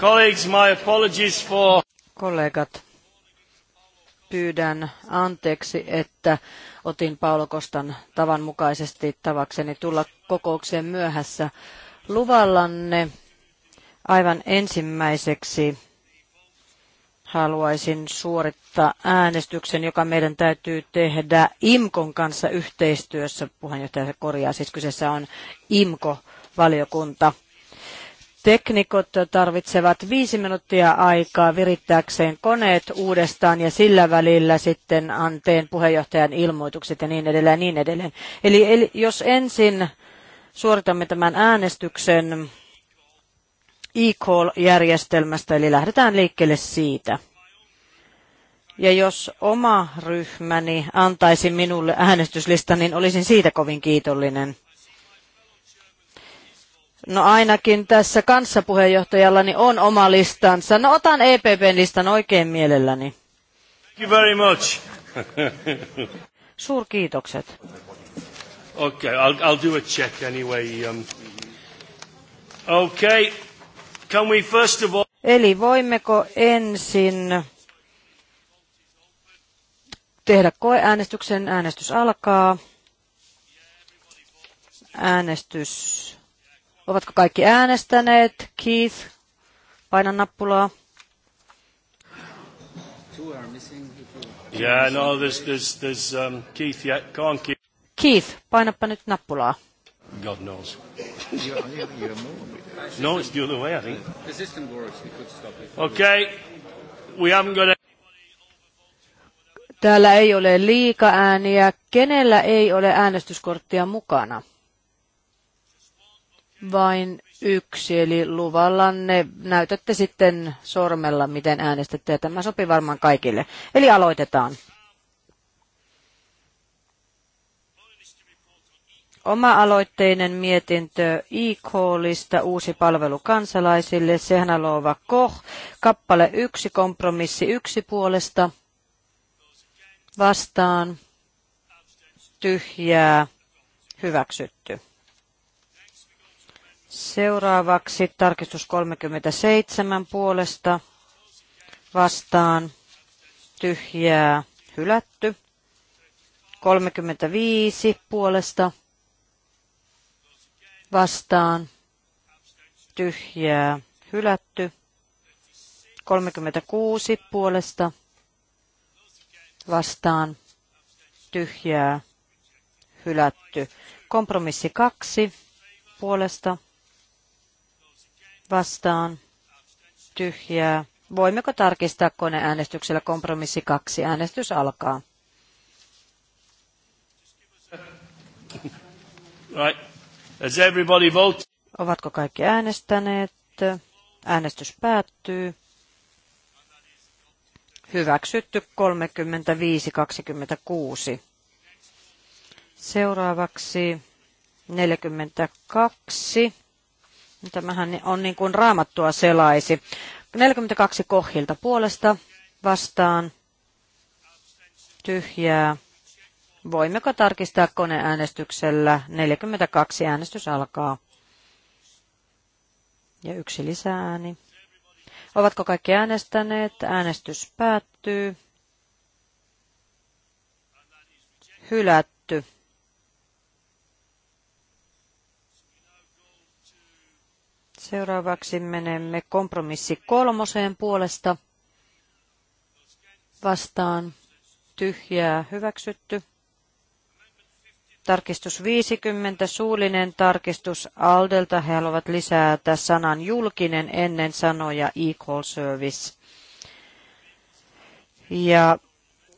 Colleagues, my apologies for... Kollegat, pyydän anteeksi, että otin Paolo Kostan tavan mukaisesti tavakseni tulla kokoukseen myöhässä. Luvallanne aivan ensimmäiseksi haluaisin suorittaa äänestyksen, joka meidän täytyy tehdä IMKON kanssa yhteistyössä. Puheenjohtaja korjaa, siis kyseessä on IMKO-valiokunta. Teknikot tarvitsevat viisi minuuttia aikaa virittääkseen koneet uudestaan ja sillä välillä sitten anteen puheenjohtajan ilmoitukset ja niin edelleen ja niin edelleen. Eli, eli jos ensin suoritamme tämän äänestyksen e-call-järjestelmästä, eli lähdetään liikkeelle siitä. Ja jos oma ryhmäni antaisi minulle äänestyslistan, niin olisin siitä kovin kiitollinen. No ainakin tässä kanssapuheenjohtajallani on oma listansa. No otan EPPn listan oikein mielelläni. Thank you very much. Suurkiitokset. Okay, I'll, I'll do a check anyway. Um, okay, can we first of all... Eli voimmeko ensin tehdä koeäänestyksen? Äänestys alkaa. Äänestys Ovatko kaikki äänestäneet? Keith, paina nappulaa. Yeah, no, there's, there's, there's, um, Keith, yeah, go on, Keith. Keith, painappa nyt nappulaa. God knows. no, it's the other way, I think. The system works, we could stop it. Okay, we haven't got Täällä ei ole liika ääniä. Kenellä ei ole äänestyskorttia mukana? vain yksi, eli luvallanne näytätte sitten sormella, miten äänestätte, ja tämä sopii varmaan kaikille. Eli aloitetaan. Oma-aloitteinen mietintö e-callista uusi palvelu kansalaisille, Sehnalova Koh, kappale yksi kompromissi yksi puolesta, vastaan, tyhjää, hyväksytty. Seuraavaksi tarkistus 37 puolesta vastaan tyhjää hylätty. 35 puolesta vastaan tyhjää hylätty. 36 puolesta vastaan tyhjää hylätty. Kompromissi 2 puolesta vastaan tyhjää. Voimmeko tarkistaa koneäänestyksellä kompromissi kaksi? Äänestys alkaa. Right. Ovatko kaikki äänestäneet? Äänestys päättyy. Hyväksytty 35-26. Seuraavaksi 42. Tämähän on niin kuin raamattua selaisi. 42 kohilta puolesta vastaan tyhjää. Voimmeko tarkistaa koneäänestyksellä? 42 äänestys alkaa. Ja yksi lisääni. Ovatko kaikki äänestäneet? Äänestys päättyy. Hylätty. Seuraavaksi menemme kompromissi kolmoseen puolesta. Vastaan tyhjää hyväksytty. Tarkistus 50, suullinen tarkistus Aldelta. He haluavat lisätä sanan julkinen ennen sanoja equal service. Ja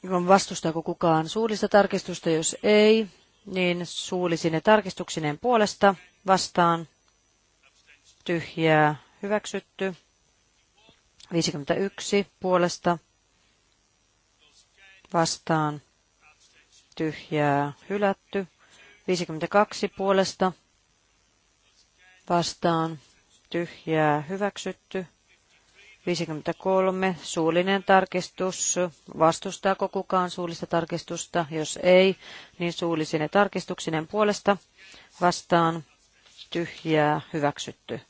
vastustaako kukaan suullista tarkistusta, jos ei, niin suullisine tarkistuksineen puolesta vastaan tyhjää hyväksytty. 51 puolesta vastaan tyhjää hylätty. 52 puolesta vastaan tyhjää hyväksytty. 53. Suullinen tarkistus. Vastustaako kukaan suullista tarkistusta? Jos ei, niin suullisine tarkistuksinen puolesta vastaan tyhjää hyväksytty.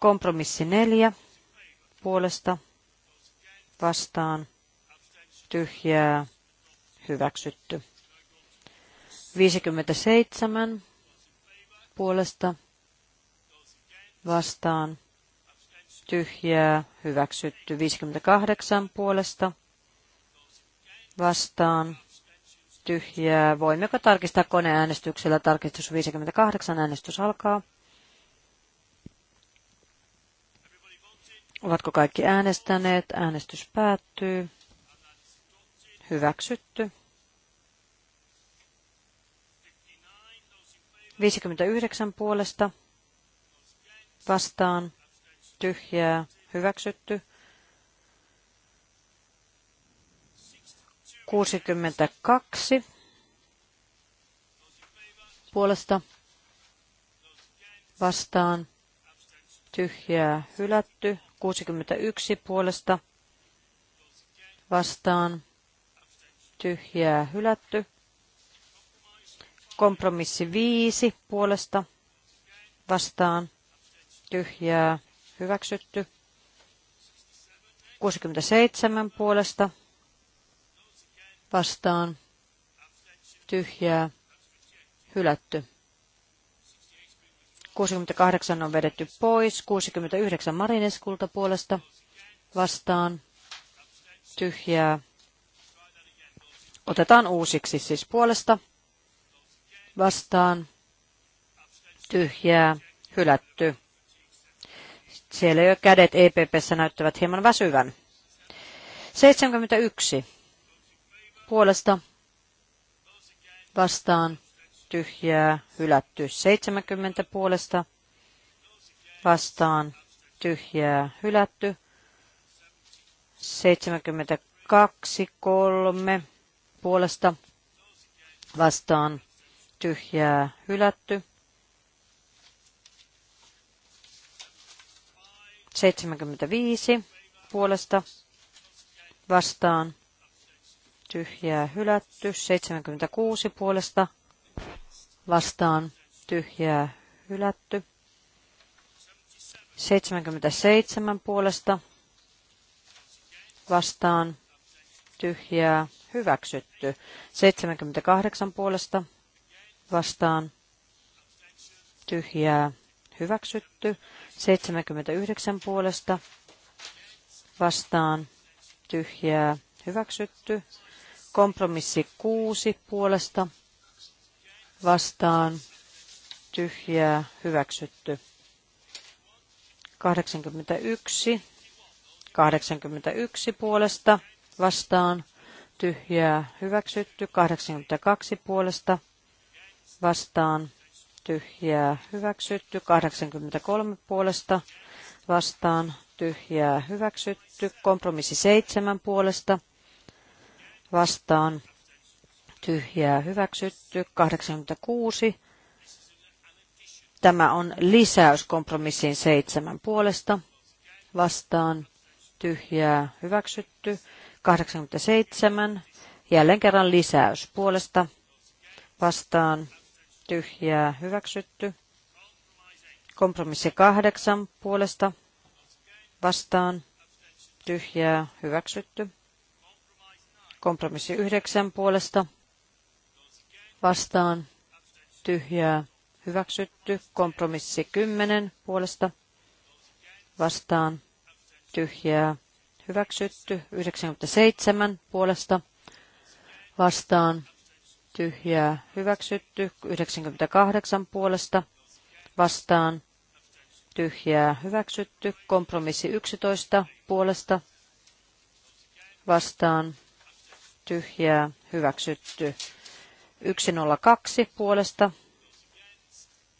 Kompromissi neljä puolesta vastaan tyhjää hyväksytty. 57 puolesta vastaan tyhjää hyväksytty. 58 puolesta vastaan tyhjää. Voimmeko tarkistaa koneäänestyksellä? Tarkistus 58. Äänestys alkaa. Ovatko kaikki äänestäneet? Äänestys päättyy. Hyväksytty. 59 puolesta vastaan tyhjää hyväksytty. 62 puolesta vastaan tyhjää hylätty. 61 puolesta vastaan tyhjää hylätty. Kompromissi 5 puolesta vastaan tyhjää hyväksytty. 67 puolesta vastaan tyhjää hylätty. 68 on vedetty pois. 69 Marineskulta puolesta vastaan. Tyhjää. Otetaan uusiksi siis puolesta. Vastaan. Tyhjää. Hylätty. Siellä jo kädet EPPssä näyttävät hieman väsyvän. 71 puolesta vastaan tyhjää, hylätty 70 puolesta, vastaan tyhjää, hylätty 72, 3 puolesta, vastaan tyhjää, hylätty 75 puolesta, vastaan tyhjää, hylätty 76 puolesta, vastaan tyhjää hylätty. 77 puolesta vastaan tyhjää hyväksytty. 78 puolesta vastaan tyhjää hyväksytty. 79 puolesta vastaan tyhjää hyväksytty. Kompromissi 6 puolesta vastaan tyhjää hyväksytty. 81, 81 puolesta vastaan tyhjää hyväksytty. 82 puolesta vastaan tyhjää hyväksytty. 83 puolesta vastaan tyhjää hyväksytty. Kompromissi 7 puolesta vastaan tyhjää hyväksytty. 86. Tämä on lisäys kompromissiin seitsemän puolesta vastaan tyhjää hyväksytty. 87. Jälleen kerran lisäys puolesta vastaan tyhjää hyväksytty. Kompromissi kahdeksan puolesta vastaan tyhjää hyväksytty. Kompromissi yhdeksän puolesta vastaan tyhjää hyväksytty. Kompromissi 10 puolesta vastaan tyhjää hyväksytty. 97 puolesta vastaan tyhjää hyväksytty. 98 puolesta vastaan tyhjää hyväksytty. Kompromissi 11 puolesta vastaan tyhjää hyväksytty. 102 puolesta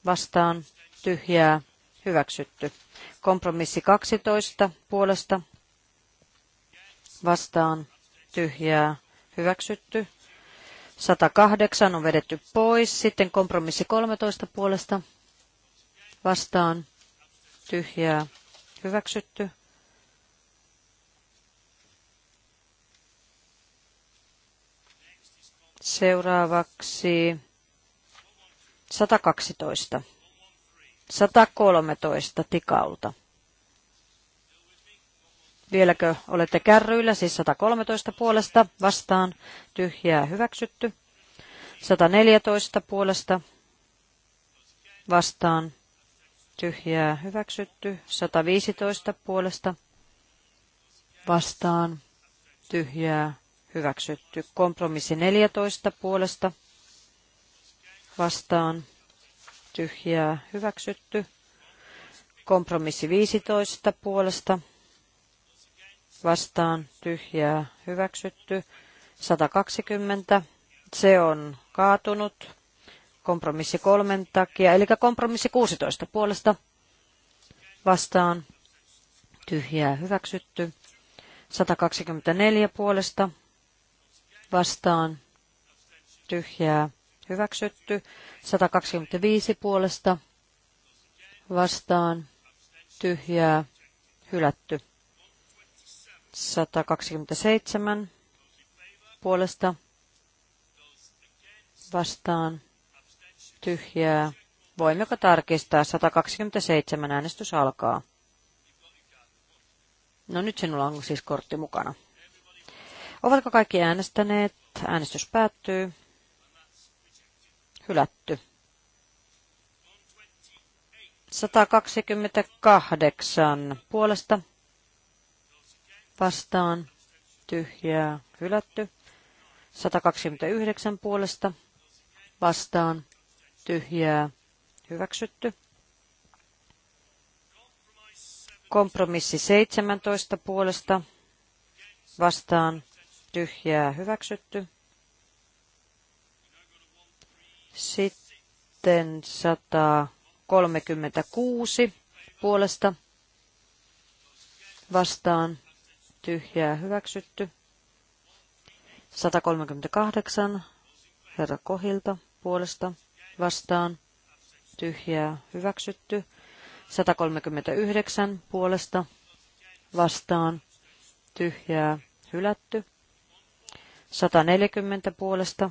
vastaan tyhjää hyväksytty. Kompromissi 12 puolesta vastaan tyhjää hyväksytty. 108 on vedetty pois. Sitten kompromissi 13 puolesta vastaan tyhjää hyväksytty. Seuraavaksi 112. 113 tikaulta. Vieläkö olette kärryillä, siis 113 puolesta vastaan, tyhjää hyväksytty. 114 puolesta vastaan, tyhjää hyväksytty. 115 puolesta vastaan, tyhjää hyväksytty. Kompromissi 14 puolesta vastaan tyhjää hyväksytty. Kompromissi 15 puolesta vastaan tyhjää hyväksytty. 120. Se on kaatunut. Kompromissi kolmen takia, eli kompromissi 16 puolesta vastaan tyhjää hyväksytty. 124 puolesta vastaan tyhjää hyväksytty. 125 puolesta vastaan tyhjää hylätty. 127 puolesta vastaan tyhjää. Voimmeko tarkistaa? 127 äänestys alkaa. No nyt sinulla on siis kortti mukana. Ovatko kaikki äänestäneet? Äänestys päättyy. Hylätty. 128 puolesta vastaan tyhjää hylätty. 129 puolesta vastaan tyhjää hyväksytty. Kompromissi 17 puolesta vastaan tyhjää hyväksytty. Sitten 136 puolesta vastaan tyhjää hyväksytty. 138 herra Kohilta puolesta vastaan tyhjää hyväksytty. 139 puolesta vastaan tyhjää hylätty. 140 puolesta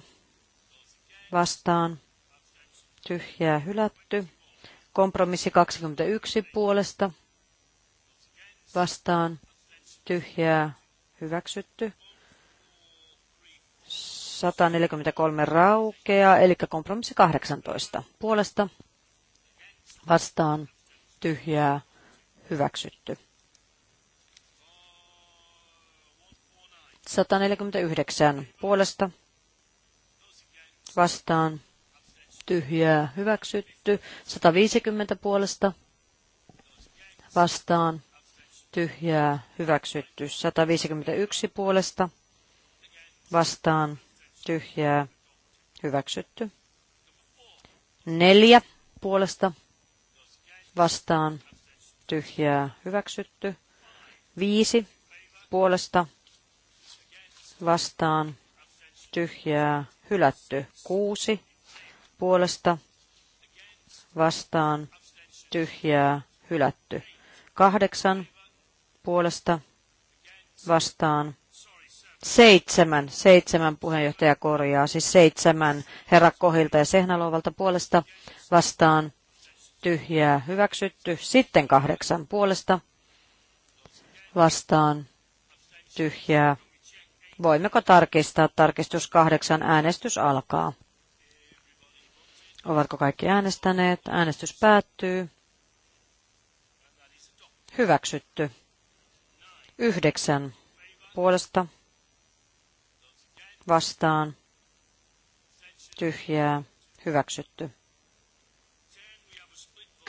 vastaan tyhjää hylätty. Kompromissi 21 puolesta vastaan tyhjää hyväksytty. 143 raukeaa, eli kompromissi 18 puolesta vastaan tyhjää hyväksytty. 149 puolesta vastaan tyhjää hyväksytty. 150 puolesta vastaan tyhjää hyväksytty. 151 puolesta vastaan tyhjää hyväksytty. Neljä puolesta vastaan tyhjää hyväksytty. Viisi puolesta vastaan tyhjää hylätty. Kuusi puolesta vastaan tyhjää hylätty. Kahdeksan puolesta vastaan seitsemän, seitsemän puheenjohtaja korjaa, siis seitsemän herra Kohilta ja Sehnalovalta puolesta vastaan tyhjää hyväksytty, sitten kahdeksan puolesta vastaan tyhjää Voimmeko tarkistaa? Tarkistus kahdeksan. Äänestys alkaa. Ovatko kaikki äänestäneet? Äänestys päättyy. Hyväksytty. Yhdeksän. Puolesta. Vastaan. Tyhjää. Hyväksytty.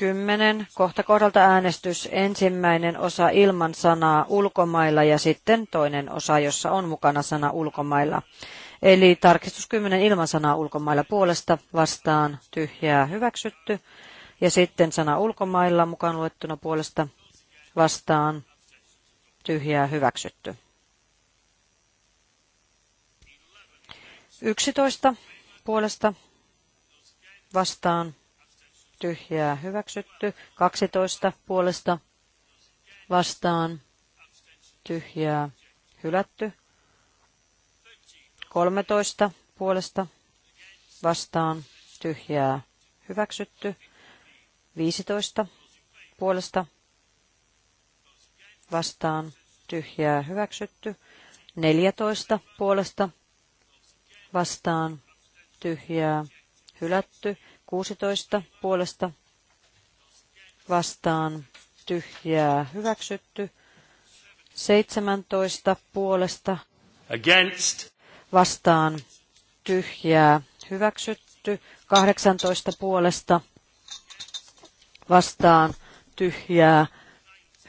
10, kohta kohdalta äänestys, ensimmäinen osa ilman sanaa ulkomailla ja sitten toinen osa, jossa on mukana sana ulkomailla. Eli tarkistus 10 ilman sanaa ulkomailla puolesta vastaan tyhjää hyväksytty. Ja sitten sana ulkomailla mukaan luettuna puolesta vastaan tyhjää hyväksytty. 11 puolesta vastaan tyhjää hyväksytty. 12 puolesta vastaan tyhjää hylätty. 13 puolesta vastaan tyhjää hyväksytty. 15 puolesta vastaan tyhjää hyväksytty. 14 puolesta vastaan tyhjää hylätty. 16 puolesta vastaan tyhjää hyväksytty. 17 puolesta Against. vastaan tyhjää hyväksytty. 18 puolesta vastaan tyhjää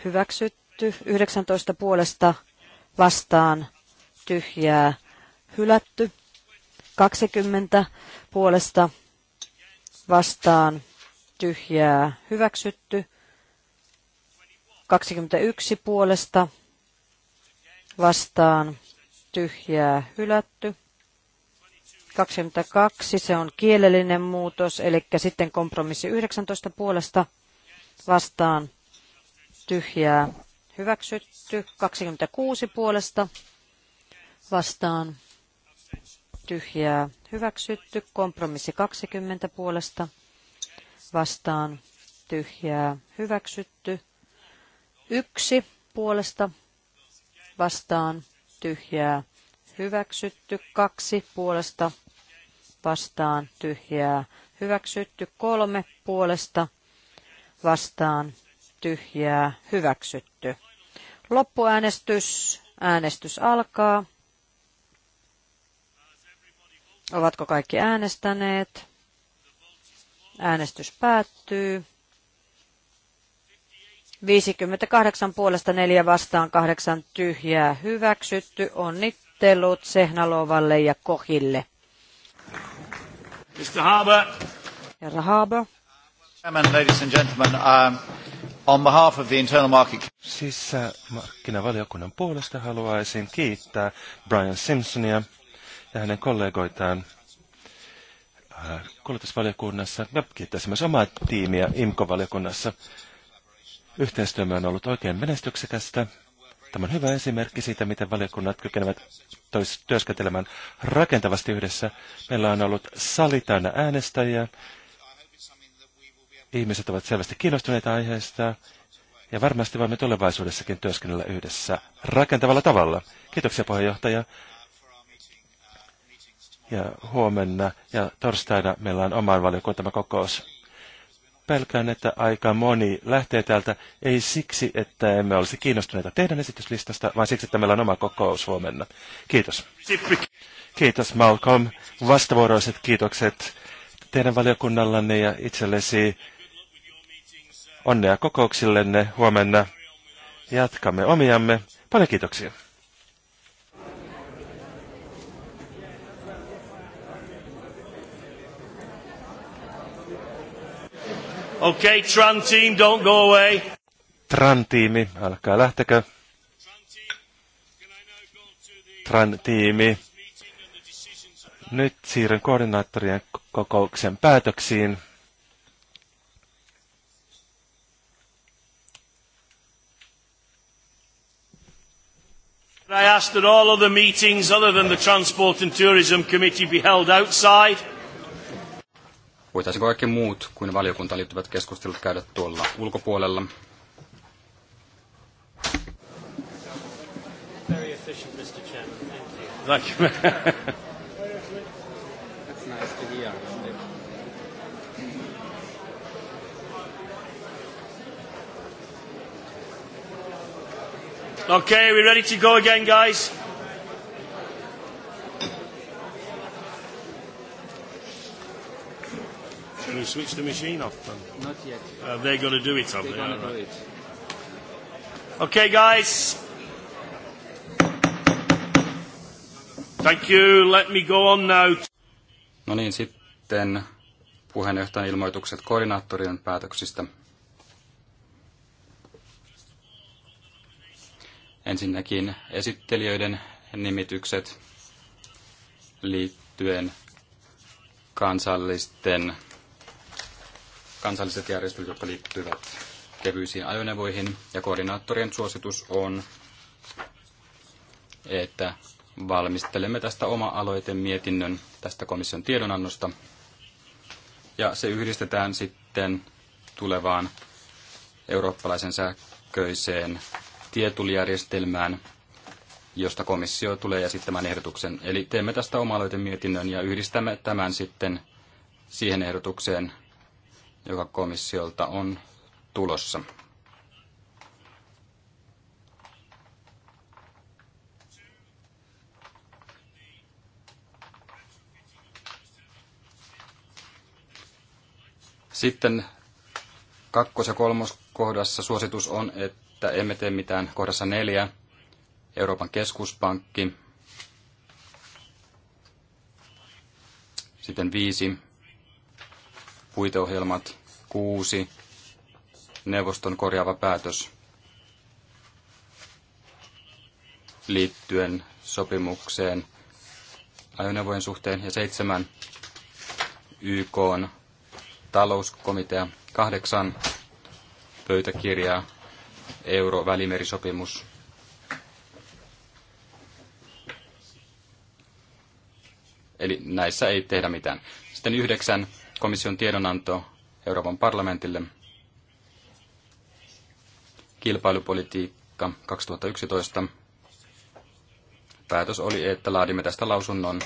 hyväksytty. 19 puolesta vastaan tyhjää hylätty. 20 puolesta vastaan tyhjää hyväksytty. 21 puolesta vastaan tyhjää hylätty. 22, se on kielellinen muutos, eli sitten kompromissi 19 puolesta vastaan tyhjää hyväksytty. 26 puolesta vastaan tyhjää hyväksytty. Kompromissi 20 puolesta vastaan tyhjää hyväksytty. Yksi puolesta vastaan tyhjää hyväksytty. Kaksi puolesta vastaan tyhjää hyväksytty. Kolme puolesta vastaan tyhjää hyväksytty. Loppuäänestys. Äänestys alkaa. Ovatko kaikki äänestäneet? Äänestys päättyy. 58 puolesta 4 vastaan 8 tyhjää hyväksytty. Onnittelut Sehnalovalle ja Kohille. Mr. Harbour. Herra Harbour. Chairman, ladies and gentlemen, um, on behalf of the internal market... Sisämarkkinavaliokunnan puolesta haluaisin kiittää Brian Simpsonia ja hänen kollegoitaan äh, kuljetusvaliokunnassa ja kiittäisin myös omaa tiimiä IMKO-valiokunnassa. Yhteistyömme on ollut oikein menestyksekästä. Tämä on hyvä esimerkki siitä, miten valiokunnat kykenevät tois, työskentelemään rakentavasti yhdessä. Meillä on ollut sali täynnä äänestäjiä. Ihmiset ovat selvästi kiinnostuneita aiheesta. Ja varmasti voimme tulevaisuudessakin työskennellä yhdessä rakentavalla tavalla. Kiitoksia puheenjohtaja. Ja huomenna ja torstaina meillä on oman valiokuntamme kokous. Pelkään, että aika moni lähtee täältä ei siksi, että emme olisi kiinnostuneita teidän esityslistasta, vaan siksi, että meillä on oma kokous huomenna. Kiitos. Kiitos Malcolm. Vastavuoroiset kiitokset teidän valiokunnallanne ja itsellesi. Onnea kokouksillenne huomenna. Jatkamme omiamme. Paljon kiitoksia. Okay, Tran team, don't go away. Tran tiimi, älkää lähtekö. Tran tiimi. Nyt siirryn koordinaattorien kokouksen päätöksiin. I asked that all other meetings other than the Transport and Tourism Committee be held outside. Voitaisiinko kaikki muut kuin valiokuntaan liittyvät keskustelut käydä tuolla ulkopuolella? Thank you. Okay, we ready to go again, guys? Can you switch the machine off then? Not yet. Uh, they're going to do it, aren't they're they? They're going to do it. Okay, guys. Thank you. Let me go on now. No niin, sitten puheenjohtajan ilmoitukset koordinaattorien päätöksistä. Ensinnäkin esittelijöiden nimitykset liittyen kansallisten kansalliset järjestelyt, jotka liittyvät kevyisiin ajoneuvoihin. Ja koordinaattorien suositus on, että valmistelemme tästä oma mietinnön tästä komission tiedonannosta. Ja se yhdistetään sitten tulevaan eurooppalaisen sähköiseen tietulijärjestelmään, josta komissio tulee esittämään ehdotuksen. Eli teemme tästä oma mietinnön ja yhdistämme tämän sitten siihen ehdotukseen, joka komissiolta on tulossa. Sitten kakkos- ja kolmoskohdassa suositus on, että emme tee mitään kohdassa neljä. Euroopan keskuspankki. Sitten viisi puiteohjelmat, kuusi, neuvoston korjaava päätös liittyen sopimukseen ajoneuvojen suhteen ja seitsemän YK on talouskomitea, kahdeksan pöytäkirjaa, euro-välimerisopimus, Eli näissä ei tehdä mitään. Sitten yhdeksän komission tiedonanto Euroopan parlamentille kilpailupolitiikka 2011. Päätös oli, että laadimme tästä lausunnon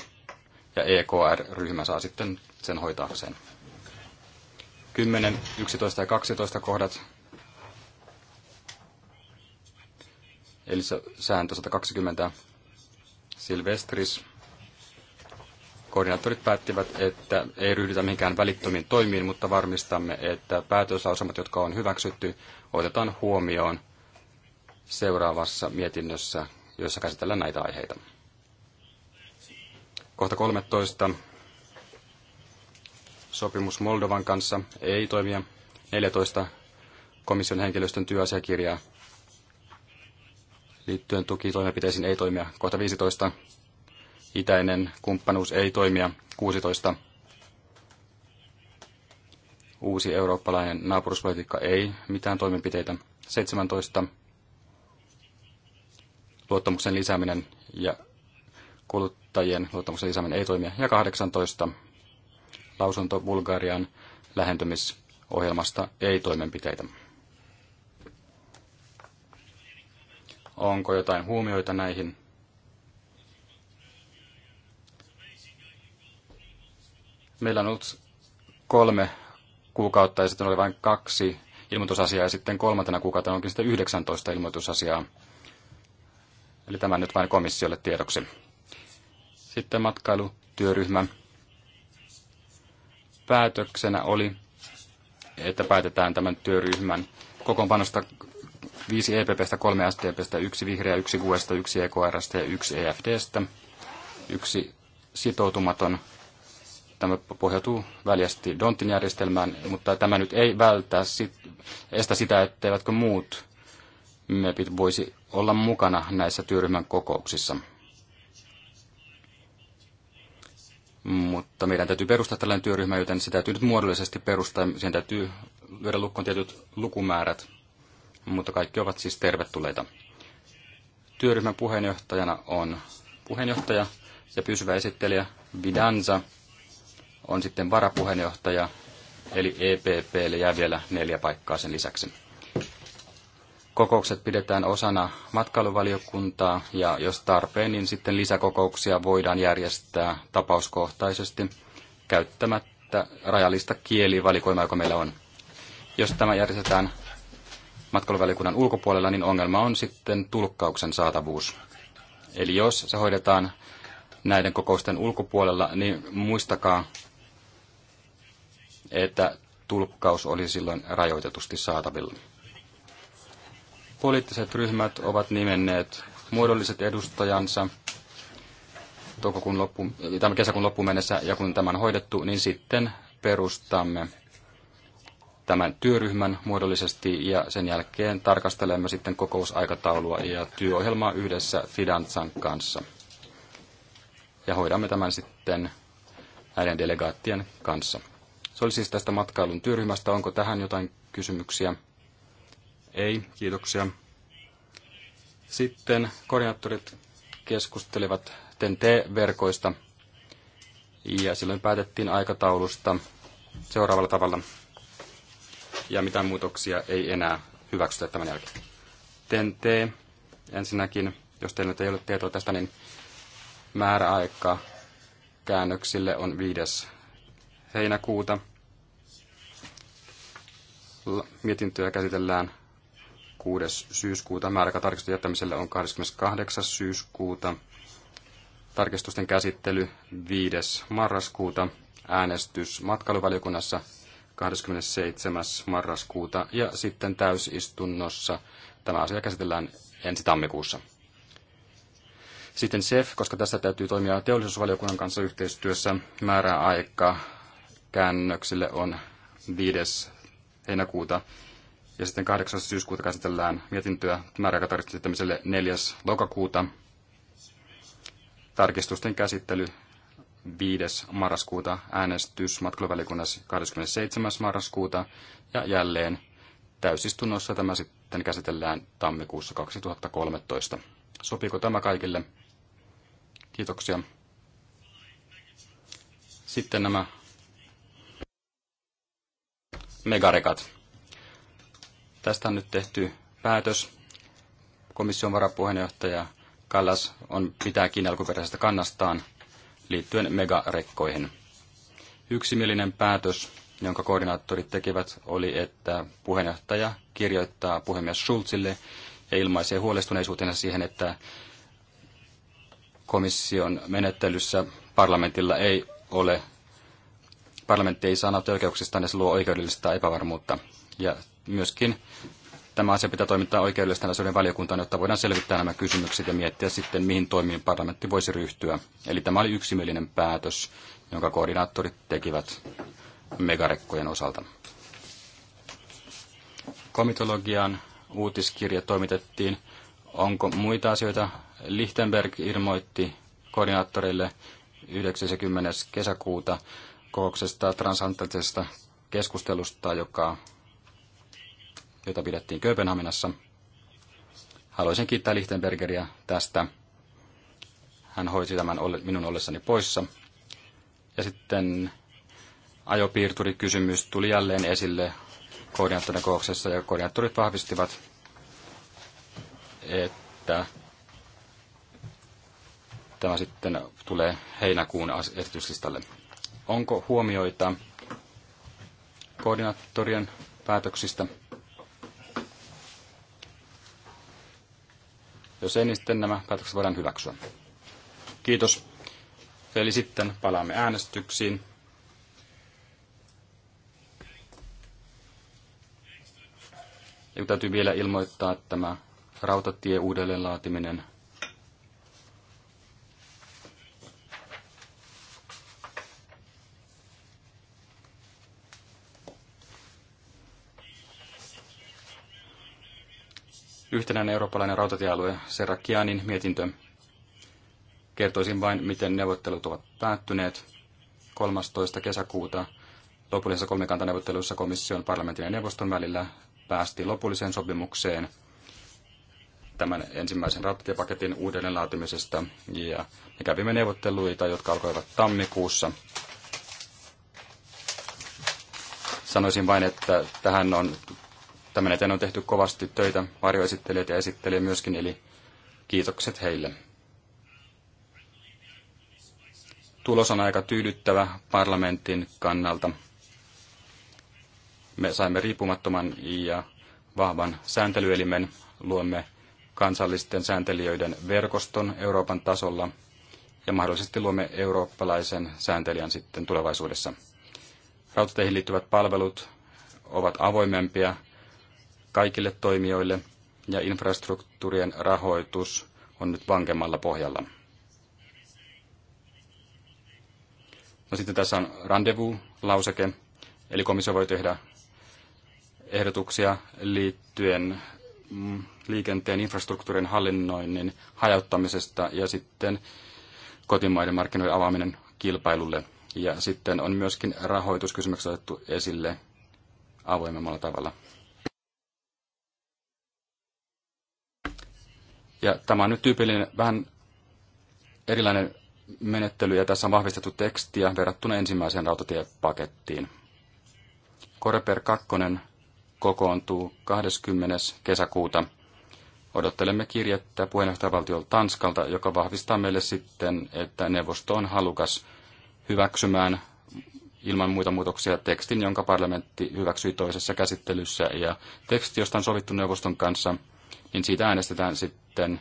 ja EKR-ryhmä saa sitten sen hoitaakseen. 10, 11 ja 12 kohdat. Eli sääntö 120. Silvestris koordinaattorit päättivät, että ei ryhdytä mihinkään välittömiin toimiin, mutta varmistamme, että päätöslausumat, jotka on hyväksytty, otetaan huomioon seuraavassa mietinnössä, jossa käsitellään näitä aiheita. Kohta 13. Sopimus Moldovan kanssa ei toimia. 14. Komission henkilöstön työasiakirjaa liittyen tukitoimenpiteisiin ei toimia. Kohta 15 itäinen kumppanuus ei toimia. 16. Uusi eurooppalainen naapuruspolitiikka ei mitään toimenpiteitä. 17. Luottamuksen lisääminen ja kuluttajien luottamuksen lisääminen ei toimia. Ja 18. Lausunto Bulgarian lähentymisohjelmasta ei toimenpiteitä. Onko jotain huomioita näihin? Meillä on ollut kolme kuukautta ja sitten oli vain kaksi ilmoitusasiaa ja sitten kolmantena kuukautta onkin sitten 19 ilmoitusasiaa. Eli tämä nyt vain komissiolle tiedoksi. Sitten matkailutyöryhmä. Päätöksenä oli, että päätetään tämän työryhmän kokoonpanosta viisi EPPstä, kolme STPstä, yksi vihreä, yksi QSta, e yksi EKRstä ja yksi EFDstä, yksi sitoutumaton Tämä pohjautuu väljästi Dontin järjestelmään, mutta tämä nyt ei välttää sit, estä sitä, etteivätkö muut MEPit voisi olla mukana näissä työryhmän kokouksissa. Mutta meidän täytyy perustaa tällainen työryhmä, joten se täytyy nyt muodollisesti perustaa. Siihen täytyy lyödä lukkoon tietyt lukumäärät, mutta kaikki ovat siis tervetulleita. Työryhmän puheenjohtajana on puheenjohtaja ja pysyvä esittelijä Vidanza – on sitten varapuheenjohtaja, eli EPPlle jää vielä neljä paikkaa sen lisäksi. Kokoukset pidetään osana matkailuvaliokuntaa ja jos tarpeen, niin sitten lisäkokouksia voidaan järjestää tapauskohtaisesti käyttämättä rajallista kielivalikoimaa, joka meillä on. Jos tämä järjestetään matkailuvaliokunnan ulkopuolella, niin ongelma on sitten tulkkauksen saatavuus. Eli jos se hoidetaan näiden kokousten ulkopuolella, niin muistakaa, että tulkkaus oli silloin rajoitetusti saatavilla. Poliittiset ryhmät ovat nimenneet muodolliset edustajansa loppu, tämän kesäkuun loppuun mennessä, ja kun tämä on hoidettu, niin sitten perustamme tämän työryhmän muodollisesti, ja sen jälkeen tarkastelemme sitten kokousaikataulua ja työohjelmaa yhdessä Fidanzan kanssa. Ja hoidamme tämän sitten näiden delegaattien kanssa. Se oli siis tästä matkailun työryhmästä. Onko tähän jotain kysymyksiä? Ei, kiitoksia. Sitten koordinaattorit keskustelivat TEN-T-verkoista ja silloin päätettiin aikataulusta seuraavalla tavalla. Ja mitään muutoksia ei enää hyväksytä tämän jälkeen. TEN-T ensinnäkin, jos teillä nyt ei ole tietoa tästä, niin määräaika käännöksille on 5 heinäkuuta. Mietintöä käsitellään 6. syyskuuta. Määräaika tarkistusten jättämiselle on 28. syyskuuta. Tarkistusten käsittely 5. marraskuuta. Äänestys matkailuvaliokunnassa 27. marraskuuta ja sitten täysistunnossa tämä asia käsitellään ensi tammikuussa. Sitten SEF, koska tässä täytyy toimia teollisuusvaliokunnan kanssa yhteistyössä, määrää aikaa käännöksille on 5. heinäkuuta ja sitten 8. syyskuuta käsitellään mietintöä määräaikatarkistamiselle 4. lokakuuta. Tarkistusten käsittely 5. marraskuuta, äänestys matkailuvaliokunnassa 27. marraskuuta ja jälleen täysistunnossa tämä sitten käsitellään tammikuussa 2013. Sopiiko tämä kaikille? Kiitoksia. Sitten nämä megarekat. Tästä on nyt tehty päätös. Komission varapuheenjohtaja Kallas on pitää kiinni alkuperäisestä kannastaan liittyen megarekkoihin. Yksimielinen päätös, jonka koordinaattorit tekivät, oli, että puheenjohtaja kirjoittaa puhemies Schulzille ja ilmaisee huolestuneisuutensa siihen, että komission menettelyssä parlamentilla ei ole parlamentti ei saa nauttia oikeuksistaan ja se luo oikeudellista epävarmuutta. Ja myöskin tämä asia pitää toimittaa oikeudellisten asioiden valiokuntaan, jotta voidaan selvittää nämä kysymykset ja miettiä sitten, mihin toimiin parlamentti voisi ryhtyä. Eli tämä oli yksimielinen päätös, jonka koordinaattorit tekivät megarekkojen osalta. Komitologian uutiskirje toimitettiin. Onko muita asioita? Lichtenberg ilmoitti koordinaattoreille 90. kesäkuuta kokouksesta, transatlanttisesta keskustelusta, joka, jota pidettiin Kööpenhaminassa. Haluaisin kiittää Lichtenbergeriä tästä. Hän hoiti tämän minun ollessani poissa. Ja sitten ajopiirturikysymys tuli jälleen esille koordinaattorikouksessa ja koordinaattorit vahvistivat, että tämä sitten tulee heinäkuun esityslistalle. Onko huomioita koordinaattorien päätöksistä? Jos ei, niin sitten nämä päätökset voidaan hyväksyä. Kiitos. Eli sitten palaamme äänestyksiin. Ja täytyy vielä ilmoittaa tämä rautatie uudelleenlaatiminen Yhtenäinen eurooppalainen rautatiealue, Serrakianin mietintö. Kertoisin vain, miten neuvottelut ovat päättyneet 13. kesäkuuta. Lopullisessa kolmikantaneuvottelussa komission, parlamentin ja neuvoston välillä päästiin lopulliseen sopimukseen tämän ensimmäisen rautatiepaketin uudelleen laatimisesta. Ja me kävimme neuvotteluita, jotka alkoivat tammikuussa. Sanoisin vain, että tähän on Tämän eteen on tehty kovasti töitä varjoesittelijät ja esittelijä myöskin, eli kiitokset heille. Tulos on aika tyydyttävä parlamentin kannalta. Me saimme riippumattoman ja vahvan sääntelyelimen, luomme kansallisten sääntelijöiden verkoston Euroopan tasolla ja mahdollisesti luomme eurooppalaisen sääntelijän sitten tulevaisuudessa. Rautateihin liittyvät palvelut ovat avoimempia kaikille toimijoille ja infrastruktuurien rahoitus on nyt vankemmalla pohjalla. No sitten tässä on rendezvous-lauseke, eli komissio voi tehdä ehdotuksia liittyen mm, liikenteen infrastruktuurin hallinnoinnin hajauttamisesta ja sitten kotimaiden markkinoiden avaaminen kilpailulle. Ja sitten on myöskin rahoituskysymykset otettu esille avoimemmalla tavalla. Ja tämä on nyt tyypillinen vähän erilainen menettely, ja tässä on vahvistettu tekstiä verrattuna ensimmäiseen rautatiepakettiin. Koreper 2 kokoontuu 20. kesäkuuta. Odottelemme kirjettä puheenjohtajavaltiolta Tanskalta, joka vahvistaa meille sitten, että neuvosto on halukas hyväksymään ilman muita muutoksia tekstin, jonka parlamentti hyväksyi toisessa käsittelyssä, ja teksti, josta on sovittu neuvoston kanssa – niin siitä äänestetään sitten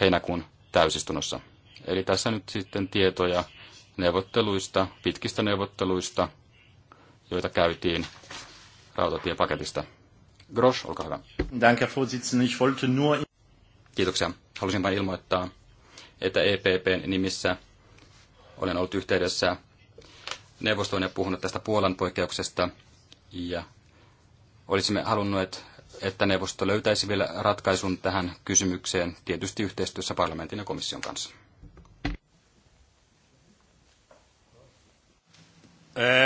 heinäkuun täysistunnossa. Eli tässä nyt sitten tietoja neuvotteluista, pitkistä neuvotteluista, joita käytiin rautatiepaketista. Grosch, olkaa hyvä. Danke, ich wollte nur... Kiitoksia. Halusin vain ilmoittaa, että EPPn nimissä olen ollut yhteydessä neuvostoon ja puhunut tästä Puolan poikkeuksesta ja olisimme halunneet että neuvosto löytäisi vielä ratkaisun tähän kysymykseen, tietysti yhteistyössä parlamentin ja komission kanssa.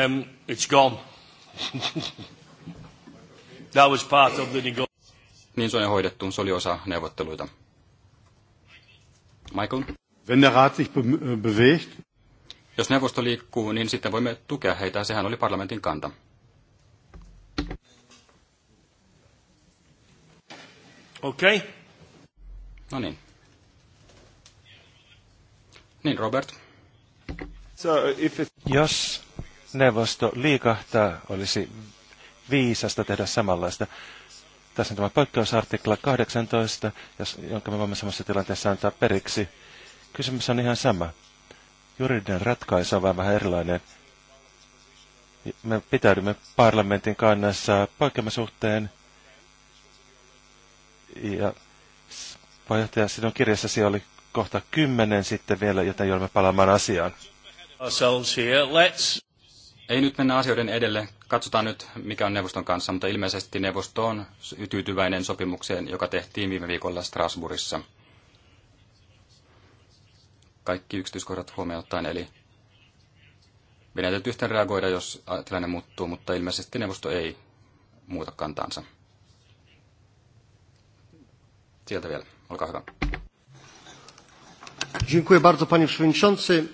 Um, it's gone. That was part of the niin se on hoidettu, se oli osa neuvotteluita. Michael? Wenn der Rat sich äh, bewegt. Jos neuvosto liikkuu, niin sitten voimme tukea heitä, sehän oli parlamentin kanta. Okei. Okay. No niin. Niin, Robert. So if it... Jos neuvosto liikahtaa, olisi viisasta tehdä samanlaista. Tässä on tämä poikkeusartikla 18, jonka me voimme samassa tilanteessa antaa periksi. Kysymys on ihan sama. Juridinen ratkaisu on vähän erilainen. Me pitäydymme parlamentin kannassa poikkeamasuhteen ja puheenjohtaja, sinun kirjassasi oli kohta kymmenen sitten vielä, joten joudumme palaamaan asiaan. Ei nyt mennä asioiden edelle. Katsotaan nyt, mikä on neuvoston kanssa, mutta ilmeisesti neuvosto on tyytyväinen sopimukseen, joka tehtiin viime viikolla Strasbourgissa. Kaikki yksityiskohdat huomioon ottaen, eli Venäjä täytyy reagoida, jos tilanne muuttuu, mutta ilmeisesti neuvosto ei muuta kantaansa. Sieltä vielä, olkaa hyvä. Dziękuję bardzo, panie przewodniczący.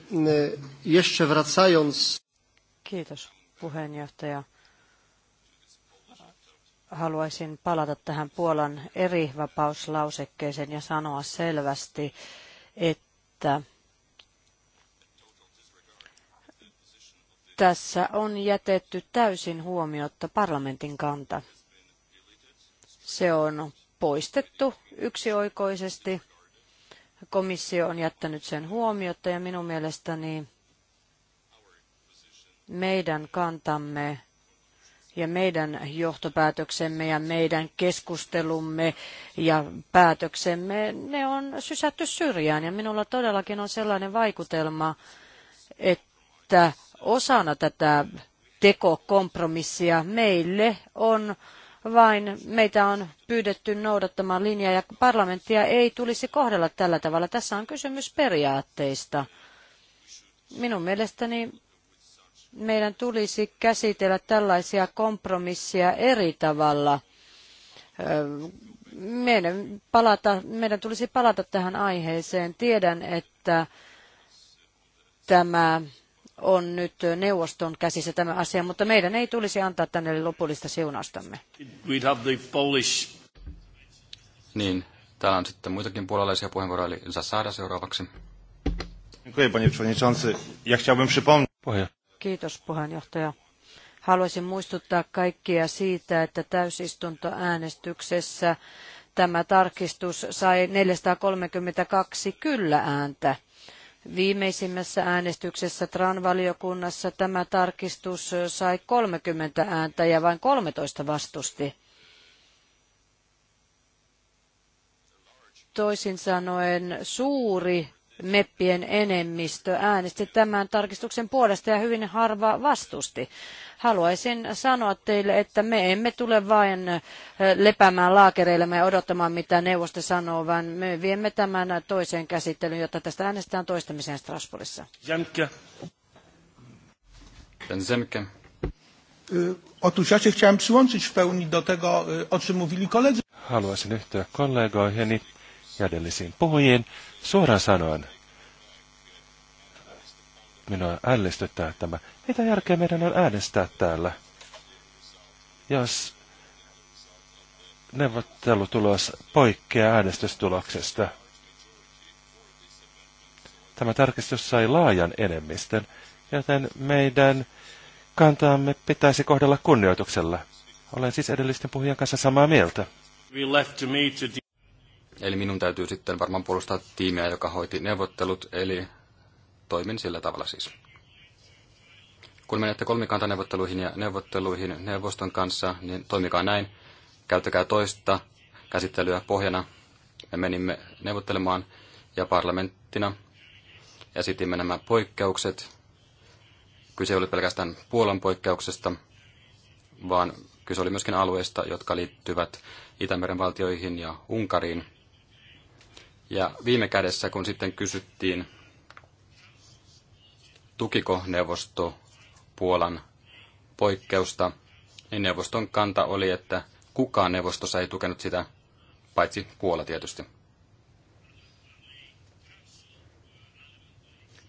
Jeszcze wracając... Kiitos, puheenjohtaja. Haluaisin palata tähän Puolan eri vapauslausekkeeseen ja sanoa selvästi, että tässä on jätetty täysin huomiotta parlamentin kanta. Se on poistettu yksioikoisesti. Komissio on jättänyt sen huomiota ja minun mielestäni meidän kantamme ja meidän johtopäätöksemme ja meidän keskustelumme ja päätöksemme, ne on sysätty syrjään. Ja minulla todellakin on sellainen vaikutelma, että osana tätä tekokompromissia meille on vain meitä on pyydetty noudattamaan linjaa ja parlamenttia ei tulisi kohdella tällä tavalla. Tässä on kysymys periaatteista. Minun mielestäni meidän tulisi käsitellä tällaisia kompromisseja eri tavalla. Meidän, palata, meidän tulisi palata tähän aiheeseen. Tiedän, että tämä on nyt neuvoston käsissä tämä asia, mutta meidän ei tulisi antaa tänne lopullista siunaustamme. We'd have the Polish. Niin, täällä on sitten muitakin puolalaisia puheenvuoroja, eli saada seuraavaksi. Kiitos puheenjohtaja. Haluaisin muistuttaa kaikkia siitä, että täysistuntoäänestyksessä tämä tarkistus sai 432 kyllä ääntä Viimeisimmässä äänestyksessä TRAN-valiokunnassa tämä tarkistus sai 30 ääntä ja vain 13 vastusti. Toisin sanoen suuri meppien enemmistö äänesti tämän tarkistuksen puolesta ja hyvin harva vastusti. Haluaisin sanoa teille, että me emme tule vain lepäämään laakereillemme ja odottamaan, mitä neuvosto sanoo, vaan me viemme tämän toiseen käsittelyyn, jotta tästä äänestetään toistamiseen Strasbourgissa. Zemke. Zemke. Otóż ja się chciałem przyłączyć w pełni do tego, o czym mówili koledzy. Haluaisin yhtyä kollegoihini jädellisiin edellisiin puhujiin. Suoraan sanoen, minua ällistyttää tämä. Mitä järkeä meidän on äänestää täällä, jos neuvottelutulos poikkeaa äänestystuloksesta? Tämä tarkistus sai laajan enemmistön, joten meidän kantaamme pitäisi kohdella kunnioituksella. Olen siis edellisten puhujan kanssa samaa mieltä. Eli minun täytyy sitten varmaan puolustaa tiimiä, joka hoiti neuvottelut, eli toimin sillä tavalla siis. Kun menette kolmikantaneuvotteluihin ja neuvotteluihin neuvoston kanssa, niin toimikaa näin. Käyttäkää toista käsittelyä pohjana. Me menimme neuvottelemaan ja parlamenttina esitimme nämä poikkeukset. Kyse oli pelkästään Puolan poikkeuksesta, vaan kyse oli myöskin alueista, jotka liittyvät Itämeren valtioihin ja Unkariin. Ja viime kädessä, kun sitten kysyttiin, tukiko neuvosto Puolan poikkeusta, niin neuvoston kanta oli, että kukaan neuvostossa ei tukenut sitä, paitsi Puola tietysti.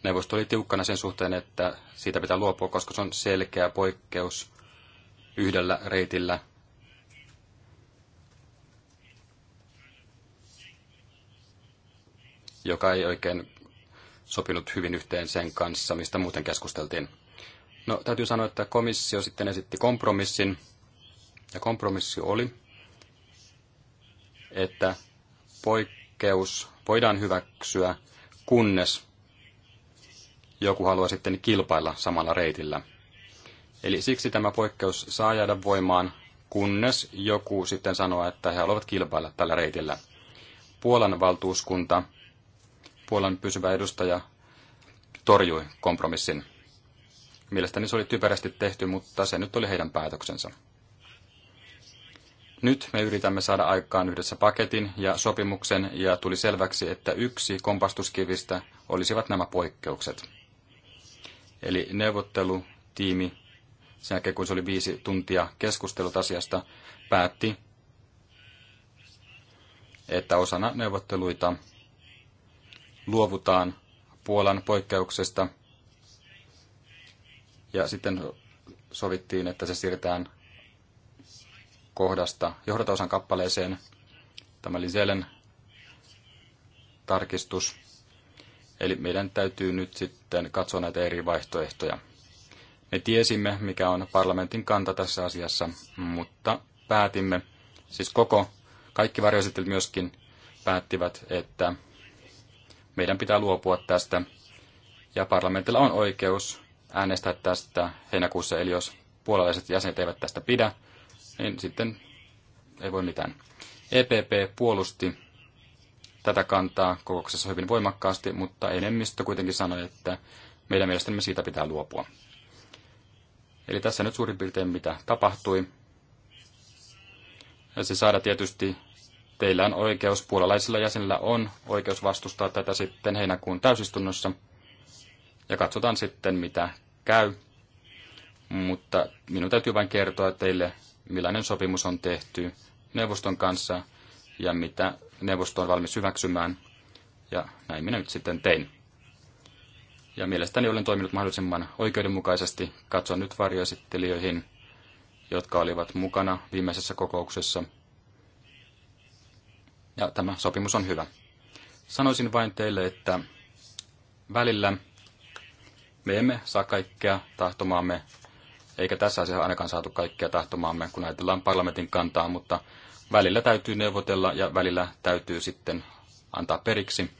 Neuvosto oli tiukkana sen suhteen, että siitä pitää luopua, koska se on selkeä poikkeus yhdellä reitillä – joka ei oikein sopinut hyvin yhteen sen kanssa, mistä muuten keskusteltiin. No, täytyy sanoa, että komissio sitten esitti kompromissin, ja kompromissi oli, että poikkeus voidaan hyväksyä, kunnes joku haluaa sitten kilpailla samalla reitillä. Eli siksi tämä poikkeus saa jäädä voimaan, kunnes joku sitten sanoo, että he haluavat kilpailla tällä reitillä. Puolan valtuuskunta Puolan pysyvä edustaja torjui kompromissin. Mielestäni se oli typerästi tehty, mutta se nyt oli heidän päätöksensä. Nyt me yritämme saada aikaan yhdessä paketin ja sopimuksen ja tuli selväksi, että yksi kompastuskivistä olisivat nämä poikkeukset. Eli neuvottelutiimi, sen jälkeen kun se oli viisi tuntia keskustelut asiasta, päätti, että osana neuvotteluita luovutaan Puolan poikkeuksesta ja sitten sovittiin, että se siirretään kohdasta johdatosan kappaleeseen. Tämä oli Selen tarkistus. Eli meidän täytyy nyt sitten katsoa näitä eri vaihtoehtoja. Me tiesimme, mikä on parlamentin kanta tässä asiassa, mutta päätimme, siis koko, kaikki varjoesittelyt myöskin päättivät, että meidän pitää luopua tästä, ja parlamentilla on oikeus äänestää tästä heinäkuussa, eli jos puolalaiset jäsenet eivät tästä pidä, niin sitten ei voi mitään. EPP puolusti tätä kantaa kokouksessa hyvin voimakkaasti, mutta enemmistö kuitenkin sanoi, että meidän mielestämme siitä pitää luopua. Eli tässä nyt suurin piirtein mitä tapahtui. Ja se saada tietysti teillä on oikeus, puolalaisilla jäsenillä on oikeus vastustaa tätä sitten heinäkuun täysistunnossa. Ja katsotaan sitten, mitä käy. Mutta minun täytyy vain kertoa teille, millainen sopimus on tehty neuvoston kanssa ja mitä neuvosto on valmis hyväksymään. Ja näin minä nyt sitten tein. Ja mielestäni olen toiminut mahdollisimman oikeudenmukaisesti. Katson nyt varjoesittelijöihin, jotka olivat mukana viimeisessä kokouksessa – ja tämä sopimus on hyvä. Sanoisin vain teille, että välillä me emme saa kaikkea tahtomaamme, eikä tässä asiassa ainakaan saatu kaikkea tahtomaamme, kun ajatellaan parlamentin kantaa, mutta välillä täytyy neuvotella ja välillä täytyy sitten antaa periksi.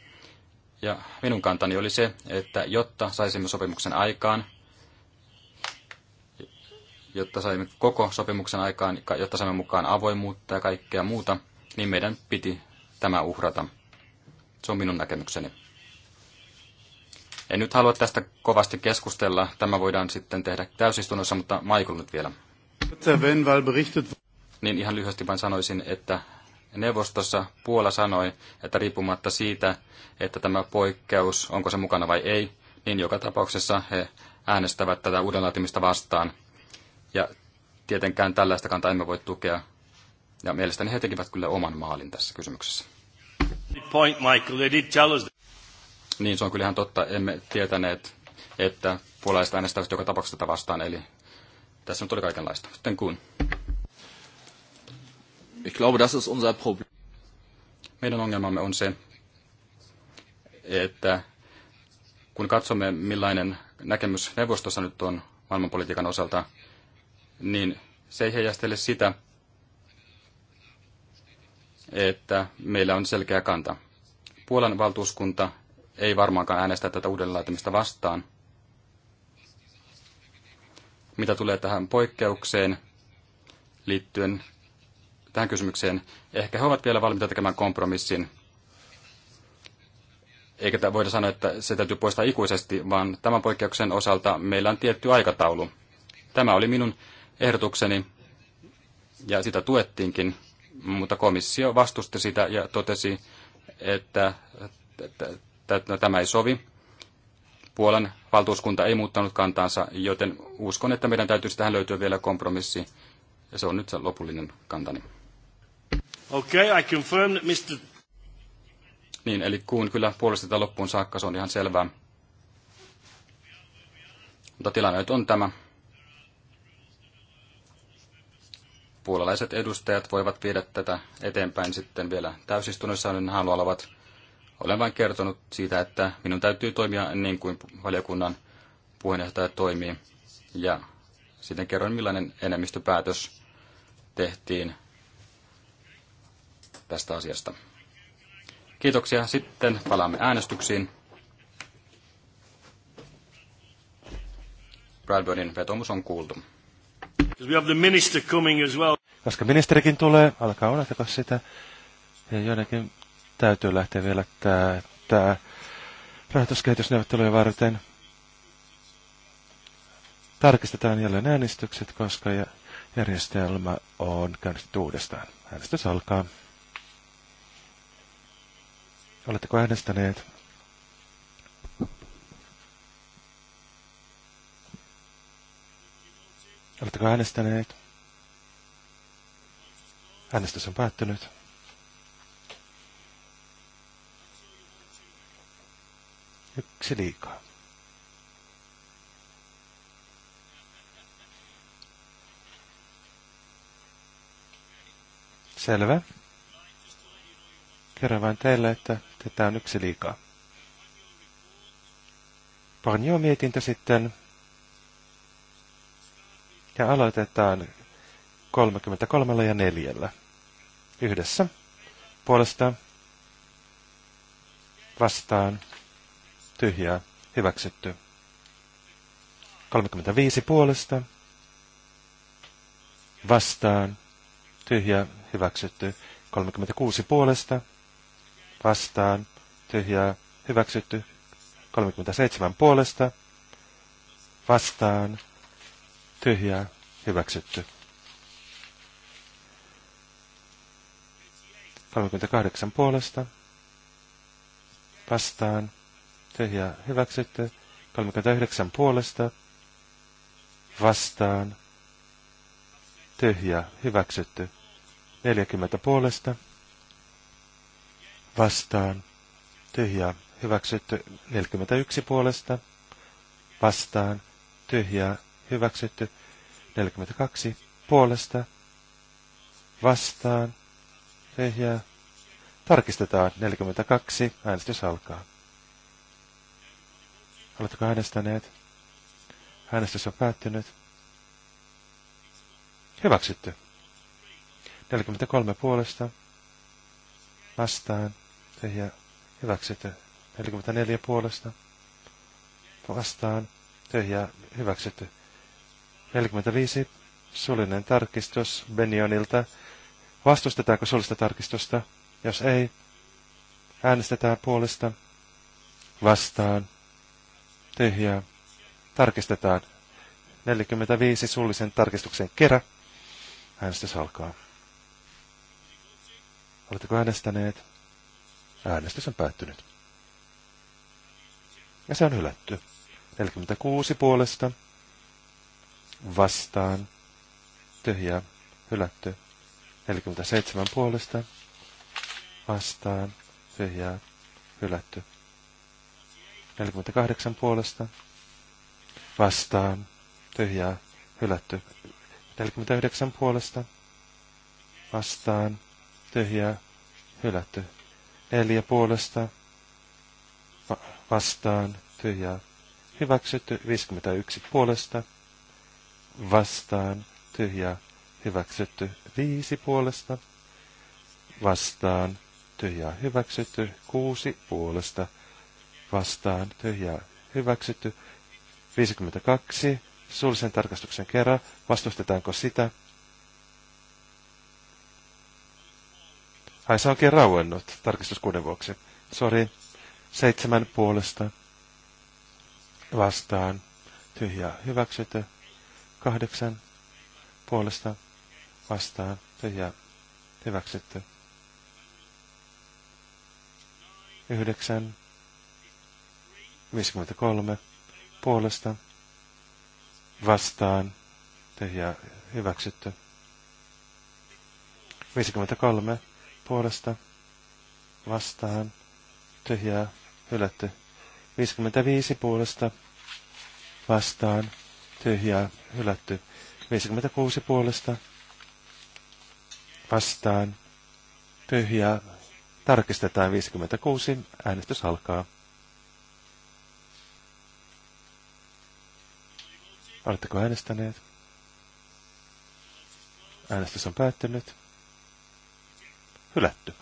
Ja minun kantani oli se, että jotta saisimme sopimuksen aikaan, jotta saimme koko sopimuksen aikaan, jotta saimme mukaan avoimuutta ja kaikkea muuta, niin meidän piti tämä uhrata. Se on minun näkemykseni. En nyt halua tästä kovasti keskustella. Tämä voidaan sitten tehdä täysistunnossa, mutta Michael nyt vielä. Niin ihan lyhyesti vain sanoisin, että neuvostossa Puola sanoi, että riippumatta siitä, että tämä poikkeus, onko se mukana vai ei, niin joka tapauksessa he äänestävät tätä uudenlaatimista vastaan. Ja tietenkään tällaista kantaa emme voi tukea, ja mielestäni he tekivät kyllä oman maalin tässä kysymyksessä. Point, Michael. They did tell us. Niin, se on kyllähän totta. Emme tietäneet, että puolalaiset äänestävät joka tapauksessa tätä vastaan, eli tässä nyt oli kaikenlaista. Sitten kun. Ich glaube, das ist unser Problem. Meidän ongelmamme on se, että kun katsomme, millainen näkemys neuvostossa nyt on maailmanpolitiikan osalta, niin se ei heijastele sitä, että meillä on selkeä kanta. Puolan valtuuskunta ei varmaankaan äänestä tätä uudenlaatimista vastaan. Mitä tulee tähän poikkeukseen liittyen tähän kysymykseen, ehkä he ovat vielä valmiita tekemään kompromissin. Eikä voida sanoa, että se täytyy poistaa ikuisesti, vaan tämän poikkeuksen osalta meillä on tietty aikataulu. Tämä oli minun ehdotukseni, ja sitä tuettiinkin mutta komissio vastusti sitä ja totesi, että no, tämä ei sovi. Puolan valtuuskunta ei muuttanut kantaansa, joten uskon, että meidän täytyisi tähän löytyä vielä kompromissi. Ja se on nyt se lopullinen kantani. Okay, I confirm, Mr. Niin, eli kuun kyllä puolustetaan loppuun saakka, se on ihan selvää. Mutta tilanne nyt on tämä. puolalaiset edustajat voivat viedä tätä eteenpäin sitten vielä täysistunnossa, niin haluavat. Olen vain kertonut siitä, että minun täytyy toimia niin kuin valiokunnan puheenjohtaja toimii. Ja sitten kerron, millainen enemmistöpäätös tehtiin tästä asiasta. Kiitoksia. Sitten palaamme äänestyksiin. Bradburnin vetomus on kuultu. Koska ministerikin tulee, alkaa odottako sitä. Ja joidenkin täytyy lähteä vielä tämä, tämä rahoituskehitysneuvotteluja varten. Tarkistetaan jälleen äänestykset, koska järjestelmä on käynnistetty uudestaan. Äänestys alkaa. Oletteko äänestäneet? Oletteko äänestäneet? Äänestys on päättynyt. Yksi liikaa. Selvä. Kerron vain teille, että tätä on yksi liikaa. Panjo mietintö sitten ja aloitetaan 33 ja 4 yhdessä puolesta vastaan tyhjää hyväksytty. 35 puolesta vastaan tyhjää hyväksytty. 36 puolesta vastaan tyhjää hyväksytty. 37 puolesta vastaan tyhjää, hyväksytty. 38 puolesta, vastaan, tyhjää, hyväksytty. 39 puolesta, vastaan, tyhjää, hyväksytty. 40 puolesta, vastaan, tyhjää, hyväksytty. 41 puolesta, vastaan, tyhjää, hyväksytty. 42 puolesta vastaan tyhjää. Tarkistetaan 42. Äänestys alkaa. Oletteko äänestäneet? Äänestys on päättynyt. Hyväksytty. 43 puolesta. Vastaan. Tyhjä. Hyväksytty. 44 puolesta. Vastaan. Tyhjä. Hyväksytty. 45. Suullinen tarkistus Benionilta. Vastustetaanko suullista tarkistusta? Jos ei, äänestetään puolesta. Vastaan. Tyhjää. Tarkistetaan. 45 suullisen tarkistuksen kerä. Äänestys alkaa. Oletteko äänestäneet? Äänestys on päättynyt. Ja se on hylätty. 46 puolesta vastaan, tyhjää, hylätty. 47 puolesta, vastaan, tyhjää, hylätty. 48 puolesta, vastaan, tyhjää, hylätty. 49 puolesta, vastaan, tyhjää, hylätty. 4 puolesta, vastaan, tyhjää, hyväksytty. 51 puolesta, vastaan, tyhjää, hyväksytty. Viisi puolesta, vastaan, tyhjää, hyväksytty. Kuusi puolesta, vastaan, tyhjää, hyväksytty. 52. Suullisen tarkastuksen kerran. Vastustetaanko sitä? Ai, se onkin rauennut tarkistuskuuden vuoksi. Sori. Seitsemän puolesta. Vastaan. Tyhjää hyväksytty kahdeksan puolesta vastaan tyhjää hyväksytty. Yhdeksän 53 puolesta vastaan tyhjää hyväksytty. 53 puolesta vastaan tyhjää hylätty. 55 puolesta vastaan tyhjää hylätty. 56 puolesta vastaan tyhjää tarkistetaan 56. Äänestys alkaa. Oletteko äänestäneet? Äänestys on päättynyt. Hylätty.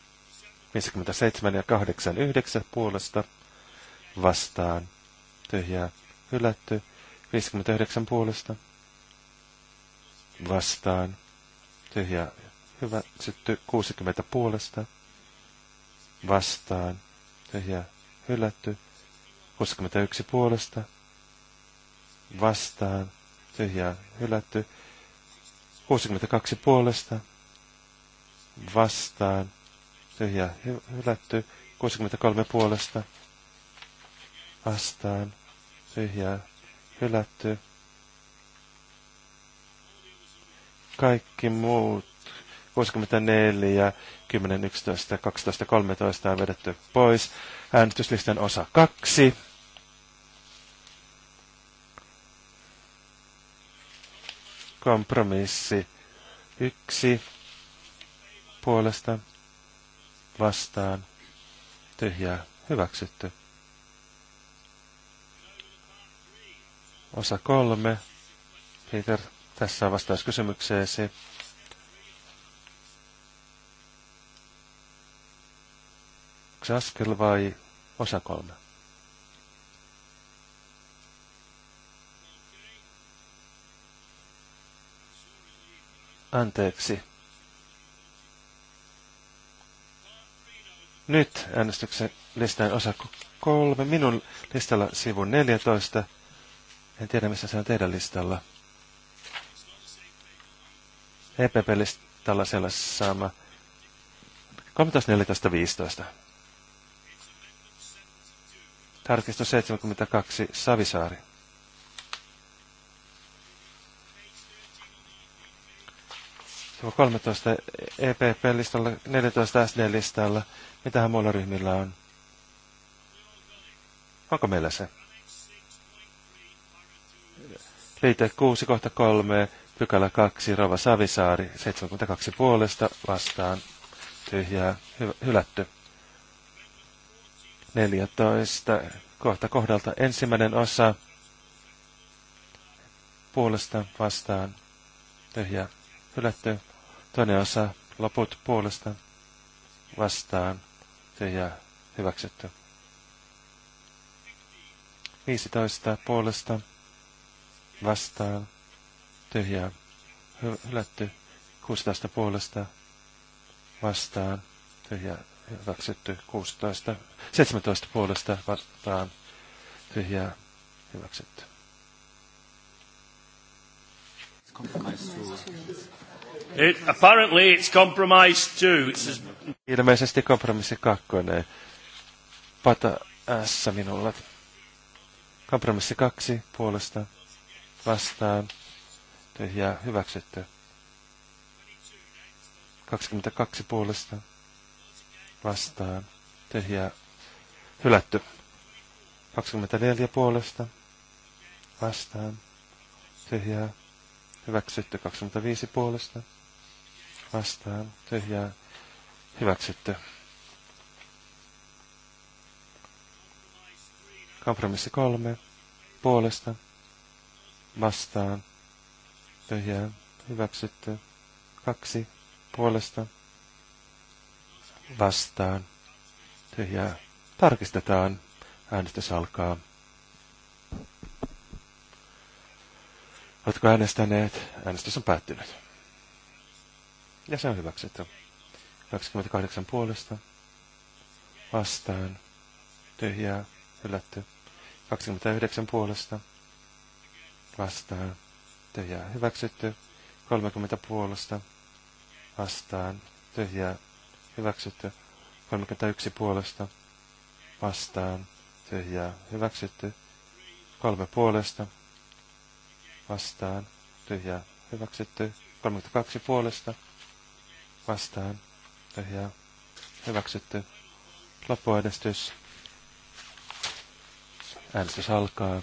57 ja 89 puolesta vastaan. Tyhjää. Hylätty. 59 puolesta vastaan. Tyhjä Hyvä. Sitten 60 puolesta vastaan. Tyhjä hylätty 61 puolesta vastaan. Tyhjä hylätty 62 puolesta vastaan. Tyhjä hylätty 63 puolesta vastaan. Tyhjä hylätty. Kaikki muut 64, 10, 11, 12, 13 on vedetty pois. Äänestyslistan osa 2. Kompromissi 1 puolesta vastaan tyhjää hyväksytty. Osa kolme. Peter, tässä on vastaus kysymykseesi. Onko se askel vai osa kolme? Anteeksi. Nyt äänestyksen listan osa kolme. Minun listalla sivu 14. En tiedä, missä se on teidän listalla. EPP-listalla siellä sama. 13, 14, 15. Tarkistus 72, Savisaari. Sivu 13 EPP-listalla, 14 SD-listalla. Mitähän muilla ryhmillä on? Onko meillä se? Liite 6 kohta 3, pykälä 2, Rova Savisaari, 72 puolesta vastaan, tyhjää, hy- hylätty. 14, kohta kohdalta ensimmäinen osa, puolesta vastaan, tyhjää, hylätty. Toinen osa, loput puolesta vastaan, tyhjää, hyväksytty. 15 puolesta vastaan, tyhjää, hylätty, 16 puolesta vastaan, tyhjää, hyväksytty, 16, 17 puolesta vastaan, tyhjää, hyväksytty. It, apparently it's compromise too. It's just... Ilmeisesti kompromissi kakkonen. Pata S minulla. Kompromissi kaksi puolesta vastaan tyhjää hyväksytty. 22 puolesta vastaan tyhjää hylätty. 24 puolesta vastaan tyhjää hyväksytty. 25 puolesta vastaan tyhjää hyväksytty. Kompromissi kolme puolesta vastaan Pöhjää hyväksytty. Kaksi puolesta vastaan tyhjää tarkistetaan. Äänestys alkaa. Oletko äänestäneet? Äänestys on päättynyt. Ja se on hyväksytty. 28 puolesta. Vastaan. Tyhjää. Hylätty. 29 puolesta vastaan tyhjää hyväksytty. 30 puolesta vastaan tyhjää hyväksytty. 31 puolesta vastaan tyhjää hyväksytty. Kolme puolesta vastaan tyhjää hyväksytty. 32 puolesta vastaan tyhjää hyväksytty. Loppuäänestys. Äänestys alkaa.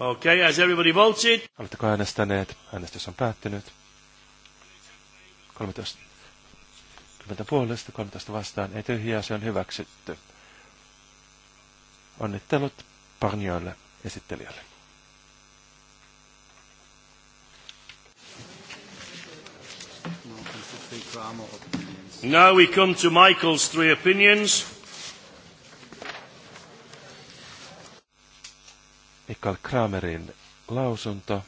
Okay, has everybody voted? Oletteko äänestäneet? Äänestys on päättynyt. 13 puolesta, 13 vastaan, ei tyhjää, se on hyväksytty. Onnittelut Parnioille esittelijälle. Now we come to Michael's three opinions. Mikael Kramerin lausunto.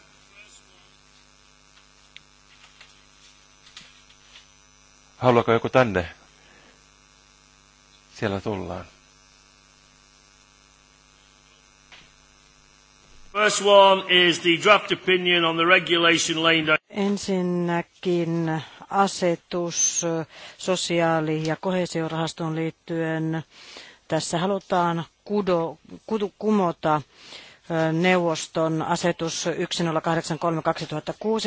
Haluaako joku tänne? Siellä tullaan. First one is the draft opinion on the regulation Ensinnäkin asetus sosiaali- ja kohesiorahastoon liittyen. Tässä halutaan kudo, kudo, kumota neuvoston asetus 1083-2006.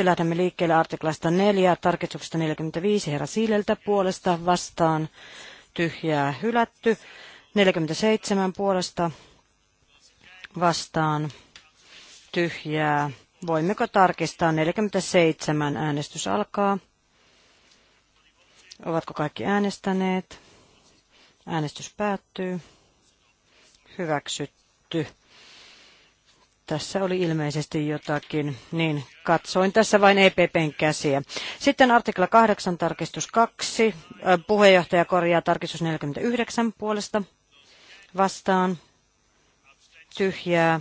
Lähdemme liikkeelle artiklasta 4, tarkistuksesta 45 herra Siileltä puolesta vastaan tyhjää hylätty. 47 puolesta vastaan tyhjää. Voimmeko tarkistaa? 47 äänestys alkaa. Ovatko kaikki äänestäneet? Äänestys päättyy. Hyväksytty. Tässä oli ilmeisesti jotakin, niin katsoin tässä vain EPPn käsiä. Sitten artikla 8, tarkistus 2, puheenjohtaja korjaa tarkistus 49 puolesta vastaan, tyhjää,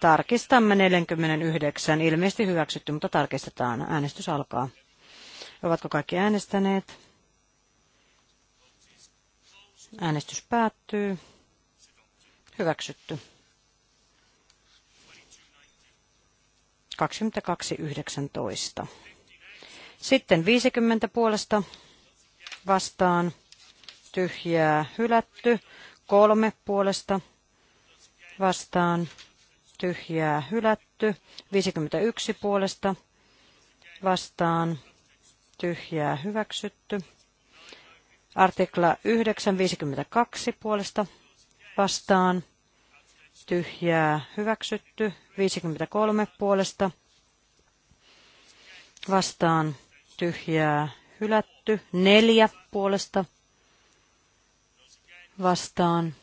tarkistamme 49, ilmeisesti hyväksytty, mutta tarkistetaan, äänestys alkaa. Ovatko kaikki äänestäneet? Äänestys päättyy. Hyväksytty. 22.19. Sitten 50 puolesta vastaan tyhjää hylätty. Kolme puolesta vastaan tyhjää hylätty. 51 puolesta vastaan tyhjää hyväksytty. Artikla 952 puolesta vastaan tyhjää hyväksytty. 53 puolesta vastaan tyhjää hylätty. Neljä puolesta vastaan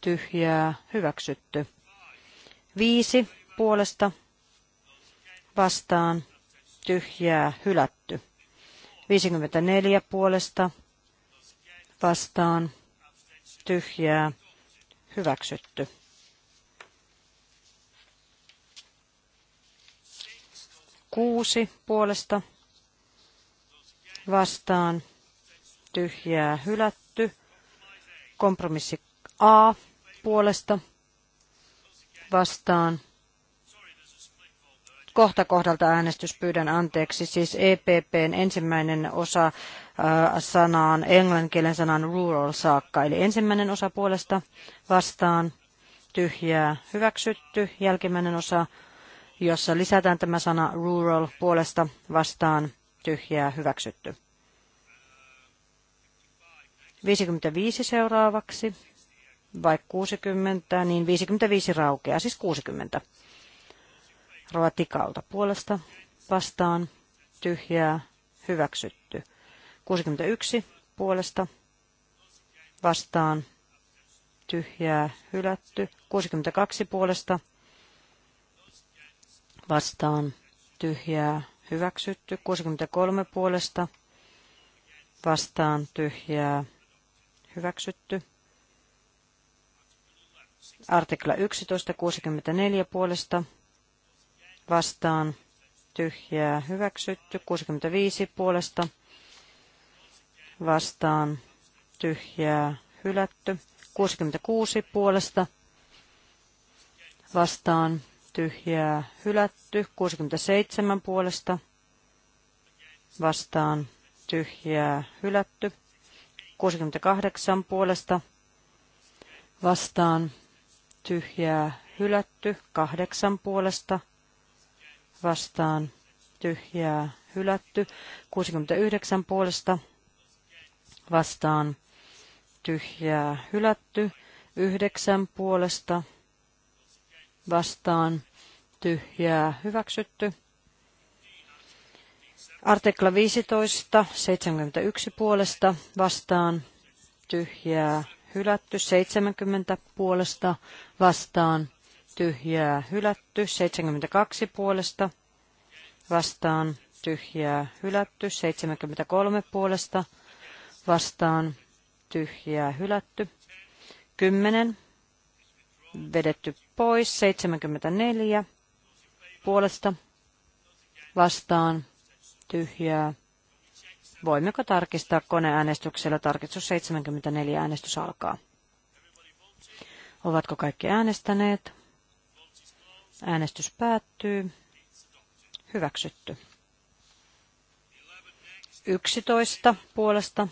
tyhjää hyväksytty. Viisi puolesta vastaan tyhjää hylätty. 54 puolesta vastaan tyhjää hyväksytty. kuusi puolesta vastaan tyhjää hylätty. Kompromissi A puolesta vastaan. Kohta kohdalta äänestys pyydän anteeksi, siis EPPn ensimmäinen osa äh, sanaan, englanninkielen sanan rural saakka, eli ensimmäinen osa puolesta vastaan, tyhjää hyväksytty, jälkimmäinen osa jossa lisätään tämä sana rural puolesta vastaan tyhjää hyväksytty. 55 seuraavaksi, vai 60, niin 55 raukeaa, siis 60. Roa puolesta vastaan tyhjää hyväksytty. 61 puolesta vastaan tyhjää hylätty. 62 puolesta vastaan tyhjää hyväksytty. 63 puolesta vastaan tyhjää hyväksytty. Artikla 64 puolesta vastaan tyhjää hyväksytty. 65 puolesta vastaan tyhjää hylätty. 66 puolesta vastaan tyhjää hylätty. 67 puolesta vastaan tyhjää hylätty. 68 puolesta vastaan tyhjää hylätty. 8 puolesta vastaan tyhjää hylätty. 69 puolesta vastaan tyhjää hylätty. 9 puolesta vastaan tyhjää hyväksytty. Artikla 15, 71 puolesta vastaan tyhjää hylätty, 70 puolesta vastaan tyhjää hylätty, 72 puolesta vastaan tyhjää hylätty, 73 puolesta vastaan tyhjää hylätty, 10 vedetty pois. 74 puolesta vastaan tyhjää. Voimmeko tarkistaa koneäänestyksellä? Tarkistus 74 äänestys alkaa. Ovatko kaikki äänestäneet? Äänestys päättyy. Hyväksytty. 11 puolesta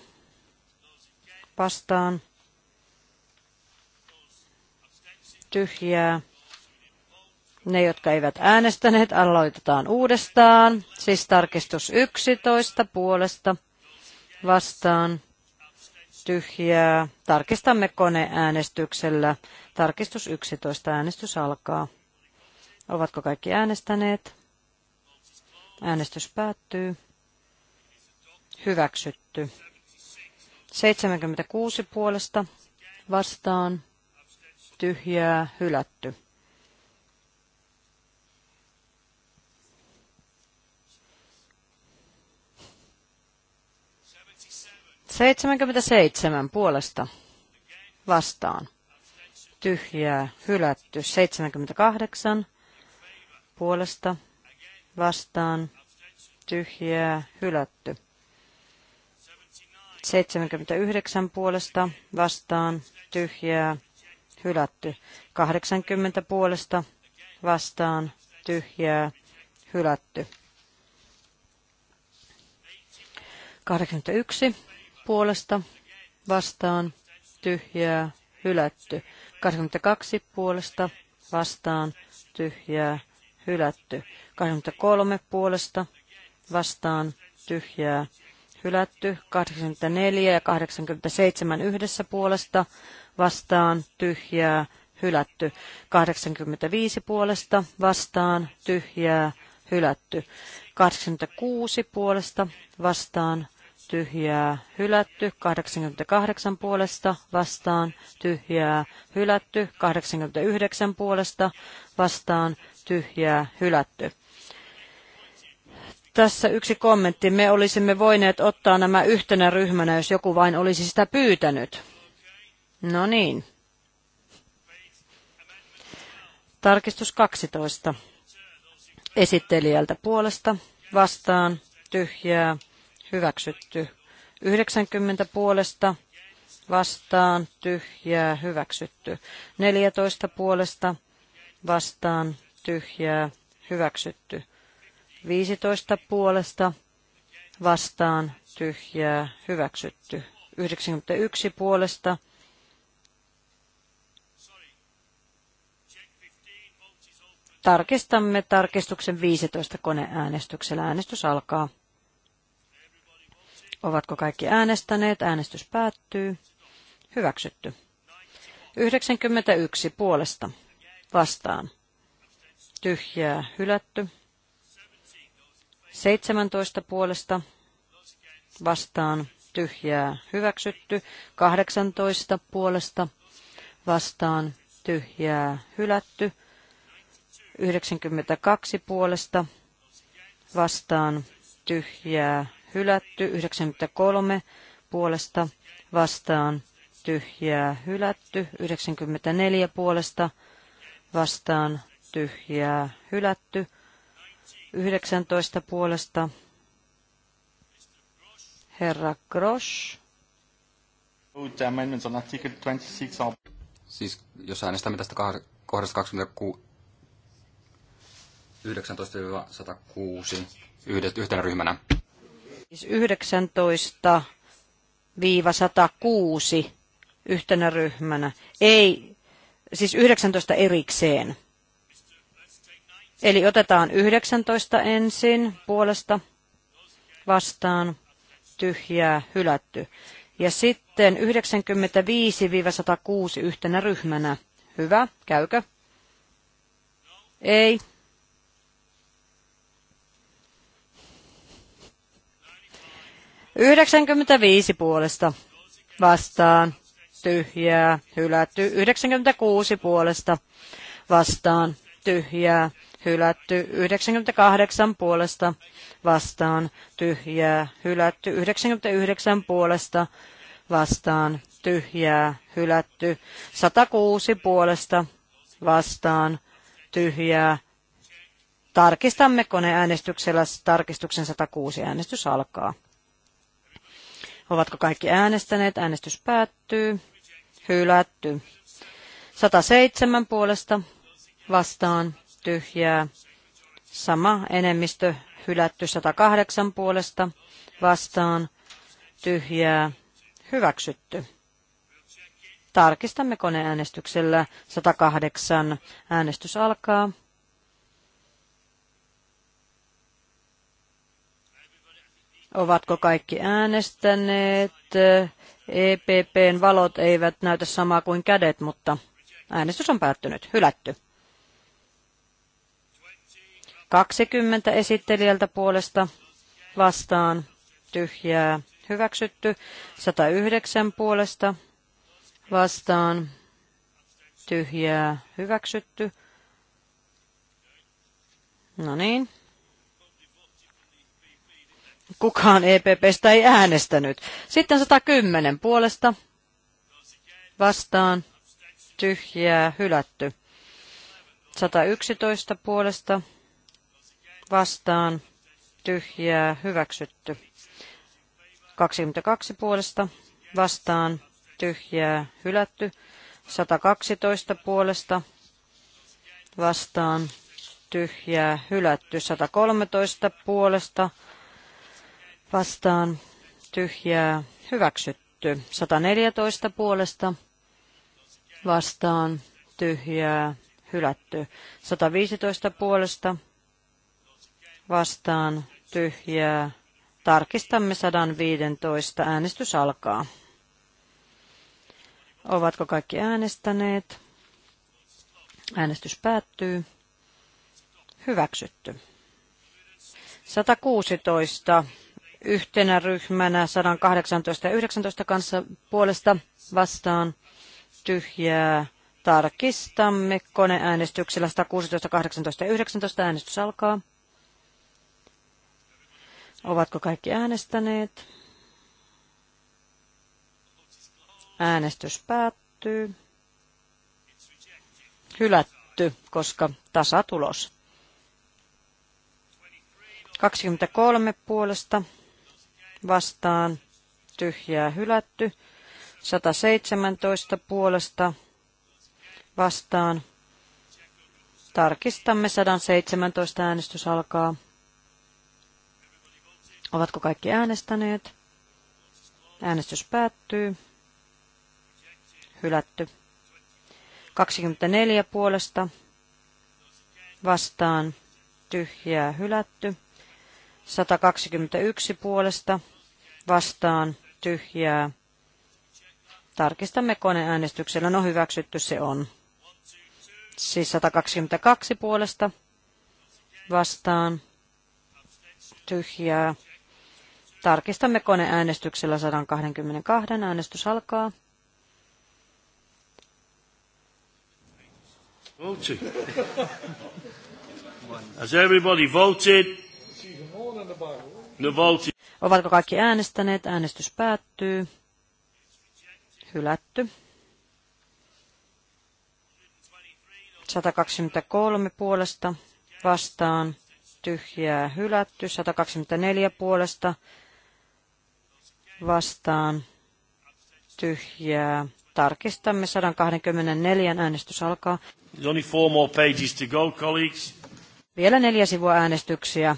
vastaan tyhjää. Ne, jotka eivät äänestäneet, aloitetaan uudestaan. Siis tarkistus 11 puolesta vastaan tyhjää. Tarkistamme koneäänestyksellä. Tarkistus 11. Äänestys alkaa. Ovatko kaikki äänestäneet? Äänestys päättyy. Hyväksytty. 76 puolesta vastaan tyhjää, hylätty. Seitsemänkymmentäseitsemän puolesta vastaan. Tyhjää, hylätty. Seitsemänkymmentäkahdeksan puolesta vastaan. Tyhjää, hylätty. 79 puolesta vastaan tyhjää hylätty. 80 puolesta vastaan tyhjää hylätty. 81 puolesta vastaan tyhjää hylätty. 82 puolesta vastaan tyhjää hylätty. 83 puolesta vastaan tyhjää hylätty, 84 ja 87 yhdessä puolesta vastaan tyhjää hylätty, 85 puolesta vastaan tyhjää hylätty, 86 puolesta vastaan tyhjää hylätty, 88 puolesta vastaan tyhjää hylätty, 89 puolesta vastaan tyhjää hylätty. Tässä yksi kommentti. Me olisimme voineet ottaa nämä yhtenä ryhmänä, jos joku vain olisi sitä pyytänyt. No niin. Tarkistus 12. Esittelijältä puolesta vastaan tyhjää hyväksytty. 90 puolesta vastaan tyhjää hyväksytty. 14 puolesta vastaan tyhjää hyväksytty. 15 puolesta vastaan tyhjää hyväksytty. 91 puolesta Tarkistamme tarkistuksen 15 koneäänestyksellä. Äänestys alkaa. Ovatko kaikki äänestäneet? Äänestys päättyy. Hyväksytty. 91 puolesta. Vastaan. Tyhjää hylätty. 17 puolesta vastaan tyhjää hyväksytty, 18 puolesta vastaan tyhjää hylätty, 92 puolesta vastaan tyhjää hylätty, 93 puolesta vastaan tyhjää hylätty, 94 puolesta vastaan tyhjää hylätty, 19 puolesta herra Grosch. Siis jos äänestämme tästä kohdasta 26, 19-106 yhtenä ryhmänä. Siis 19-106 yhtenä ryhmänä. Ei, siis 19 erikseen. Eli otetaan 19 ensin puolesta vastaan tyhjää hylätty. Ja sitten 95-106 yhtenä ryhmänä. Hyvä, käykö? Ei. Yhdeksänkymmentäviisi puolesta vastaan tyhjää hylätty. 96 puolesta vastaan tyhjää hylätty 98 puolesta vastaan tyhjää, hylätty 99 puolesta vastaan tyhjää, hylätty 106 puolesta vastaan tyhjää. Tarkistamme koneäänestyksellä tarkistuksen 106 äänestys alkaa. Ovatko kaikki äänestäneet? Äänestys päättyy. Hylätty. 107 puolesta vastaan tyhjää. Sama enemmistö hylätty 108 puolesta vastaan tyhjää hyväksytty. Tarkistamme koneäänestyksellä 108. Äänestys alkaa. Ovatko kaikki äänestäneet? EPPn valot eivät näytä samaa kuin kädet, mutta äänestys on päättynyt. Hylätty. 20 esittelijältä puolesta vastaan tyhjää hyväksytty. 109 puolesta vastaan tyhjää hyväksytty. No niin. Kukaan EPPstä ei äänestänyt. Sitten 110 puolesta vastaan tyhjää hylätty. 111 puolesta vastaan tyhjää hyväksytty. 22 puolesta vastaan tyhjää hylätty. 112 puolesta vastaan tyhjää hylätty. 113 puolesta vastaan tyhjää hyväksytty. 114 puolesta vastaan tyhjää hylätty. 115 puolesta vastaan, vastaan tyhjää. Tarkistamme 115. Äänestys alkaa. Ovatko kaikki äänestäneet? Äänestys päättyy. Hyväksytty. 116 yhtenä ryhmänä 118 ja 19 kanssa puolesta vastaan tyhjää. Tarkistamme koneäänestyksellä 116, 18 ja 19. Äänestys alkaa. Ovatko kaikki äänestäneet? Äänestys päättyy. Hylätty, koska tasatulos. 23 puolesta vastaan tyhjää hylätty. 117 puolesta vastaan. Tarkistamme 117 äänestys alkaa. Ovatko kaikki äänestäneet? Äänestys päättyy. Hylätty. 24 puolesta vastaan tyhjää hylätty. 121 puolesta vastaan tyhjää. Tarkistamme koneäänestyksellä. No hyväksytty se on. Siis 122 puolesta vastaan tyhjää Tarkistamme koneäänestyksellä 122. Äänestys alkaa. Voted. Has everybody voted? The vote. Ovatko kaikki äänestäneet? Äänestys päättyy. Hylätty. 123 puolesta vastaan tyhjää hylätty. 124 puolesta vastaan tyhjää. Tarkistamme 124 äänestys alkaa. only four more pages to go, colleagues. Vielä neljä sivua äänestyksiä.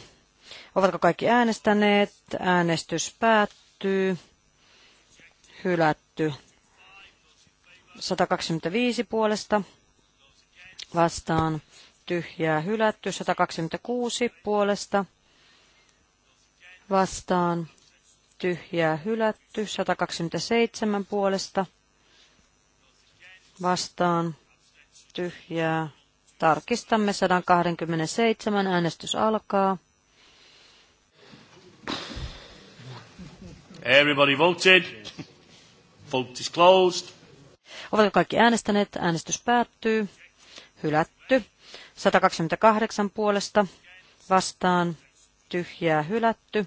Ovatko kaikki äänestäneet? Äänestys päättyy. Hylätty. 125 puolesta vastaan tyhjää hylätty. 126 puolesta vastaan tyhjää hylätty, 127 puolesta vastaan tyhjää. Tarkistamme 127, äänestys alkaa. Everybody voted. Vote is closed. Ovatko kaikki äänestäneet? Äänestys päättyy. Hylätty. 128 puolesta vastaan tyhjää hylätty.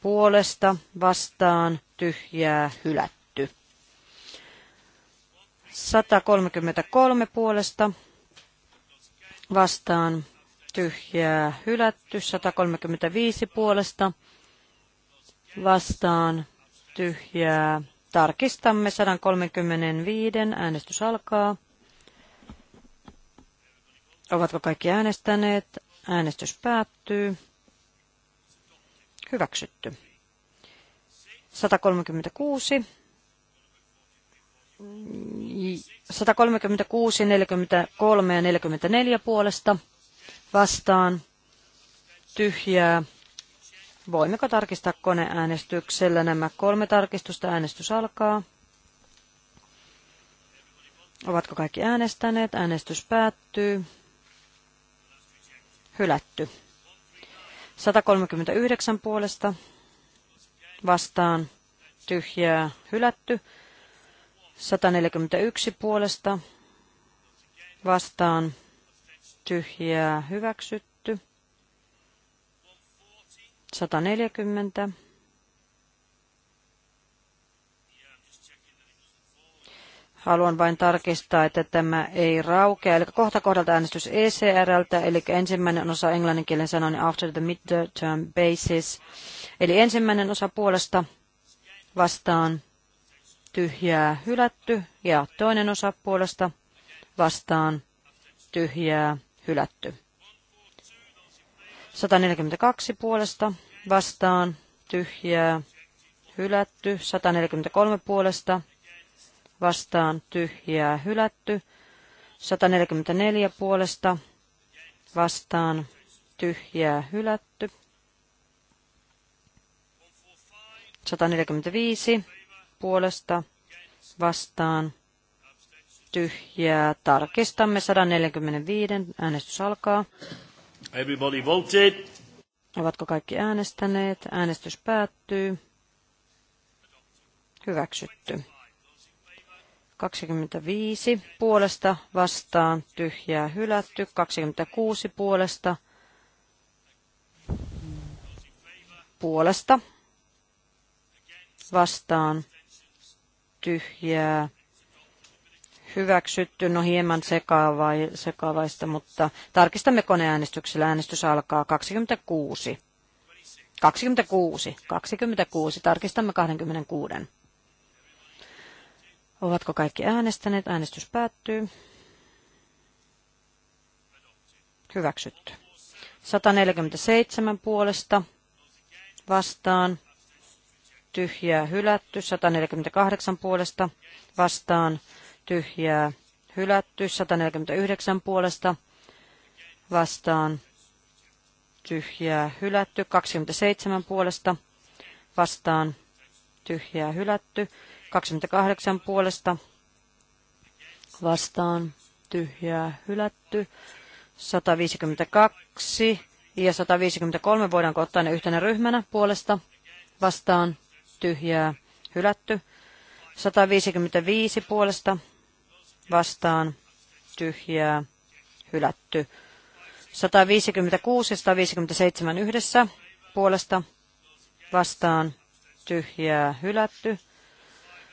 puolesta vastaan tyhjää hylätty. 133 puolesta vastaan tyhjää hylätty. 135 puolesta vastaan tyhjää. Tarkistamme 135. Äänestys alkaa. Ovatko kaikki äänestäneet? Äänestys päättyy. Hyväksytty. 136. 136, 43 ja 44 puolesta vastaan tyhjää. Voimmeko tarkistaa koneäänestyksellä nämä kolme tarkistusta? Äänestys alkaa. Ovatko kaikki äänestäneet? Äänestys päättyy. Hylätty. 139 puolesta vastaan tyhjää hylätty. 141 puolesta vastaan tyhjää hyväksytty. 140 Haluan vain tarkistaa, että tämä ei raukea. Eli kohta kohdalta äänestys ECRltä, eli ensimmäinen osa englannin kielen after the midterm basis. Eli ensimmäinen osa puolesta vastaan tyhjää hylätty ja toinen osa puolesta vastaan tyhjää hylätty. 142 puolesta vastaan tyhjää hylätty, 143 puolesta vastaan tyhjää hylätty. 144 puolesta vastaan tyhjää hylätty. 145 puolesta vastaan tyhjää. Tarkistamme 145. Äänestys alkaa. Everybody voted. Ovatko kaikki äänestäneet? Äänestys päättyy. Hyväksytty. 25 puolesta vastaan tyhjää hylätty, 26 puolesta puolesta vastaan tyhjää hyväksytty, no hieman sekavaista mutta tarkistamme koneäänestyksellä. Äänestys alkaa 26. 26. 26. Tarkistamme 26. Ovatko kaikki äänestäneet? Äänestys päättyy. Hyväksytty. 147 puolesta vastaan. Tyhjää hylätty. 148 puolesta vastaan. Tyhjää hylätty. 149 puolesta vastaan. Tyhjää hylätty. 27 puolesta vastaan. Tyhjää hylätty. 28 puolesta vastaan tyhjää hylätty. 152 ja 153 voidaanko ottaa ne yhtenä ryhmänä puolesta vastaan tyhjää hylätty. 155 puolesta vastaan tyhjää hylätty. 156 ja 157 yhdessä puolesta vastaan tyhjää hylätty.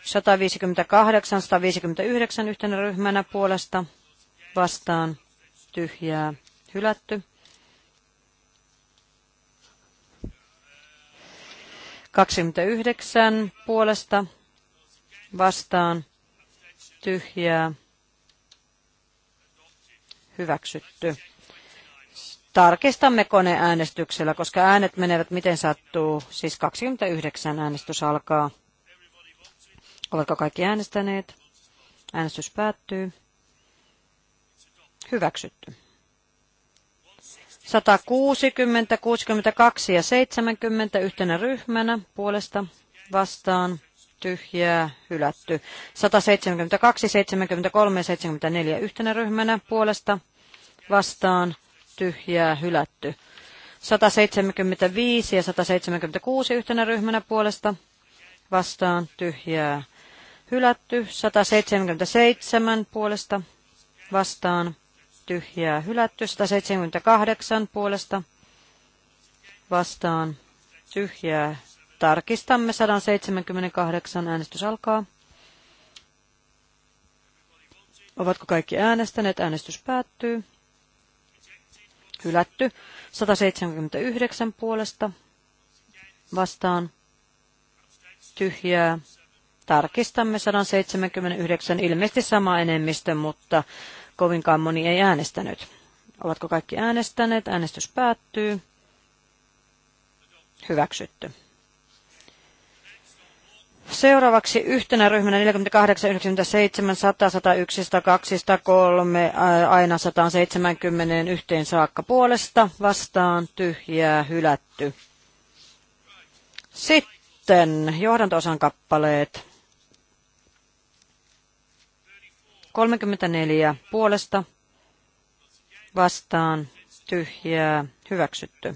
158, 159 yhtenä ryhmänä puolesta vastaan tyhjää hylätty. 29 puolesta vastaan tyhjää hyväksytty. Tarkistamme koneäänestyksellä, koska äänet menevät miten sattuu. Siis 29 äänestys alkaa. Oletko kaikki äänestäneet? Äänestys päättyy. Hyväksytty. 160, 62 ja 70 yhtenä ryhmänä puolesta vastaan tyhjää hylätty. 172, 73 ja 74 yhtenä ryhmänä puolesta vastaan tyhjää hylätty. 175 ja 176 yhtenä ryhmänä puolesta vastaan tyhjää hylätty. 177 puolesta vastaan tyhjää hylätty. 178 puolesta vastaan tyhjää. Tarkistamme 178. Äänestys alkaa. Ovatko kaikki äänestäneet? Äänestys päättyy. Hylätty. 179 puolesta vastaan. Tyhjää tarkistamme 179, ilmeisesti sama enemmistö, mutta kovinkaan moni ei äänestänyt. Ovatko kaikki äänestäneet? Äänestys päättyy. Hyväksytty. Seuraavaksi yhtenä ryhmänä 48, 97, 100, 101, 102, 103, aina 170 yhteen saakka puolesta, vastaan, tyhjää, hylätty. Sitten johdanto kappaleet. 34 puolesta vastaan tyhjää hyväksytty.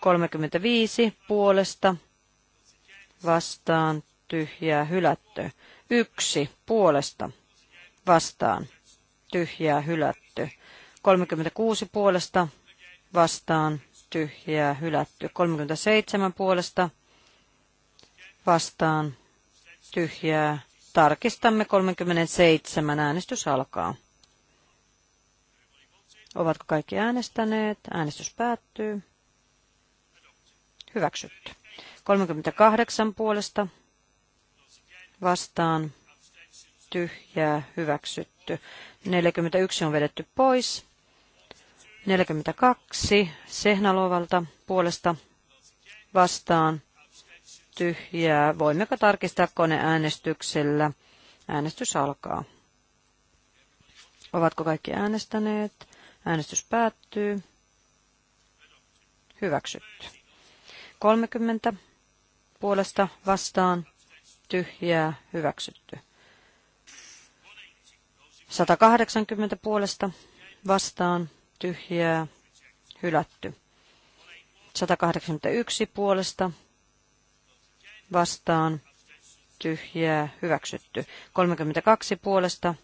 35 puolesta vastaan tyhjää hylätty. Yksi puolesta vastaan tyhjää hylätty. 36 puolesta vastaan tyhjää hylätty. 37 puolesta vastaan tyhjää Tarkistamme 37. Äänestys alkaa. Ovatko kaikki äänestäneet? Äänestys päättyy. Hyväksytty. 38 puolesta vastaan tyhjää hyväksytty. 41 on vedetty pois. 42 Sehnalovalta puolesta vastaan tyhjää. Voimmeko tarkistaa koneäänestyksellä? Äänestys alkaa. Ovatko kaikki äänestäneet? Äänestys päättyy. Hyväksytty. 30 puolesta vastaan tyhjää hyväksytty. 180 puolesta vastaan tyhjää hylätty. 181 puolesta vastaan tyhjää hyväksytty. 32 puolesta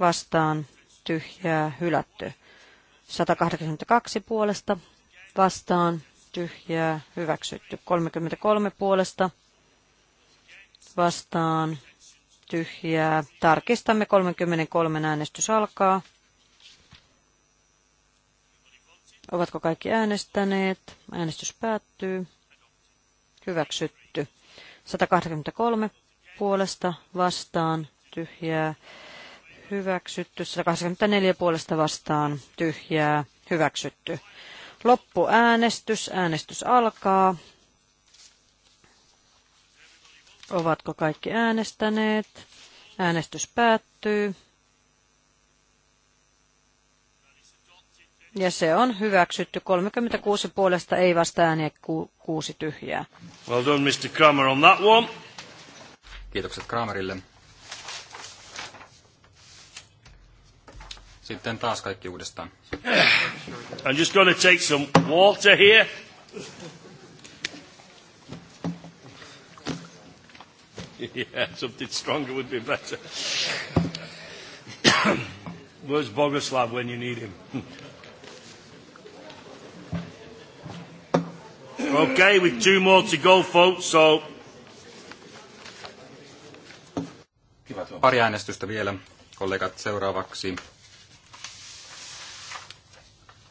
vastaan tyhjää hylätty. 182 puolesta vastaan tyhjää hyväksytty. 33 puolesta vastaan tyhjää. Tarkistamme 33 äänestys alkaa. Ovatko kaikki äänestäneet? Äänestys päättyy hyväksytty. 183 puolesta vastaan tyhjää hyväksytty. 184 puolesta vastaan tyhjää hyväksytty. Loppuäänestys. Äänestys alkaa. Ovatko kaikki äänestäneet? Äänestys päättyy. ja se on hyväksytty 36 puolesta ei vasta ääniä ku, kuusi tyhjää. Well done, Mr. Kramer, on that one. Kiitokset Kramerille. Sitten taas kaikki uudestaan. I'm just going to take some water here. yeah, something stronger would be better. Where's Bogoslav when you need him? Okay, with two more to go, folks, so... Pari äänestystä vielä, kollegat, seuraavaksi.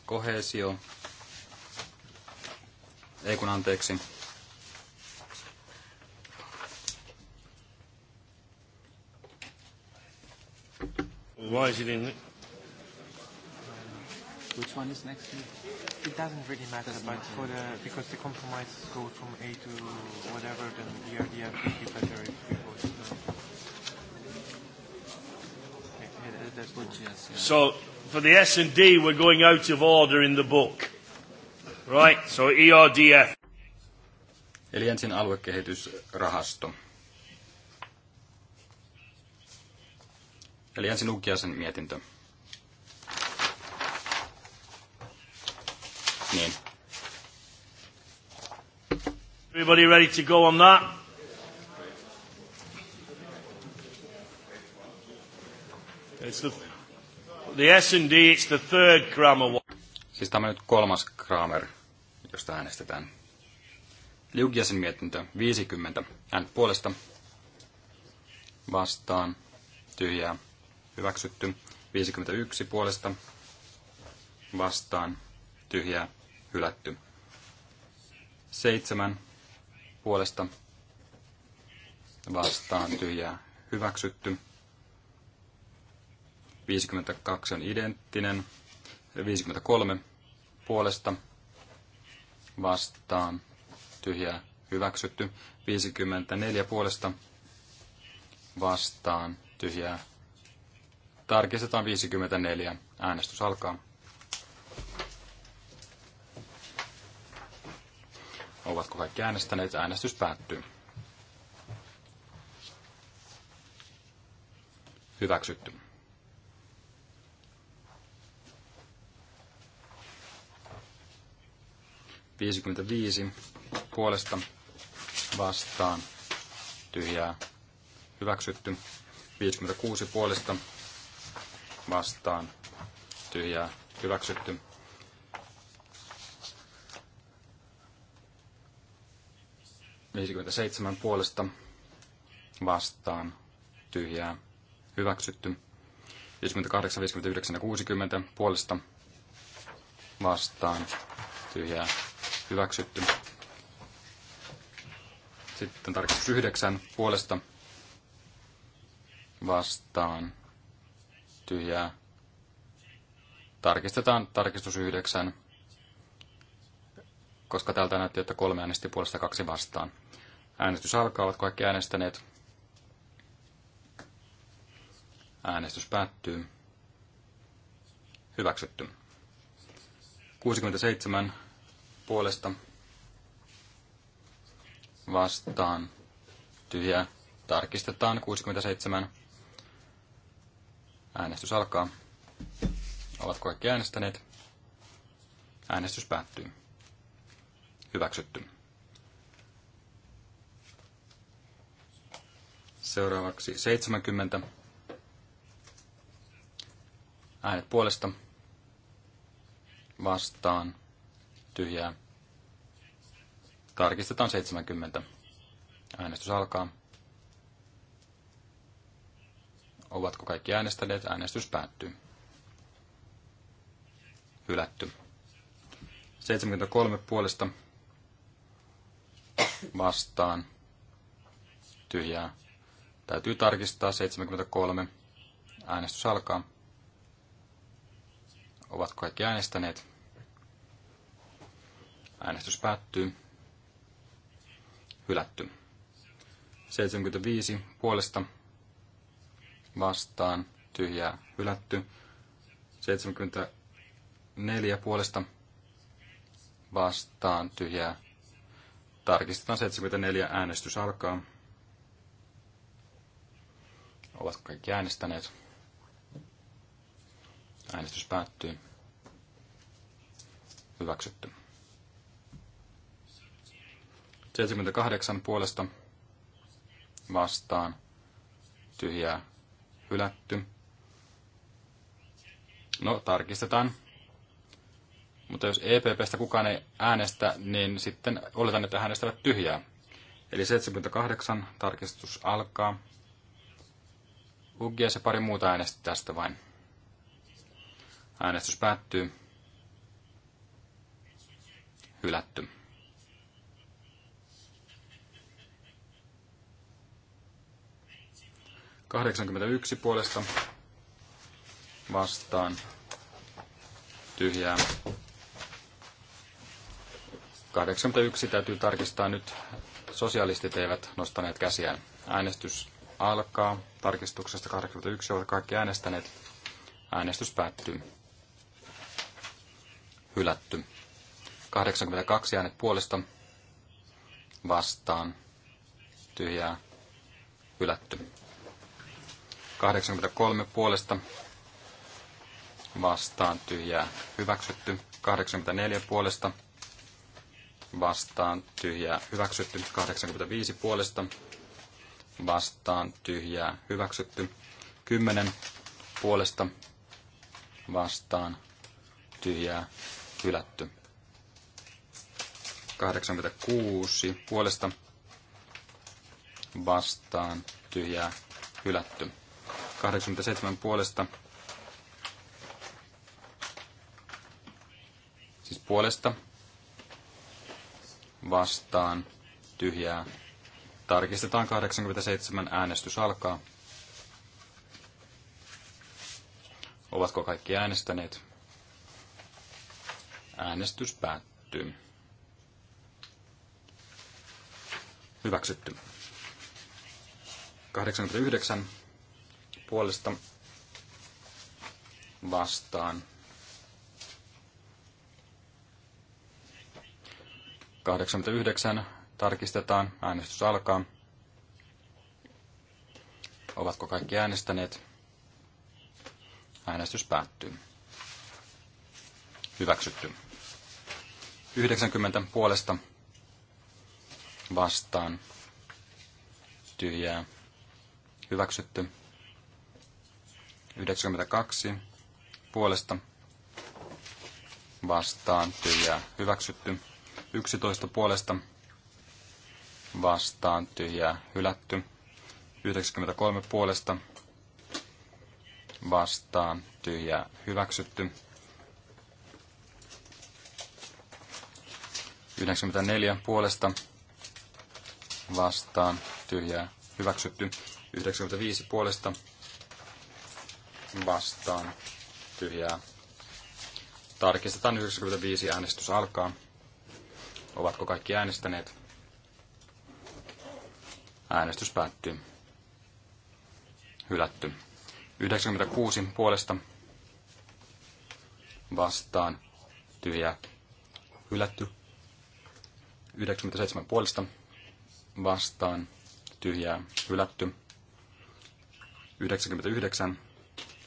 Kohesio. Ei kun anteeksi. Why is it in Which one is next? It doesn't really matter, doesn't but matter. for the because the compromise go from A to whatever, then the idea would be better if we go to the. Okay, that's good. So for the S and D, we're going out of order in the book, right? So ERDF. Eli ensin aluekehitysrahasto. Eli ensin Ukiasen mietintö. niin. Everybody ready to go on that? It's the, the S&D, it's the third grammar one. Siis tämä on nyt kolmas Kramer, josta äänestetään. Liukiasin mietintö 50. Äänet puolesta. Vastaan. Tyhjää. Hyväksytty. 51 puolesta. Vastaan. Tyhjää hylätty. Seitsemän puolesta vastaan tyhjää hyväksytty. 52 on identtinen. 53 puolesta vastaan tyhjää hyväksytty. 54 puolesta vastaan tyhjää. Tarkistetaan 54. Äänestys alkaa. Ovatko kaikki äänestäneet? Äänestys päättyy. Hyväksytty. Viisikymmentäviisi puolesta vastaan tyhjää hyväksytty. 56 puolesta vastaan tyhjää hyväksytty. 57 puolesta vastaan tyhjää hyväksytty. 58, 59 ja 60 puolesta vastaan tyhjää hyväksytty. Sitten tarkistus 9 puolesta vastaan tyhjää. Tarkistetaan tarkistus 9 koska tältä näytti, että kolme äänesti puolesta kaksi vastaan. Äänestys alkaa, ovat kaikki äänestäneet. Äänestys päättyy. Hyväksytty. 67 puolesta vastaan Tyhjä. Tarkistetaan 67. Äänestys alkaa. Ovat kaikki äänestäneet. Äänestys päättyy hyväksytty. Seuraavaksi 70. Äänet puolesta. Vastaan. Tyhjää. Tarkistetaan 70. Äänestys alkaa. Ovatko kaikki äänestäneet? Äänestys päättyy. Hylätty. 73 puolesta vastaan tyhjää. Täytyy tarkistaa 73. Äänestys alkaa. Ovatko kaikki äänestäneet? Äänestys päättyy. Hylätty. 75 puolesta vastaan tyhjää hylätty. 74 puolesta vastaan tyhjää Tarkistetaan 74. Äänestys alkaa. Ovat kaikki äänestäneet. Äänestys päättyy. Hyväksytty. 78 puolesta vastaan tyhjää hylätty. No, tarkistetaan. Mutta jos EPPstä kukaan ei äänestä, niin sitten oletan, että äänestävät tyhjää. Eli 78 tarkistus alkaa. Uggias se pari muuta äänesti tästä vain. Äänestys päättyy. Hylätty. Kahdeksankymmentäyksi puolesta vastaan tyhjää 81 täytyy tarkistaa nyt. Sosialistit eivät nostaneet käsiään. Äänestys alkaa. Tarkistuksesta 81 ovat kaikki äänestäneet. Äänestys päättyy. Hylätty. 82 äänet puolesta. Vastaan. Tyhjää. Hylätty. 83 puolesta. Vastaan. Tyhjää. Hyväksytty. 84 puolesta vastaan tyhjää hyväksytty. 85 puolesta vastaan tyhjää hyväksytty. 10 puolesta vastaan tyhjää hylätty. 86 puolesta vastaan tyhjää hylätty. 87 puolesta siis puolesta vastaan, tyhjää. Tarkistetaan 87, äänestys alkaa. Ovatko kaikki äänestäneet? Äänestys päättyy. Hyväksytty. 89 puolesta vastaan 89 tarkistetaan. Äänestys alkaa. Ovatko kaikki äänestäneet? Äänestys päättyy. Hyväksytty. 90 puolesta vastaan tyhjää. Hyväksytty. 92 puolesta vastaan tyhjää. Hyväksytty. 11 puolesta vastaan tyhjää hylätty. 93 puolesta vastaan tyhjää hyväksytty. 94 puolesta vastaan tyhjää hyväksytty. 95 puolesta vastaan tyhjää. Tarkistetaan 95 äänestys alkaa. Ovatko kaikki äänestäneet? Äänestys päättyy. Hylätty. 96 puolesta vastaan tyhjää hylätty. 97 puolesta vastaan tyhjää hylätty. 99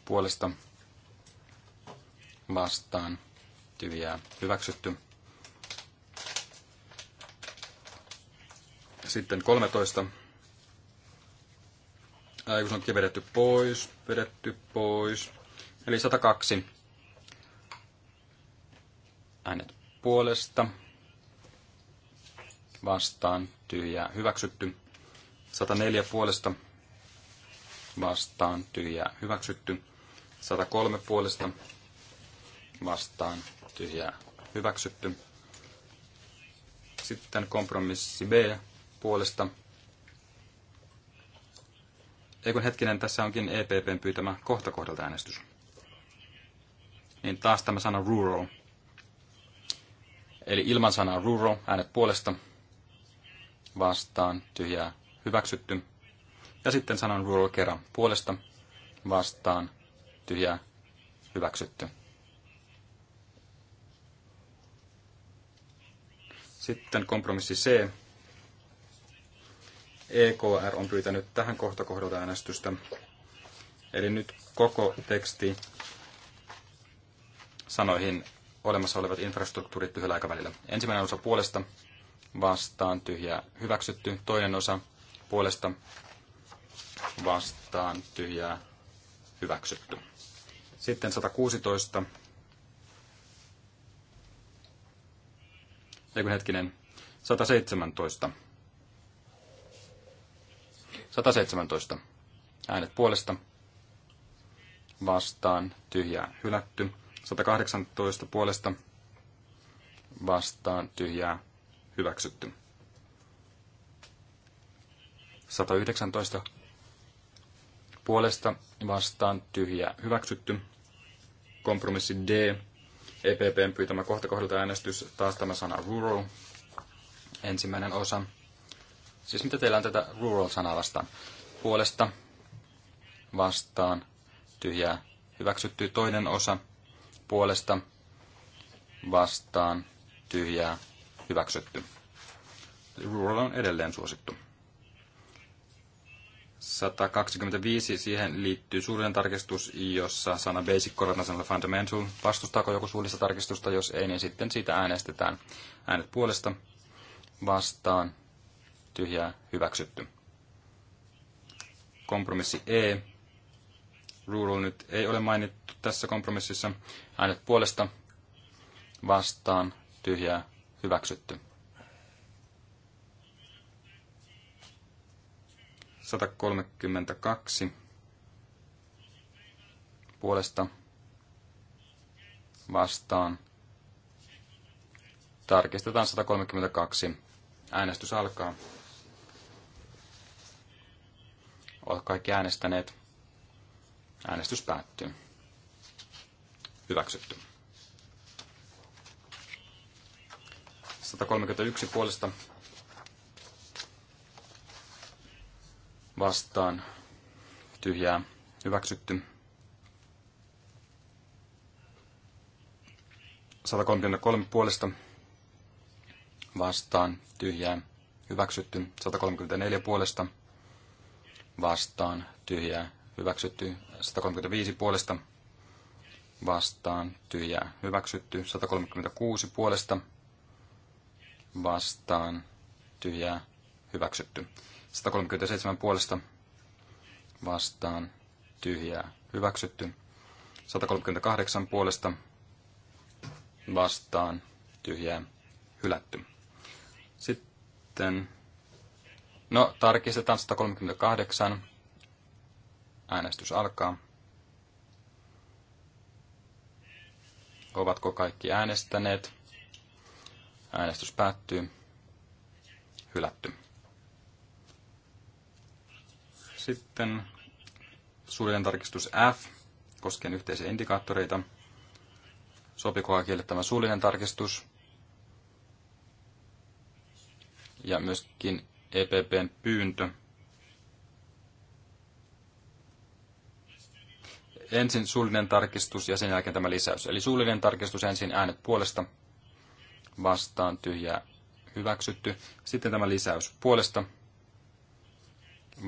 puolesta vastaan tyhjää hyväksytty. Sitten 13. Ää, kun se onkin vedetty pois, vedetty pois. Eli 102 äänet puolesta, vastaan, tyhjää, hyväksytty. 104 puolesta, vastaan, tyhjää, hyväksytty. 103 puolesta, vastaan, tyhjää, hyväksytty. Sitten kompromissi B puolesta. Ei kun hetkinen, tässä onkin EPPn pyytämä kohta kohdalta äänestys. Niin taas tämä sana rural. Eli ilman sanaa rural, äänet puolesta, vastaan, tyhjää, hyväksytty. Ja sitten sanan rural kerran puolesta, vastaan, tyhjää, hyväksytty. Sitten kompromissi C EKR on pyytänyt tähän kohtakohdalta äänestystä. Eli nyt koko teksti sanoihin olemassa olevat infrastruktuurit lyhyellä aikavälillä. Ensimmäinen osa puolesta vastaan tyhjä hyväksytty. Toinen osa puolesta vastaan tyhjää hyväksytty. Sitten 116. Eikö hetkinen, 117 117. Äänet puolesta. Vastaan. Tyhjää. Hylätty. 118 puolesta. Vastaan. Tyhjää. Hyväksytty. 119 puolesta vastaan tyhjää hyväksytty. Kompromissi D. EPPn pyytämä kohta kohdalta äänestys. Taas tämä sana rural. Ensimmäinen osa Siis mitä teillä on tätä rural-sanaa vastaan? Puolesta, vastaan, tyhjää, hyväksytty toinen osa, puolesta, vastaan, tyhjää, hyväksytty. Eli rural on edelleen suosittu. 125 siihen liittyy suullinen tarkistus, jossa sana basic korvataan sanalla fundamental. Vastustaako joku suullista tarkistusta? Jos ei, niin sitten siitä äänestetään. Äänet puolesta, vastaan, tyhjää hyväksytty. Kompromissi E. Rural nyt ei ole mainittu tässä kompromississa. Äänet puolesta vastaan tyhjää hyväksytty. 132 puolesta vastaan. Tarkistetaan 132. Äänestys alkaa. Ovat kaikki äänestäneet. Äänestys päättyy. Hyväksytty. 131 puolesta vastaan tyhjää hyväksytty. 133 puolesta vastaan tyhjää hyväksytty. 134 puolesta vastaan tyhjää hyväksytty 135 puolesta vastaan tyhjää hyväksytty 136 puolesta vastaan tyhjää hyväksytty 137 puolesta vastaan tyhjää hyväksytty 138 puolesta vastaan tyhjää hylätty. Sitten No, tarkistetaan 138. Äänestys alkaa. Ovatko kaikki äänestäneet? Äänestys päättyy. Hylätty. Sitten suullinen tarkistus F koskien yhteisiä indikaattoreita. kaikille tämä suullinen tarkistus? Ja myöskin EPPn pyyntö. Ensin suullinen tarkistus ja sen jälkeen tämä lisäys. Eli suullinen tarkistus ensin äänet puolesta vastaan tyhjää hyväksytty. Sitten tämä lisäys puolesta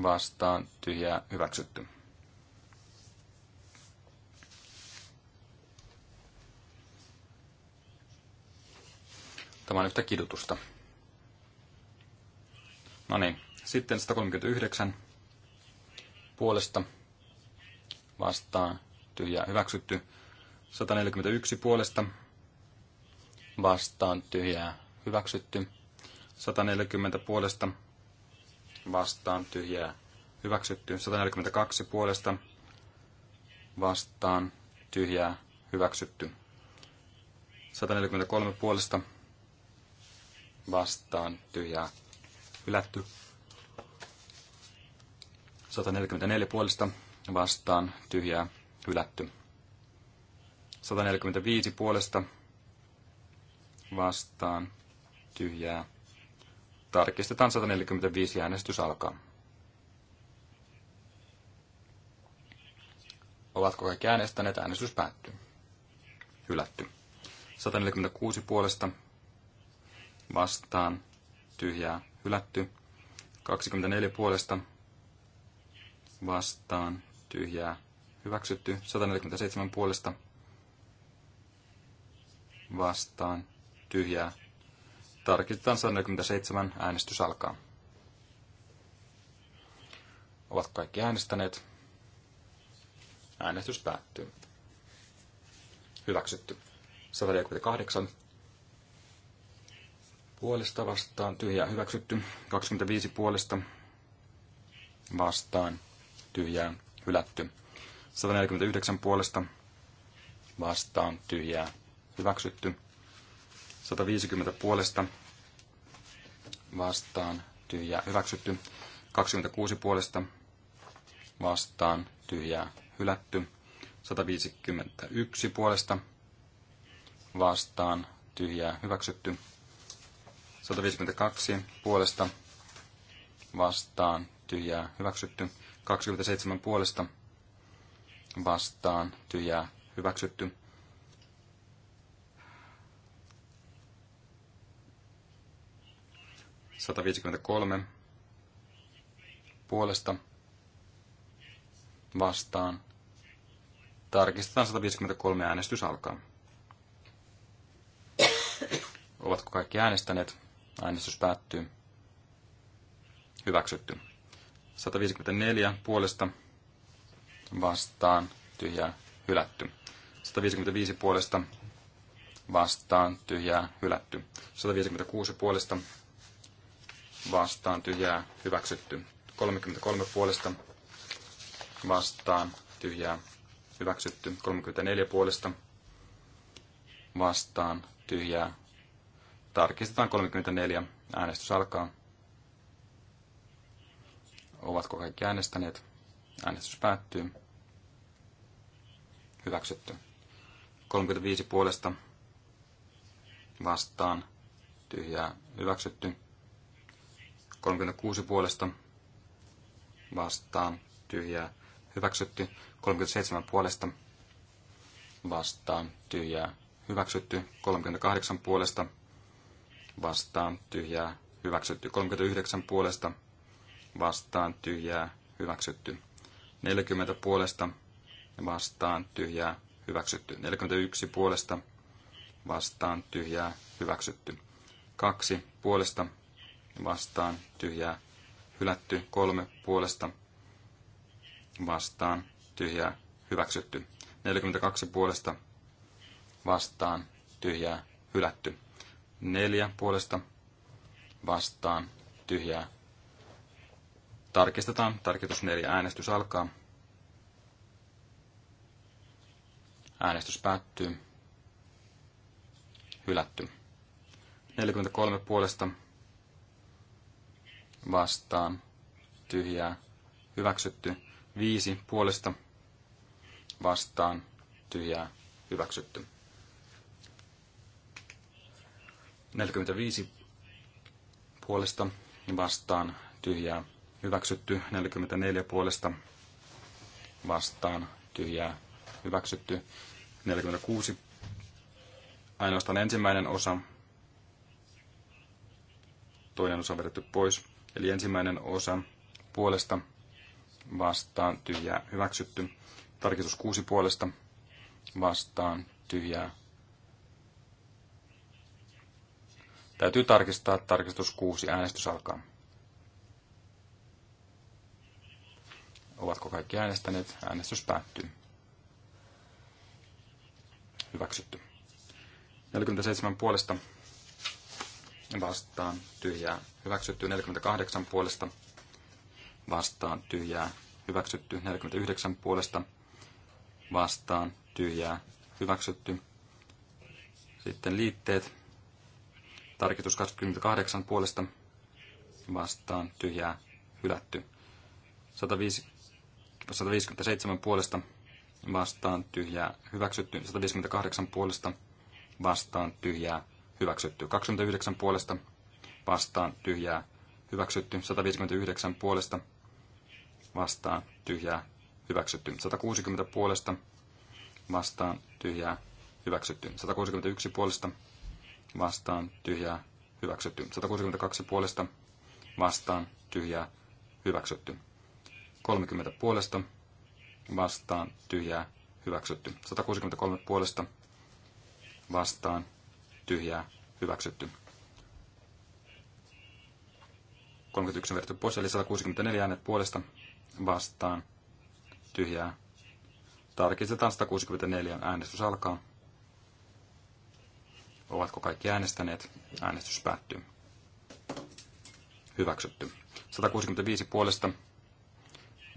vastaan tyhjää hyväksytty. Tämä on yhtä kidutusta. No niin, sitten 139 puolesta vastaan tyhjää hyväksytty. 141 puolesta vastaan tyhjää hyväksytty. 140 puolesta vastaan tyhjää hyväksytty. 142 puolesta vastaan tyhjää hyväksytty. 143 puolesta vastaan tyhjää hylätty. 144 puolesta vastaan tyhjää hylätty. 145 puolesta vastaan tyhjää. Tarkistetaan 145 äänestys alkaa. Ovatko kaikki äänestäneet? Äänestys päättyy. Hylätty. 146 puolesta vastaan tyhjää hylätty. 24 puolesta vastaan tyhjää hyväksytty. 147 puolesta vastaan tyhjää. Tarkistetaan 147 äänestys alkaa. Ovat kaikki äänestäneet. Äänestys päättyy. Hyväksytty. 148 puolesta vastaan tyhjää hyväksytty, 25 puolesta vastaan tyhjää hylätty, 149 puolesta vastaan tyhjää hyväksytty, 150 puolesta vastaan tyhjää hyväksytty, 26 puolesta vastaan tyhjää hylätty, 151 puolesta vastaan tyhjää hyväksytty, 152 puolesta vastaan tyhjää hyväksytty. 27 puolesta vastaan tyhjää hyväksytty. Sataviisikymmentäkolme puolesta vastaan. Tarkistetaan 153 äänestys alkaa. Ovatko kaikki äänestäneet? Äänestys päättyy. Hyväksytty. 154 puolesta vastaan tyhjää hylätty. 155 puolesta vastaan tyhjää hylätty. 156 puolesta vastaan tyhjää hyväksytty. 33 puolesta vastaan tyhjää hyväksytty. 34 puolesta vastaan tyhjää Tarkistetaan 34. Äänestys alkaa. Ovatko kaikki äänestäneet? Äänestys päättyy. Hyväksytty. 35 puolesta vastaan. Tyhjää hyväksytty. 36 puolesta vastaan. Tyhjää hyväksytty. 37 puolesta vastaan. Tyhjää hyväksytty. 38 puolesta vastaan vastaan tyhjää hyväksytty. 39 puolesta vastaan tyhjää hyväksytty. 40 puolesta vastaan tyhjää hyväksytty. 41 puolesta vastaan tyhjää hyväksytty. 2 puolesta vastaan tyhjää hylätty. 3 puolesta vastaan tyhjää hyväksytty. 42 puolesta vastaan tyhjää hylätty. Neljä puolesta vastaan tyhjää. Tarkistetaan. Tarkistus neljä. Äänestys alkaa. Äänestys päättyy. Hylätty. 43 puolesta vastaan tyhjää. Hyväksytty. Viisi puolesta vastaan tyhjää. Hyväksytty. 45 puolesta vastaan tyhjää hyväksytty. 44 puolesta vastaan tyhjää hyväksytty. 46 ainoastaan ensimmäinen osa. Toinen osa on vedetty pois. Eli ensimmäinen osa puolesta vastaan tyhjää hyväksytty. Tarkistus 6 puolesta vastaan tyhjää Täytyy tarkistaa tarkistus 6. Äänestys alkaa. Ovatko kaikki äänestäneet? Äänestys päättyy. Hyväksytty. 47 puolesta vastaan tyhjää hyväksytty. 48 puolesta vastaan tyhjää hyväksytty. 49 puolesta vastaan tyhjää hyväksytty. Sitten liitteet Tarkistus 28 puolesta vastaan tyhjää hylätty. 105, 157 puolesta vastaan tyhjää hyväksytty. 158 puolesta vastaan tyhjää hyväksytty. 29 puolesta vastaan tyhjää hyväksytty. 159 puolesta vastaan tyhjää hyväksytty. 160 puolesta vastaan tyhjää hyväksytty. 161 puolesta vastaan tyhjää hyväksytty. 162 puolesta vastaan tyhjää hyväksytty. 30 puolesta vastaan tyhjää hyväksytty. 163 puolesta vastaan tyhjää hyväksytty. 31 verrattu pois, eli 164 äänet puolesta vastaan tyhjää. Tarkistetaan 164 äänestys alkaa. Ovatko kaikki äänestäneet? Äänestys päättyy. Hyväksytty. 165 puolesta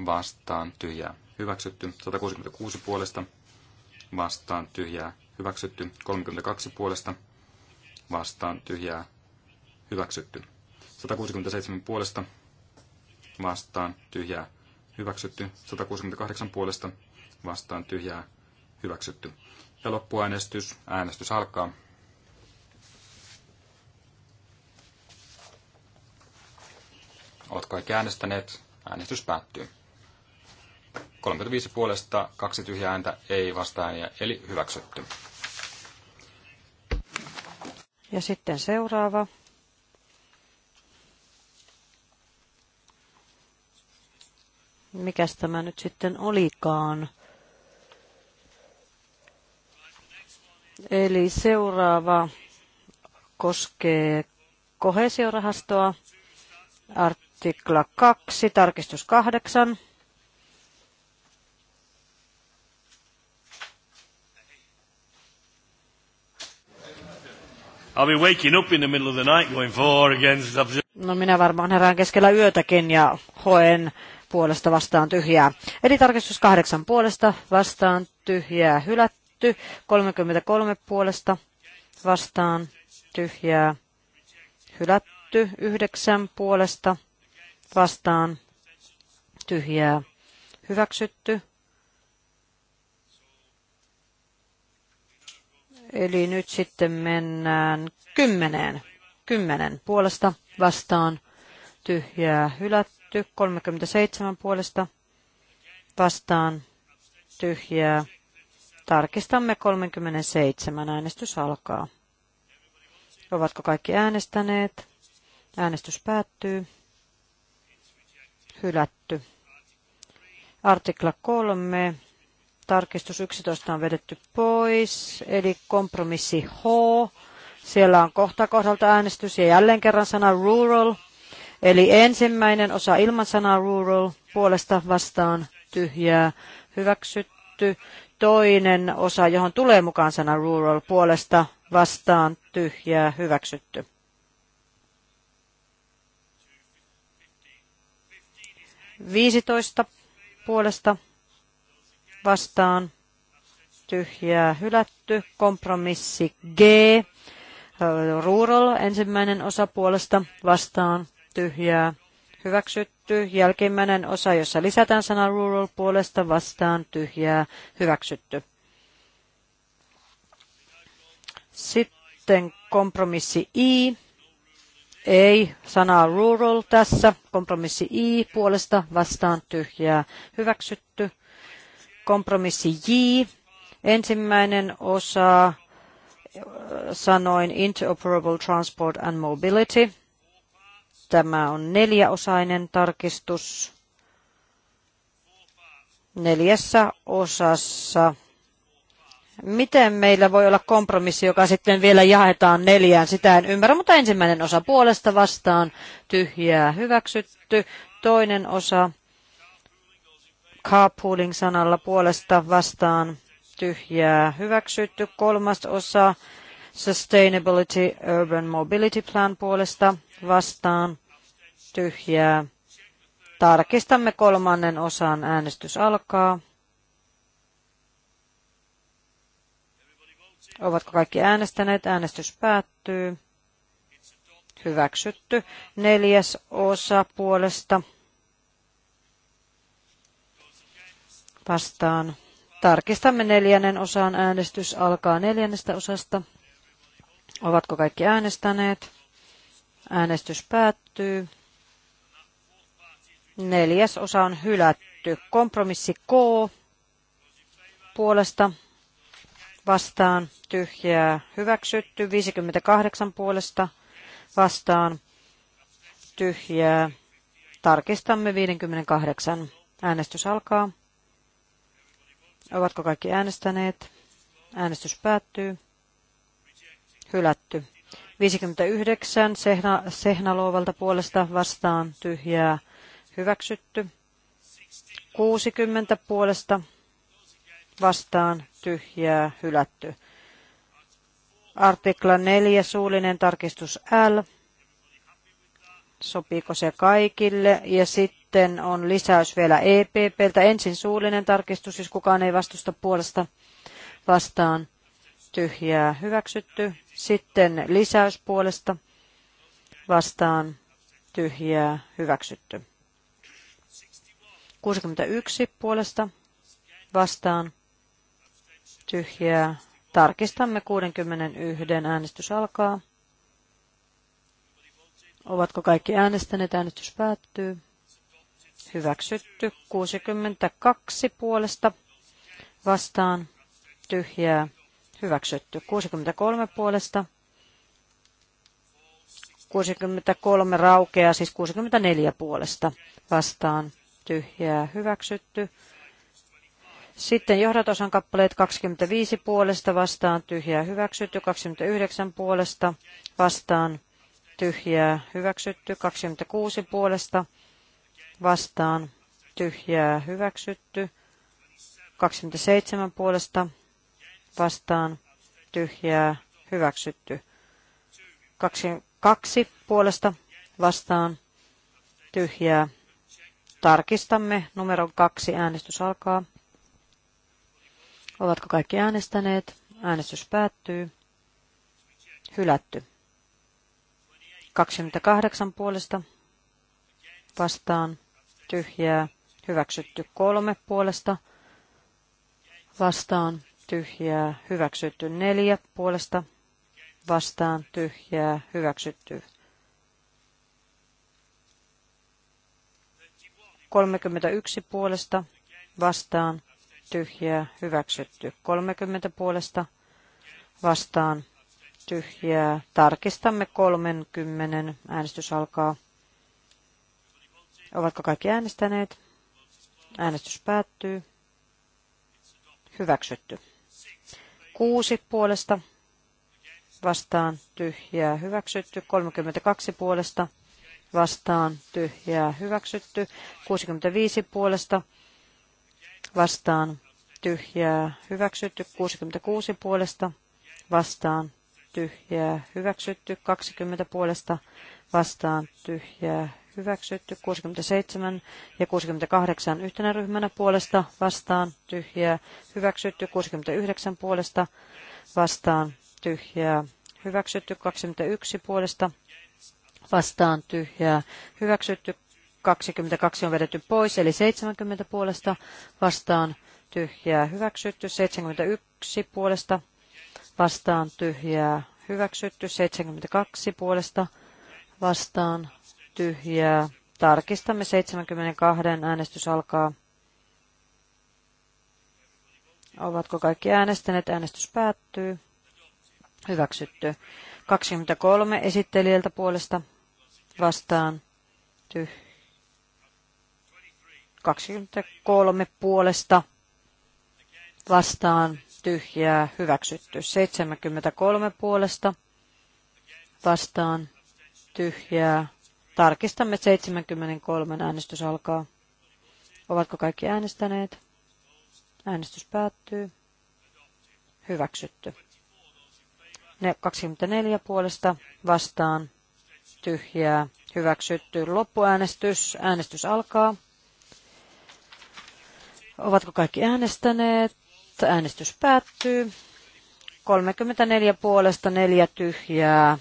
vastaan tyhjää. Hyväksytty. 166 puolesta vastaan tyhjää. Hyväksytty. 32 puolesta vastaan tyhjää. Hyväksytty. 167 puolesta vastaan tyhjää. Hyväksytty. 168 puolesta vastaan tyhjää. Hyväksytty. Ja loppuäänestys. Äänestys alkaa. Ovat kaikki äänestäneet. Äänestys päättyy. 35 puolesta, kaksi tyhjää ääntä, ei vastaan ja eli hyväksytty. Ja sitten seuraava. Mikäs tämä nyt sitten olikaan? Eli seuraava koskee kohesiorahastoa. Art- artikla 2, tarkistus 8. I'll be waking up in the middle of the night going for against... No minä varmaan herään keskellä yötäkin ja hoen puolesta vastaan tyhjää. Eli tarkistus kahdeksan puolesta vastaan tyhjää hylätty. 33 puolesta vastaan tyhjää hylätty. Yhdeksän puolesta vastaan tyhjää hyväksytty. Eli nyt sitten mennään kymmeneen. Kymmenen puolesta vastaan tyhjää hylätty. 37 puolesta vastaan tyhjää. Tarkistamme 37. Äänestys alkaa. Ovatko kaikki äänestäneet? Äänestys päättyy hylätty. Artikla 3, tarkistus 11 on vedetty pois, eli kompromissi H. Siellä on kohta kohdalta äänestys ja jälleen kerran sana rural, eli ensimmäinen osa ilman sanaa rural puolesta vastaan tyhjää hyväksytty. Toinen osa, johon tulee mukaan sana rural puolesta vastaan tyhjää hyväksytty. 15 puolesta vastaan tyhjää hylätty. Kompromissi G. Rural ensimmäinen osa puolesta vastaan tyhjää hyväksytty. Jälkimmäinen osa, jossa lisätään sana rural puolesta vastaan tyhjää hyväksytty. Sitten kompromissi I ei, sanaa rural tässä. Kompromissi I puolesta vastaan tyhjää hyväksytty. Kompromissi J. Ensimmäinen osa äh, sanoin interoperable transport and mobility. Tämä on neljäosainen tarkistus. Neljässä osassa Miten meillä voi olla kompromissi, joka sitten vielä jaetaan neljään? Sitä en ymmärrä, mutta ensimmäinen osa puolesta vastaan tyhjää hyväksytty. Toinen osa carpooling sanalla puolesta vastaan tyhjää hyväksytty. Kolmas osa Sustainability Urban Mobility Plan puolesta vastaan tyhjää. Tarkistamme kolmannen osan. Äänestys alkaa. Ovatko kaikki äänestäneet? Äänestys päättyy. Hyväksytty. Neljäs osa puolesta. Vastaan. Tarkistamme neljännen osan äänestys alkaa neljännestä osasta. Ovatko kaikki äänestäneet? Äänestys päättyy. Neljäs osa on hylätty. Kompromissi K puolesta vastaan tyhjää hyväksytty, 58 puolesta vastaan tyhjää. Tarkistamme 58. Äänestys alkaa. Ovatko kaikki äänestäneet? Äänestys päättyy. Hylätty. 59 Sehna, Sehnalovalta puolesta vastaan tyhjää hyväksytty. 60 puolesta vastaan tyhjää hylätty. Artikla 4, suullinen tarkistus L. Sopiiko se kaikille? Ja sitten on lisäys vielä EPPltä. Ensin suullinen tarkistus, jos kukaan ei vastusta puolesta vastaan tyhjää hyväksytty. Sitten lisäys puolesta vastaan tyhjää hyväksytty. 61 puolesta vastaan tyhjää. Tarkistamme 61. Äänestys alkaa. Ovatko kaikki äänestäneet? Äänestys päättyy. Hyväksytty. 62 puolesta vastaan. Tyhjää. Hyväksytty. 63 puolesta. 63 raukeaa, siis 64 puolesta vastaan. Tyhjää. Hyväksytty. Sitten johdatosan kappaleet 25 puolesta vastaan tyhjää hyväksytty, 29 puolesta vastaan tyhjää hyväksytty, 26 puolesta vastaan tyhjää hyväksytty, 27 puolesta vastaan tyhjää hyväksytty, 22 puolesta vastaan tyhjää. Tarkistamme numeron kaksi äänestys alkaa. Ovatko kaikki äänestäneet? Äänestys päättyy. Hylätty. 28 puolesta vastaan tyhjää. Hyväksytty kolme puolesta vastaan tyhjää. Hyväksytty neljä puolesta vastaan tyhjää. Hyväksytty 31 puolesta vastaan tyhjää, hyväksytty. 30 puolesta vastaan, tyhjää. Tarkistamme 30. Äänestys alkaa. Ovatko kaikki äänestäneet? Äänestys päättyy. Hyväksytty. Kuusi puolesta vastaan tyhjää hyväksytty. 32 puolesta vastaan tyhjää hyväksytty. 65 puolesta vastaan tyhjää hyväksytty 66 puolesta vastaan tyhjää hyväksytty 20 puolesta vastaan tyhjää hyväksytty 67 ja 68 yhtenä ryhmänä puolesta vastaan tyhjää hyväksytty 69 puolesta vastaan tyhjää hyväksytty 21 puolesta vastaan tyhjää hyväksytty 22 on vedetty pois, eli 70 puolesta vastaan tyhjää hyväksytty, 71 puolesta vastaan tyhjää hyväksytty, 72 puolesta vastaan tyhjää. Tarkistamme 72, äänestys alkaa. Ovatko kaikki äänestäneet? Äänestys päättyy. Hyväksytty. 23 esittelijältä puolesta vastaan tyhjää 23 puolesta vastaan tyhjää hyväksytty. 73 puolesta vastaan tyhjää. Tarkistamme 73. Äänestys alkaa. Ovatko kaikki äänestäneet? Äänestys päättyy. Hyväksytty. Ne 24 puolesta vastaan tyhjää. Hyväksytty. Loppuäänestys. Äänestys alkaa. Ovatko kaikki äänestäneet? Äänestys päättyy. 34 puolesta, neljä tyhjää.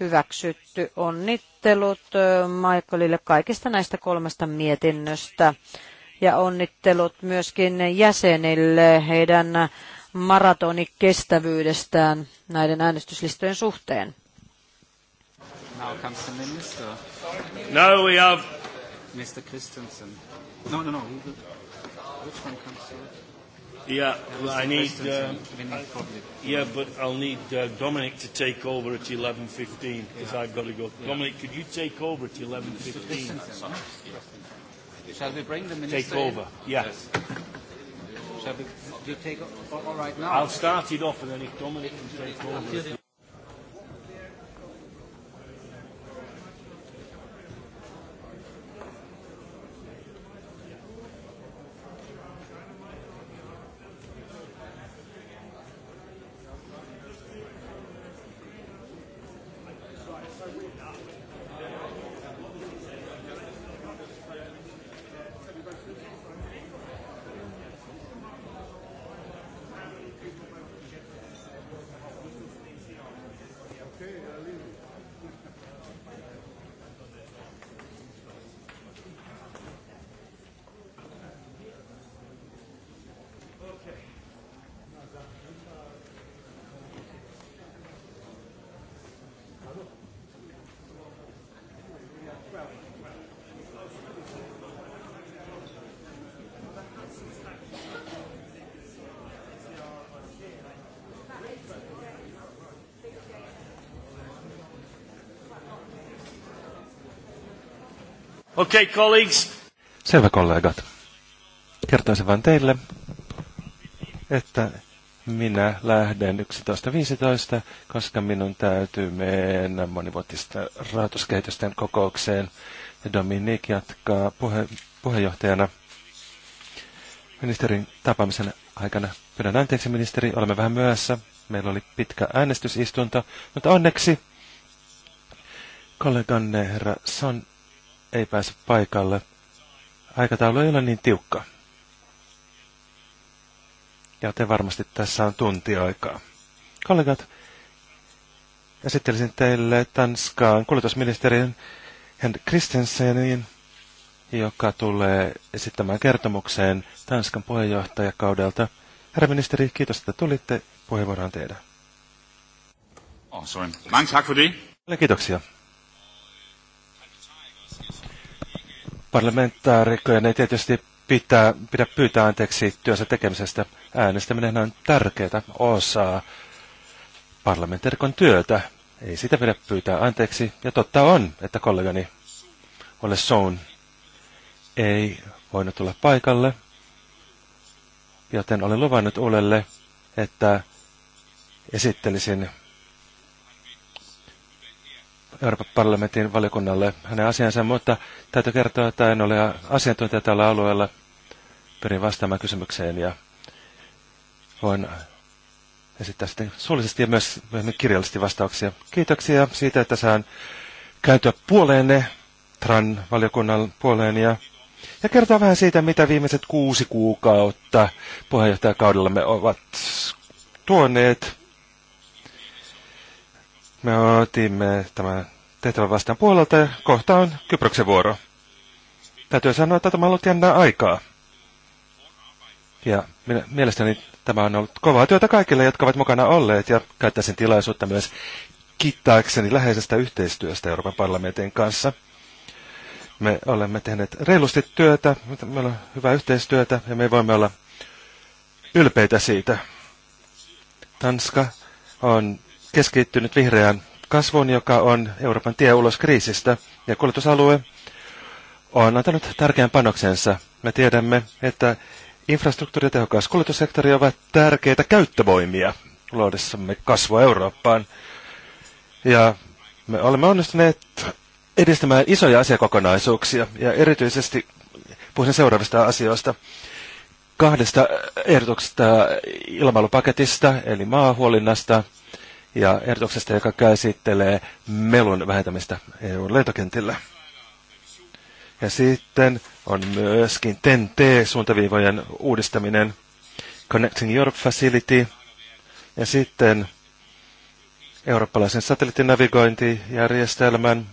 Hyväksytty. Onnittelut Michaelille kaikista näistä kolmesta mietinnöstä. Ja onnittelut myöskin jäsenille heidän maratonikestävyydestään näiden äänestyslistojen suhteen. Now comes the minister. No, we have Mr. Christensen. No, no, no. Which comes out? Yeah, well, I need. Uh, I, yeah, but I'll need uh, Dominic to take over at 11:15 because yeah. I've got to go. Yeah. Dominic, could you take over at 11:15? Shall we bring the minister? Take over. In? Yeah. Yes. Shall we? Do you take all right now? I'll start it off, and then if Dominic can take over. Okay, colleagues. Selvä kollegat. Kertoisin vain teille, että minä lähden 11.15, koska minun täytyy mennä monivuotisten rahoituskehitysten kokoukseen. Ja Dominik jatkaa puhe, puheenjohtajana ministerin tapaamisen aikana. Pyydän anteeksi ministeri, olemme vähän myöhässä. Meillä oli pitkä äänestysistunto, mutta onneksi kolleganne herra Son ei pääse paikalle. Aikataulu ei ole niin tiukka. ja te varmasti tässä on tunti aikaa. Kollegat, esittelisin teille Tanskaan kuljetusministerin Henrik Kristensenin, joka tulee esittämään kertomukseen Tanskan puheenjohtajakaudelta. Herra ministeri, kiitos, että tulitte. Puheenvuoro on teidän. Oh, Kiitoksia. Parlamentaarikkojen ei tietysti pitää, pidä pyytää anteeksi työnsä tekemisestä. Äänestäminen on tärkeää osaa parlamentaarikon työtä. Ei sitä pidä pyytää anteeksi. Ja totta on, että kollegani Ole Soun ei voinut tulla paikalle, joten olen luvannut Ulelle, että esittelisin Euroopan parlamentin valiokunnalle hänen asiansa, mutta täytyy kertoa, että en ole asiantuntija tällä alueella. Pyrin vastaamaan kysymykseen ja voin esittää sitten suullisesti ja myös kirjallisesti vastauksia. Kiitoksia siitä, että saan käytyä puoleenne, TRAN valiokunnan puoleen ja, ja kertoa vähän siitä, mitä viimeiset kuusi kuukautta puheenjohtajakaudellamme ovat tuoneet me otimme tämän tehtävän vastaan puolelta ja kohta on Kyproksen vuoro. Täytyy sanoa, että tämä on ollut jännää aikaa. Ja minä, mielestäni tämä on ollut kovaa työtä kaikille, jotka ovat mukana olleet ja käyttäisin tilaisuutta myös kiittääkseni läheisestä yhteistyöstä Euroopan parlamentin kanssa. Me olemme tehneet reilusti työtä, meillä on hyvää yhteistyötä ja me voimme olla ylpeitä siitä. Tanska on keskittynyt vihreään kasvuun, joka on Euroopan tie ulos kriisistä, ja kuljetusalue on antanut tärkeän panoksensa. Me tiedämme, että infrastruktuuri ja tehokas kuljetussektori ovat tärkeitä käyttövoimia luodessamme kasvua Eurooppaan. Ja me olemme onnistuneet edistämään isoja asiakokonaisuuksia, ja erityisesti puhun seuraavista asioista kahdesta ehdotuksesta ilmailupaketista, eli maahuolinnasta ja ehdotuksesta, joka käsittelee melun vähentämistä eu lentokentillä. Ja sitten on myöskin TEN-T-suuntaviivojen uudistaminen, Connecting Europe Facility, ja sitten eurooppalaisen satelliittinavigointijärjestelmän,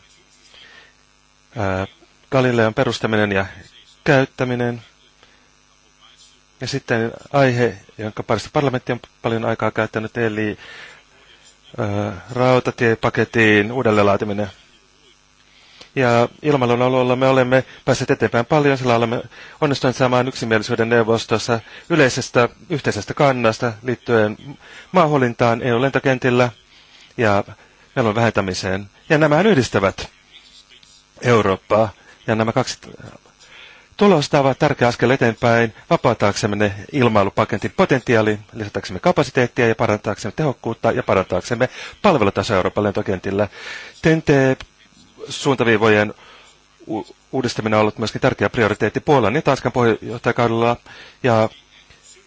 ää, Galilean perustaminen ja käyttäminen, ja sitten aihe, jonka parissa parlamentti on paljon aikaa käyttänyt, eli rautatiepaketin uudelleenlaatiminen. Ja ilmailun alueella me olemme päässeet eteenpäin paljon, sillä olemme onnistuneet saamaan yksimielisyyden neuvostossa yleisestä yhteisestä kannasta liittyen maahuolintaan EU-lentokentillä ja melun vähentämiseen. Ja nämä yhdistävät Eurooppaa. Ja nämä kaksi tulosta ovat tärkeä askel eteenpäin vapautaaksemme ilmailupaketin potentiaali, lisätäksemme kapasiteettia ja parantaaksemme tehokkuutta ja parantaaksemme palvelutasoa Euroopan lentokentillä. TNT-suuntaviivojen uudistaminen on ollut myöskin tärkeä prioriteetti Puolan ja Tanskan puheenjohtajakaudella ja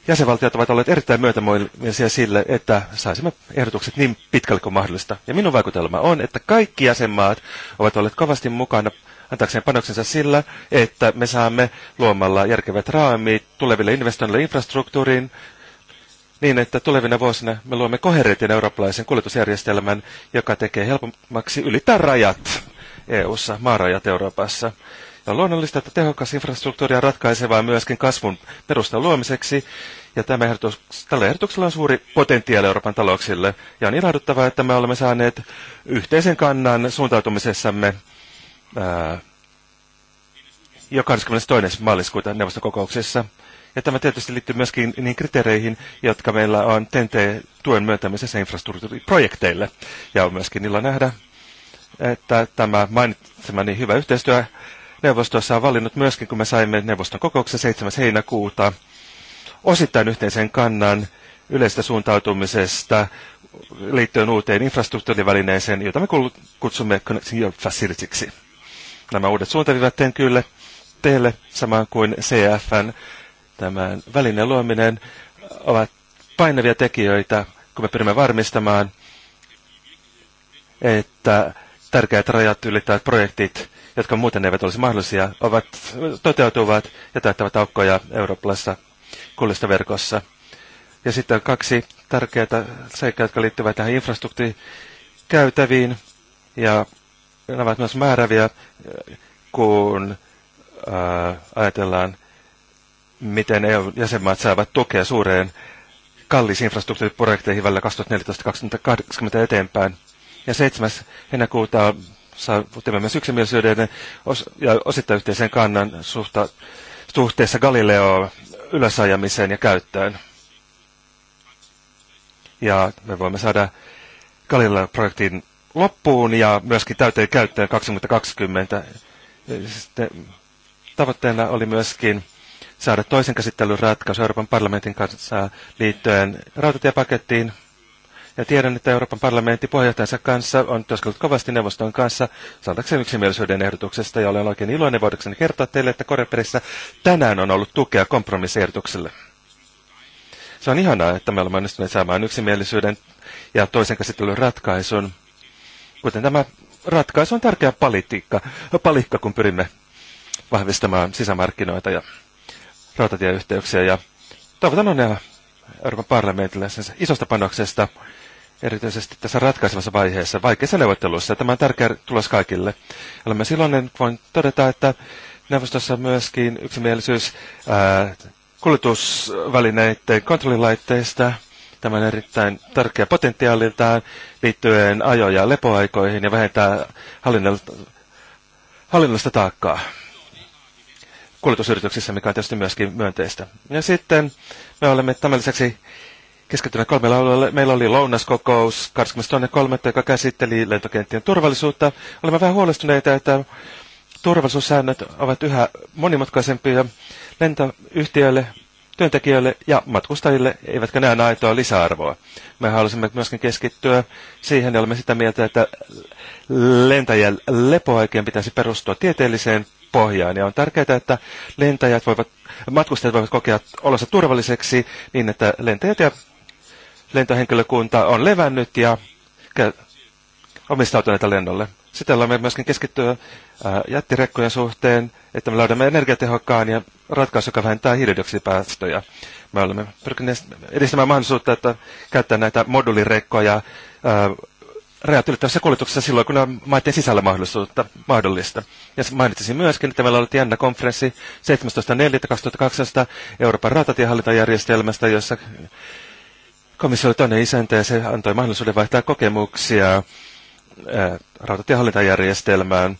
jäsenvaltiot ovat olleet erittäin myötämielisiä sille, että saisimme ehdotukset niin pitkälle kuin mahdollista. Ja minun vaikutelma on, että kaikki jäsenmaat ovat olleet kovasti mukana antaakseen panoksensa sillä, että me saamme luomalla järkevät raamit tuleville investoinnille infrastruktuuriin, niin että tulevina vuosina me luomme koherentin eurooppalaisen kuljetusjärjestelmän, joka tekee helpommaksi ylittää rajat EU-ssa, maarajat Euroopassa. Ja on luonnollista, että tehokas infrastruktuuri on ratkaisevaa myöskin kasvun perustan luomiseksi, ja tämä ehdotus, tällä ehdotuksella on suuri potentiaali Euroopan talouksille, ja on ilahduttavaa, että me olemme saaneet yhteisen kannan suuntautumisessamme ää, jo 22. maaliskuuta neuvoston kokouksessa. Ja tämä tietysti liittyy myöskin niihin kriteereihin, jotka meillä on TNT-tuen myöntämisessä infrastruktuuriprojekteille. Ja on myöskin niillä nähdä, että tämä mainitsemani hyvä yhteistyö neuvostossa on valinnut myöskin, kun me saimme neuvoston kokouksen 7. heinäkuuta osittain yhteisen kannan yleistä suuntautumisesta liittyen uuteen infrastruktuurivälineeseen, jota me kutsumme Connecting Europe Facilityksi. Nämä uudet suuntaviivat teen kyllä teille, samaan kuin CFN tämän välineen luominen, ovat painavia tekijöitä, kun me pyrimme varmistamaan, että tärkeät rajat ylittävät projektit, jotka muuten eivät olisi mahdollisia, ovat, toteutuvat ja täyttävät aukkoja eurooppalaisessa verkossa. Ja sitten on kaksi tärkeää seikkaa, jotka liittyvät tähän infrastruktuurikäytäviin ja ne ovat myös määräviä, kun ää, äh, ajatellaan, miten EU-jäsenmaat saavat tukea suureen kallisiin infrastruktuuriprojekteihin välillä 2014-2020 eteenpäin. Ja 7. heinäkuuta saavutimme myös yksimielisyyden os- ja osittain yhteisen kannan suhta- suhteessa Galileo ylösajamiseen ja käyttöön. Ja me voimme saada Galileo-projektin loppuun ja myöskin täyteen käyttöön 2020. Sitten tavoitteena oli myöskin saada toisen käsittelyn ratkaisu Euroopan parlamentin kanssa liittyen rautatiepakettiin. Ja tiedän, että Euroopan parlamentti puheenjohtajansa kanssa on työskennellyt kovasti neuvoston kanssa saadakseen yksimielisyyden ehdotuksesta, ja olen oikein iloinen voidakseni kertoa teille, että Koreperissä tänään on ollut tukea kompromissiehdotukselle. Se on ihanaa, että me olemme onnistuneet saamaan yksimielisyyden ja toisen käsittelyn ratkaisun Kuten tämä ratkaisu on tärkeä politiikka, palikka, kun pyrimme vahvistamaan sisämarkkinoita ja rautatieyhteyksiä. Ja toivotan onnea Euroopan parlamentille sen isosta panoksesta, erityisesti tässä ratkaisevassa vaiheessa, vaikeissa neuvottelussa. Tämä on tärkeä tulos kaikille. Olemme silloin, voin todeta, että neuvostossa myöskin yksimielisyys ää, kuljetusvälineiden kontrollilaitteista – Tämä on erittäin tärkeä potentiaaliltaan liittyen ajo- ja lepoaikoihin ja vähentää hallinnollista taakkaa kuljetusyrityksissä, mikä on tietysti myöskin myönteistä. Ja sitten me olemme tämän lisäksi keskittyneet kolmella alueella. Meillä oli lounaskokous 22.3., joka käsitteli lentokenttien turvallisuutta. Olemme vähän huolestuneita, että turvallisuussäännöt ovat yhä monimutkaisempia lentoyhtiöille, työntekijöille ja matkustajille, eivätkä näe aitoa lisäarvoa. Me halusimme myöskin keskittyä siihen, ja olemme sitä mieltä, että lentäjien lepoaikien pitäisi perustua tieteelliseen pohjaan. Ja on tärkeää, että lentäjät voivat, matkustajat voivat kokea olonsa turvalliseksi niin, että lentäjät ja lentohenkilökunta on levännyt ja omistautuneita lennolle. Sitten olemme myöskin keskittyä jättirekkojen suhteen, että me löydämme energiatehokkaan ja ratkaisu, joka vähentää hiilidioksidipäästöjä. Me olemme pyrkineet edistämään mahdollisuutta, että käyttää näitä modulirekkoja rajat ylittävässä kuljetuksessa silloin, kun on maiden sisällä mahdollisuutta, mahdollista. Ja mainitsisin myöskin, että meillä oli jännä konferenssi 17.4.2012 Euroopan ratatiehallintajärjestelmästä, jossa komissio oli toinen isäntä ja se antoi mahdollisuuden vaihtaa kokemuksia Äh, rautatiehallintajärjestelmään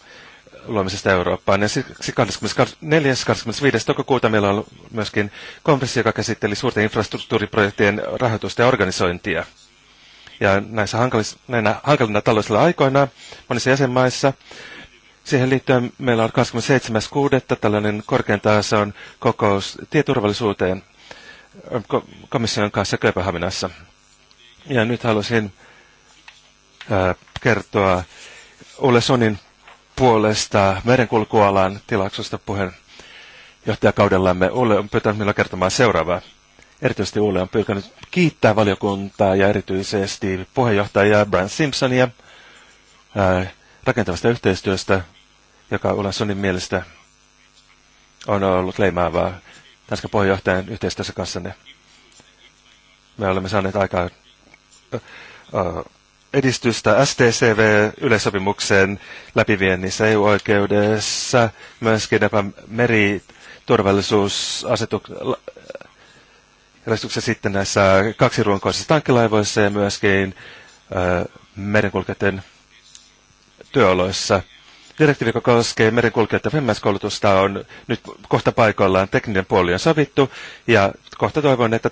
luomisesta Eurooppaan. Ja siksi 24. 25. toukokuuta meillä on myöskin konferenssi, joka käsitteli suurten infrastruktuuriprojektien rahoitusta ja organisointia. Ja näissä hankalis, näinä hankalina taloudellisilla aikoina monissa jäsenmaissa Siihen liittyen meillä on 27.6. tällainen korkean on kokous tieturvallisuuteen komission kanssa Kööpenhaminassa. Ja nyt haluaisin kertoa Ole Sonin puolesta merenkulkualan tilaksosta puheenjohtajakaudellamme. Ole on pyytänyt minulla kertomaan seuraavaa. Erityisesti Ole on pyytänyt kiittää valiokuntaa ja erityisesti puheenjohtaja Brian Simpsonia rakentavasta yhteistyöstä, joka Ole Sonin mielestä on ollut leimaavaa Tanskan puheenjohtajan yhteistyössä kanssanne. Me olemme saaneet aikaa edistystä stcv yleissopimukseen läpiviennissä EU-oikeudessa, myöskin nämä meriturvallisuusasetukset sitten näissä kaksiruonkoisissa tankkilaivoissa ja myöskin äh, merenkulkijoiden työoloissa – Direktiivi, joka koskee merenkulkijoiden vähimmäiskoulutusta, on nyt kohta paikoillaan tekninen puoli on sovittu, ja kohta toivon, että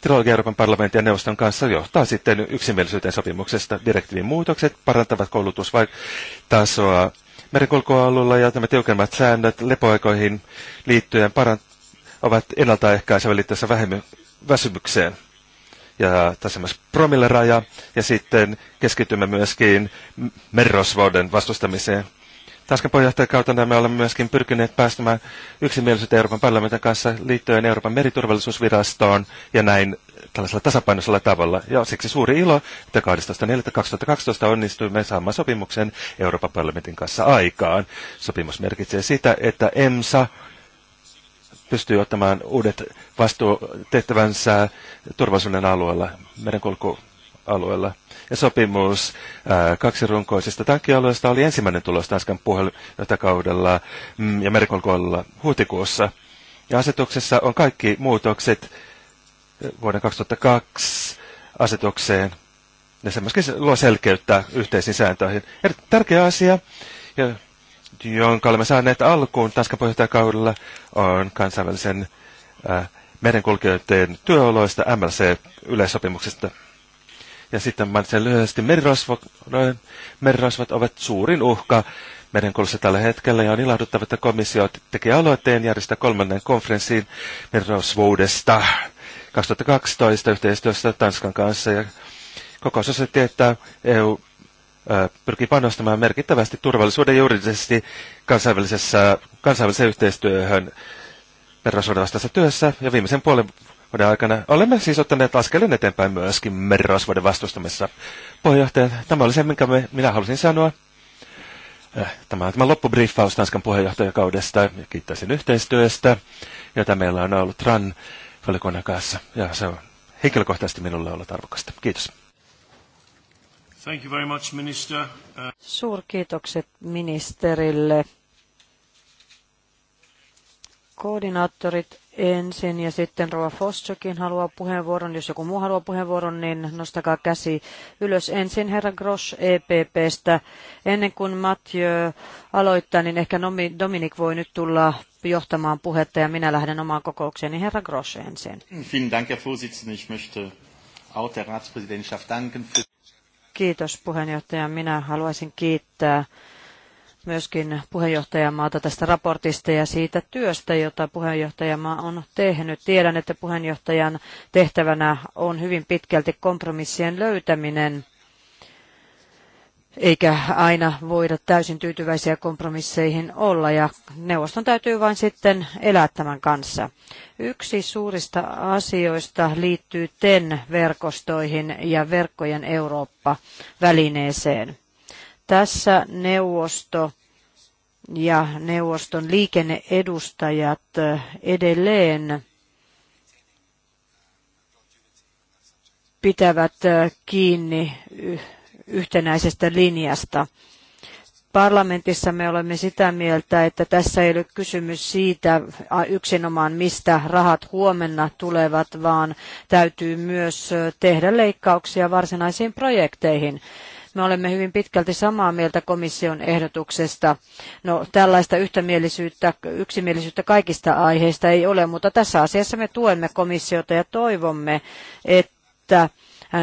trilogia Euroopan parlamentin ja neuvoston kanssa johtaa sitten yksimielisyyteen sopimuksesta. Direktiivin muutokset parantavat koulutustasoa merenkulkualueella, ja nämä tiukemmat säännöt lepoaikoihin liittyen parantavat ovat ennaltaehkäisevä liittyessä väsymykseen. Ja tässä myös promilleraja ja sitten keskitymme myöskin merrosvuoden vastustamiseen. Tanskan kautta me olemme myöskin pyrkineet päästämään yksimielisyyteen Euroopan parlamentin kanssa liittyen Euroopan meriturvallisuusvirastoon ja näin tällaisella tasapainoisella tavalla. Ja siksi suuri ilo, että 12.4.2012 onnistuimme saamaan sopimuksen Euroopan parlamentin kanssa aikaan. Sopimus merkitsee sitä, että EMSA pystyy ottamaan uudet vastuutehtävänsä turvallisuuden alueella, merenkulkualueella ja sopimus ää, äh, tankkialueesta oli ensimmäinen tulos Tanskan puheenjohtajakaudella mm, ja merikolkoilla huhtikuussa. Ja asetuksessa on kaikki muutokset äh, vuoden 2002 asetukseen. Ja se myöskin luo selkeyttä yhteisiin sääntöihin. Erittäin tärkeä asia, ja, jonka olemme saaneet alkuun Tanskan puheenjohtajakaudella, on kansainvälisen ää, äh, merenkulkijoiden työoloista MLC-yleissopimuksesta – ja sitten mainitsen lyhyesti merirosvoiden. No, Merirosvat ovat suurin uhka merenkulussa tällä hetkellä ja on ilahduttava, että komissio teki aloitteen järjestää kolmannen konferenssiin merirosvuudesta 2012 yhteistyössä Tanskan kanssa. Ja kokous osoitti, että EU pyrkii panostamaan merkittävästi turvallisuuden juridisesti kansainvälisessä, kansainväliseen yhteistyöhön merirosvuuden vastaisessa työssä. Ja viimeisen puolen vuoden aikana. Olemme siis ottaneet askeleen eteenpäin myöskin merirosvoiden vastustamissa. Puheenjohtaja, tämä oli se, minkä me, minä halusin sanoa. Äh, tämä on tämä loppubriefaus Tanskan puheenjohtajakaudesta ja kiittäisin yhteistyöstä, jota meillä on ollut RAN valikunnan kanssa. Ja se on henkilökohtaisesti minulle ollut arvokasta. Kiitos. Thank you very much, minister. Uh... Suurkiitokset ministerille koordinaattorit ensin ja sitten Rova Fossokin haluaa puheenvuoron. Jos joku muu haluaa puheenvuoron, niin nostakaa käsi ylös. Ensin herra Grosch EPPstä. Ennen kuin Mathieu aloittaa, niin ehkä Dominik voi nyt tulla johtamaan puhetta ja minä lähden omaan kokoukseeni. Niin herra Grosch ensin. Kiitos puheenjohtaja. Minä haluaisin kiittää myöskin puheenjohtajamaata tästä raportista ja siitä työstä, jota puheenjohtajamaa on tehnyt. Tiedän, että puheenjohtajan tehtävänä on hyvin pitkälti kompromissien löytäminen, eikä aina voida täysin tyytyväisiä kompromisseihin olla, ja neuvoston täytyy vain sitten elää tämän kanssa. Yksi suurista asioista liittyy TEN-verkostoihin ja verkkojen Eurooppa-välineeseen. Tässä neuvosto ja neuvoston liikenneedustajat eh, edelleen pitävät eh, kiinni yhtenäisestä linjasta. Parlamentissa me olemme sitä mieltä, että tässä ei ole kysymys siitä yksinomaan, mistä rahat huomenna tulevat, vaan täytyy myös eh, tehdä leikkauksia varsinaisiin projekteihin. Me olemme hyvin pitkälti samaa mieltä komission ehdotuksesta. No, tällaista yhtämielisyyttä, yksimielisyyttä kaikista aiheista ei ole, mutta tässä asiassa me tuemme komissiota ja toivomme, että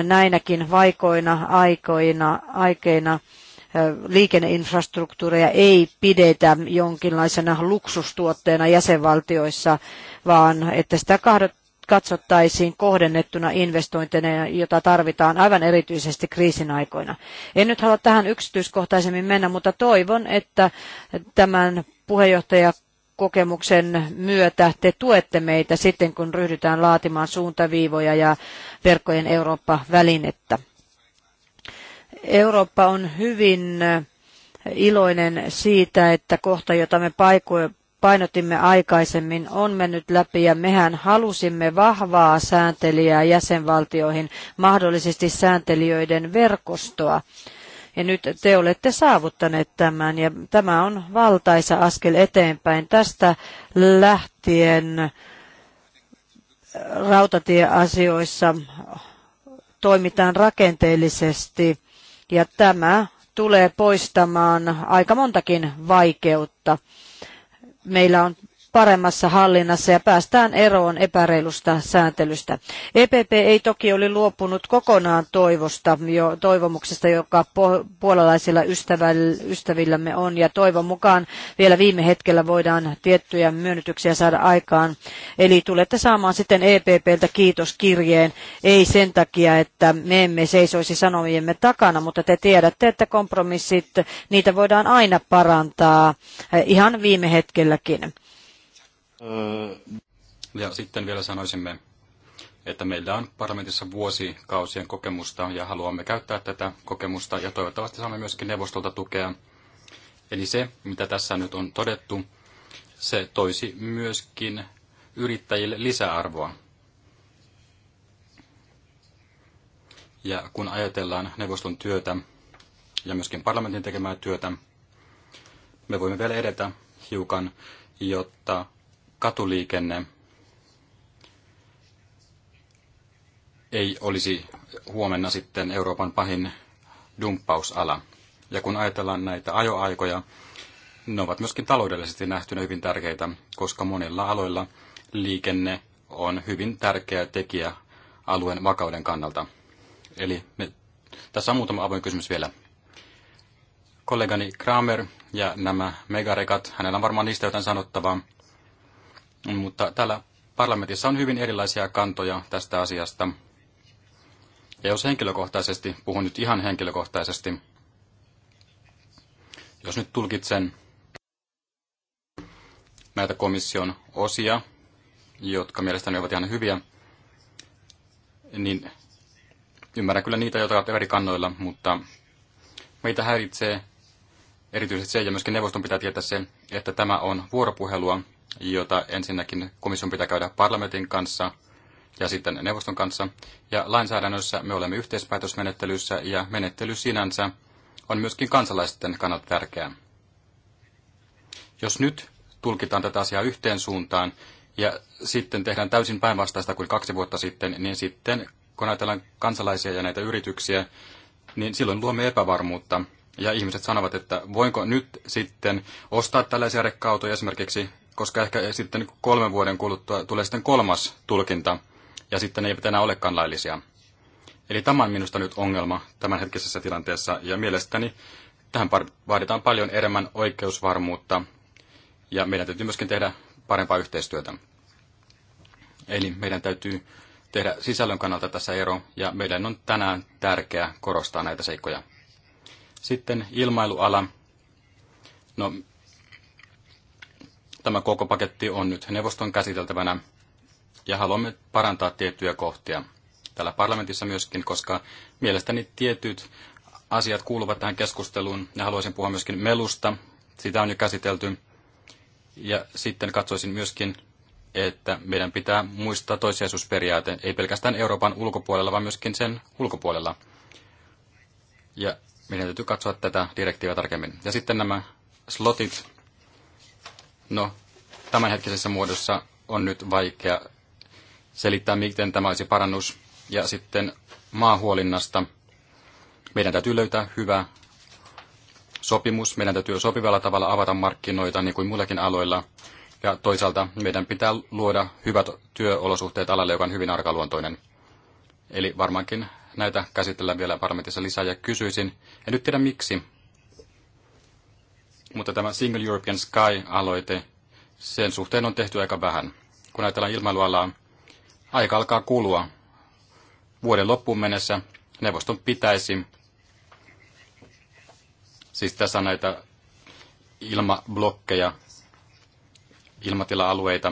näinäkin vaikoina aikoina, aikeina liikenneinfrastruktuureja ei pidetä jonkinlaisena luksustuotteena jäsenvaltioissa, vaan että sitä katsottaisiin kohdennettuna investointina, jota tarvitaan aivan erityisesti kriisin aikoina. En nyt halua tähän yksityiskohtaisemmin mennä, mutta toivon, että tämän puheenjohtaja kokemuksen myötä te tuette meitä sitten, kun ryhdytään laatimaan suuntaviivoja ja verkkojen Eurooppa-välinettä. Eurooppa on hyvin iloinen siitä, että kohta, jota me painotimme aikaisemmin, on mennyt läpi ja mehän halusimme vahvaa sääntelijää jäsenvaltioihin, mahdollisesti sääntelijöiden verkostoa. Ja nyt te olette saavuttaneet tämän ja tämä on valtaisa askel eteenpäin. Tästä lähtien rautatieasioissa toimitaan rakenteellisesti ja tämä tulee poistamaan aika montakin vaikeutta meillä on paremmassa hallinnassa ja päästään eroon epäreilusta sääntelystä. EPP ei toki ole luopunut kokonaan toivosta, jo, toivomuksesta, joka puolalaisilla ystävillämme on ja toivon mukaan vielä viime hetkellä voidaan tiettyjä myönnytyksiä saada aikaan. Eli tulette saamaan sitten EPPltä kiitoskirjeen, ei sen takia, että me emme seisoisi sanojemme takana, mutta te tiedätte, että kompromissit, niitä voidaan aina parantaa eh, ihan viime hetkelläkin. Ja sitten vielä sanoisimme, että meillä on parlamentissa vuosikausien kokemusta ja haluamme käyttää tätä kokemusta ja toivottavasti saamme myöskin neuvostolta tukea. Eli se, mitä tässä nyt on todettu, se toisi myöskin yrittäjille lisäarvoa. Ja kun ajatellaan neuvoston työtä ja myöskin parlamentin tekemää työtä, me voimme vielä edetä hiukan, jotta katuliikenne ei olisi huomenna sitten Euroopan pahin dumppausala. Ja kun ajatellaan näitä ajoaikoja, ne ovat myöskin taloudellisesti nähtynä hyvin tärkeitä, koska monilla aloilla liikenne on hyvin tärkeä tekijä alueen vakauden kannalta. Eli me, tässä on muutama avoin kysymys vielä. Kollegani Kramer ja nämä megarekat, hänellä on varmaan niistä jotain sanottavaa. Mutta täällä parlamentissa on hyvin erilaisia kantoja tästä asiasta. Ja jos henkilökohtaisesti, puhun nyt ihan henkilökohtaisesti, jos nyt tulkitsen näitä komission osia, jotka mielestäni ovat ihan hyviä, niin ymmärrän kyllä niitä, jotka ovat eri kannoilla, mutta meitä häiritsee erityisesti se, ja myöskin neuvoston pitää tietää se, että tämä on vuoropuhelua, jota ensinnäkin komission pitää käydä parlamentin kanssa ja sitten neuvoston kanssa. Ja lainsäädännössä me olemme yhteispäätösmenettelyssä ja menettely sinänsä on myöskin kansalaisten kannalta tärkeää. Jos nyt tulkitaan tätä asiaa yhteen suuntaan ja sitten tehdään täysin päinvastaista kuin kaksi vuotta sitten, niin sitten kun ajatellaan kansalaisia ja näitä yrityksiä, niin silloin luomme epävarmuutta. Ja ihmiset sanovat, että voinko nyt sitten ostaa tällaisia rekka-autoja esimerkiksi, koska ehkä sitten niin kolmen vuoden kuluttua tulee sitten kolmas tulkinta, ja sitten ne eivät enää olekaan laillisia. Eli tämä on minusta nyt ongelma tämänhetkisessä tilanteessa, ja mielestäni tähän vaaditaan paljon enemmän oikeusvarmuutta, ja meidän täytyy myöskin tehdä parempaa yhteistyötä. Eli meidän täytyy tehdä sisällön kannalta tässä ero, ja meidän on tänään tärkeää korostaa näitä seikkoja. Sitten ilmailuala. No, Tämä koko paketti on nyt neuvoston käsiteltävänä ja haluamme parantaa tiettyjä kohtia täällä parlamentissa myöskin, koska mielestäni tietyt asiat kuuluvat tähän keskusteluun ja haluaisin puhua myöskin melusta. Sitä on jo käsitelty. Ja sitten katsoisin myöskin, että meidän pitää muistaa toissijaisuusperiaate, ei pelkästään Euroopan ulkopuolella, vaan myöskin sen ulkopuolella. Ja meidän täytyy katsoa tätä direktiiviä tarkemmin. Ja sitten nämä slotit, No, tämänhetkisessä muodossa on nyt vaikea selittää, miten tämä olisi parannus. Ja sitten maahuolinnasta. Meidän täytyy löytää hyvä sopimus. Meidän täytyy sopivalla tavalla avata markkinoita niin kuin muillakin aloilla. Ja toisaalta meidän pitää luoda hyvät työolosuhteet alalle, joka on hyvin arkaluontoinen. Eli varmaankin näitä käsitellään vielä parlamentissa lisää ja kysyisin. En nyt tiedä miksi, mutta tämä Single European Sky-aloite, sen suhteen on tehty aika vähän. Kun ajatellaan ilmailualaa, aika alkaa kulua. Vuoden loppuun mennessä neuvoston pitäisi, siis tässä on näitä ilmablokkeja, ilmatila-alueita.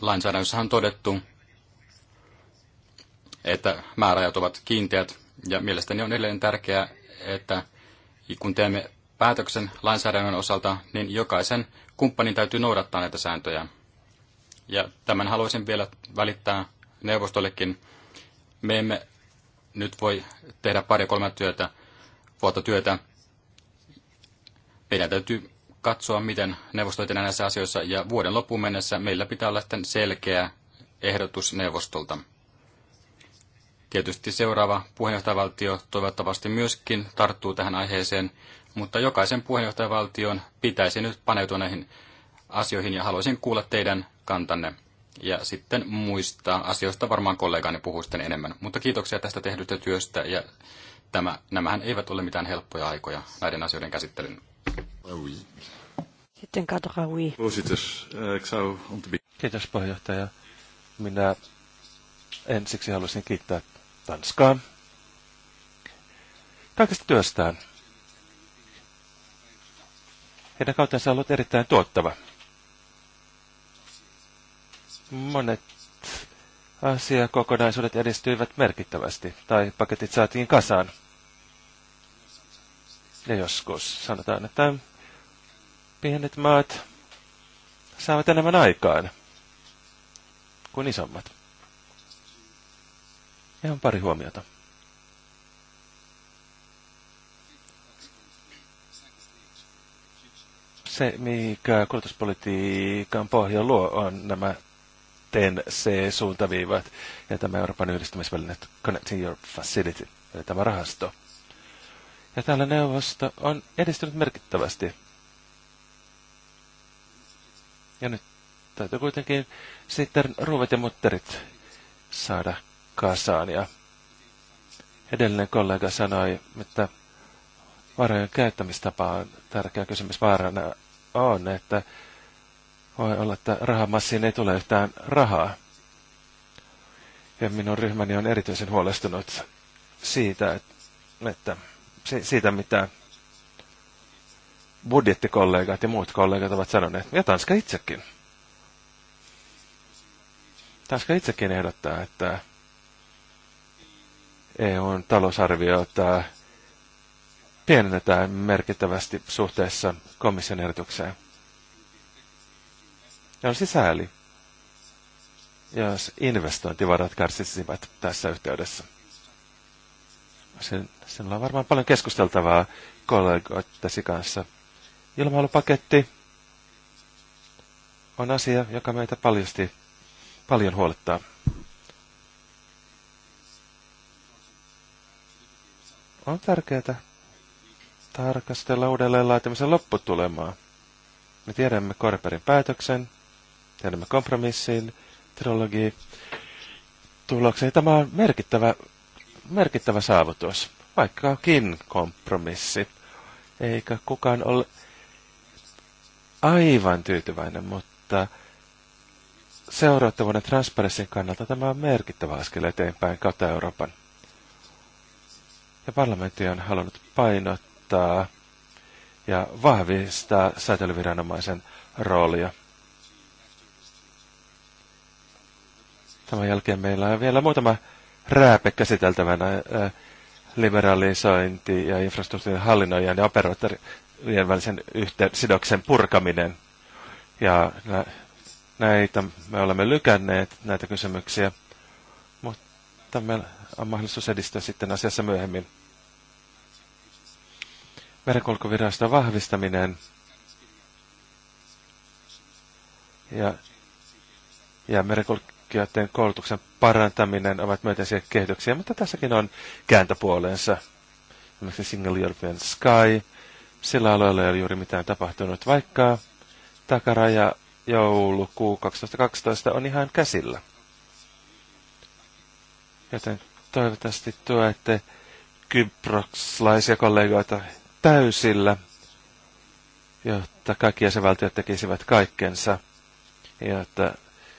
Lainsäädännössä on todettu, että määräajat ovat kiinteät, ja mielestäni on edelleen tärkeää, että kun teemme päätöksen lainsäädännön osalta, niin jokaisen kumppanin täytyy noudattaa näitä sääntöjä. Ja tämän haluaisin vielä välittää neuvostollekin. Me emme nyt voi tehdä pari kolme työtä, vuotta työtä. Meidän täytyy katsoa, miten neuvosto näissä asioissa, ja vuoden loppuun mennessä meillä pitää olla sitten selkeä ehdotus neuvostolta. Tietysti seuraava puheenjohtajavaltio toivottavasti myöskin tarttuu tähän aiheeseen, mutta jokaisen puheenjohtajavaltion pitäisi nyt paneutua näihin asioihin ja haluaisin kuulla teidän kantanne. Ja sitten muista asioista varmaan kollegani puhuu sitten enemmän. Mutta kiitoksia tästä tehdystä työstä ja tämä, nämähän eivät ole mitään helppoja aikoja näiden asioiden käsittelyyn. Sitten Kadraoui. Eh, Kiitos puheenjohtaja. Minä ensiksi haluaisin kiittää Tanskaa, kaikesta työstään. Heidän kautensa on ollut erittäin tuottava. Monet asiakokonaisuudet edistyivät merkittävästi, tai paketit saatiin kasaan. Ja joskus sanotaan, että pienet maat saavat enemmän aikaan kuin isommat. Ihan pari huomiota. Se, mikä kulutuspolitiikan pohja luo, on nämä TNC-suuntaviivat ja tämä Euroopan yhdistymisväline Connecting Europe Facility, eli tämä rahasto. Ja täällä neuvosto on edistynyt merkittävästi. Ja nyt täytyy kuitenkin sitten ruuvat ja mutterit saada kasaan. Ja edellinen kollega sanoi, että varojen käyttämistapa on tärkeä kysymys. Vaarana on, että voi olla, että rahamassiin ei tule yhtään rahaa. Ja minun ryhmäni on erityisen huolestunut siitä, että siitä mitä budjettikollegat ja muut kollegat ovat sanoneet, ja Tanska itsekin. Tanska itsekin ehdottaa, että EUn talousarviota pienennetään merkittävästi suhteessa komission ehdotukseen. Ja olisi sääli, jos investointivarat kärsisivät tässä yhteydessä. Sen, sinulla on varmaan paljon keskusteltavaa kollegoittasi kanssa. Ilmailupaketti on asia, joka meitä paljosti paljon huolettaa. on tärkeää tarkastella uudelleen laitamisen lopputulemaa. Me tiedämme Korperin päätöksen, tiedämme kompromissin, trilogiin, tulokseen. Tämä on merkittävä, merkittävä saavutus, vaikkakin kompromissi. Eikä kukaan ole aivan tyytyväinen, mutta seurattavuuden transparenssin kannalta tämä on merkittävä askel eteenpäin kautta Euroopan. Ja parlamentti on halunnut painottaa ja vahvistaa säätelyviranomaisen roolia. Tämän jälkeen meillä on vielä muutama rääpe käsiteltävänä äh, liberalisointi ja infrastruktuurin hallinnoijan ja operaattorien välisen yhteen, sidoksen purkaminen. Ja näitä me olemme lykänneet, näitä kysymyksiä, mutta me on mahdollisuus edistää sitten asiassa myöhemmin. Merenkulkuviraston vahvistaminen ja, ja merenkulkijoiden koulutuksen parantaminen ovat myönteisiä kehityksiä, mutta tässäkin on kääntöpuoleensa. Esimerkiksi Single European Sky, sillä alueella ei ole juuri mitään tapahtunut, vaikka takaraja joulukuu 2012 on ihan käsillä. Joten toivottavasti tuette kyproslaisia kollegoita täysillä, jotta kaikki jäsenvaltiot tekisivät kaikkensa, jotta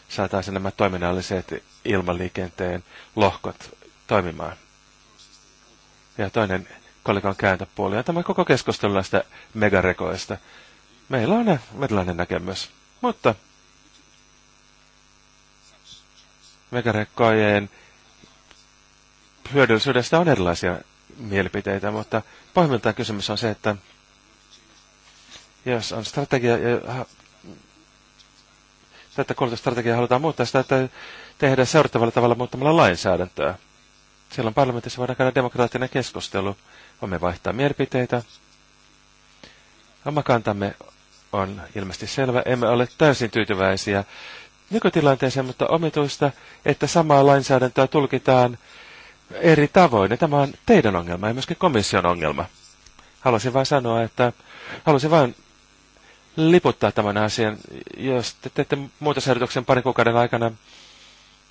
saataisiin nämä toiminnalliset ilmaliikenteen lohkot toimimaan. Ja toinen kolikon kääntöpuoli on tämä koko keskustelu näistä megarekoista. Meillä on erilainen näkemys, mutta megarekkojen hyödyllisyydestä on erilaisia mielipiteitä, mutta pahimmiltaan kysymys on se, että jos on strategia ja että koulutusstrategia halutaan muuttaa, sitä että tehdään seurattavalla tavalla muuttamalla lainsäädäntöä. Silloin parlamentissa voidaan käydä demokraattinen keskustelu, voimme vaihtaa mielipiteitä. Oma kantamme on ilmeisesti selvä, emme ole täysin tyytyväisiä nykytilanteeseen, mutta omituista, että samaa lainsäädäntöä tulkitaan eri tavoin, ja tämä on teidän ongelma ja myöskin komission ongelma. Haluaisin vain sanoa, että haluaisin vain liputtaa tämän asian, jos te teette muutosehdotuksen parin kuukauden aikana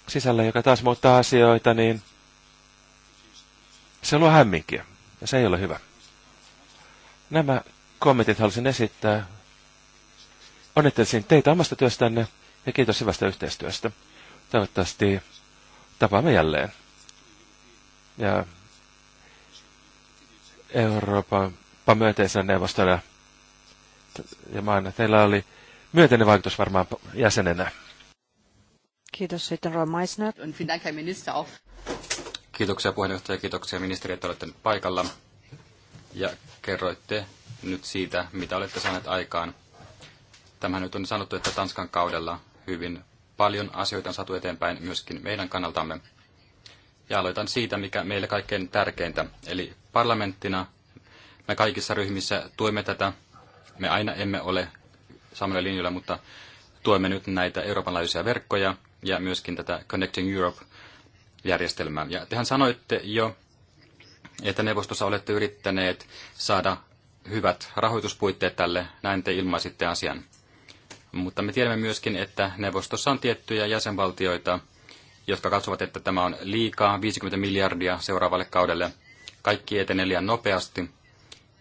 sisällä, joka taas muuttaa asioita, niin se luo hämminkiä, ja se ei ole hyvä. Nämä kommentit halusin esittää. Onnittelisin teitä omasta työstänne ja kiitos hyvästä yhteistyöstä. Toivottavasti tapaamme jälleen ja Euroopan myönteisellä neuvostolla. Ja maana teillä oli myönteinen vaikutus varmaan jäsenenä. Kiitos sitten Roa Meissner. Kiitoksia puheenjohtaja, kiitoksia ministeri, että olette nyt paikalla. Ja kerroitte nyt siitä, mitä olette saaneet aikaan. Tämä nyt on sanottu, että Tanskan kaudella hyvin paljon asioita on saatu eteenpäin myöskin meidän kannaltamme. Ja aloitan siitä, mikä meille kaikkein tärkeintä. Eli parlamenttina me kaikissa ryhmissä tuemme tätä. Me aina emme ole samalla linjalla, mutta tuemme nyt näitä Euroopan laajuisia verkkoja ja myöskin tätä Connecting Europe-järjestelmää. Ja tehän sanoitte jo, että neuvostossa olette yrittäneet saada hyvät rahoituspuitteet tälle, näin te ilmaisitte asian. Mutta me tiedämme myöskin, että neuvostossa on tiettyjä jäsenvaltioita, jotka katsovat, että tämä on liikaa, 50 miljardia seuraavalle kaudelle. Kaikki etenee liian nopeasti.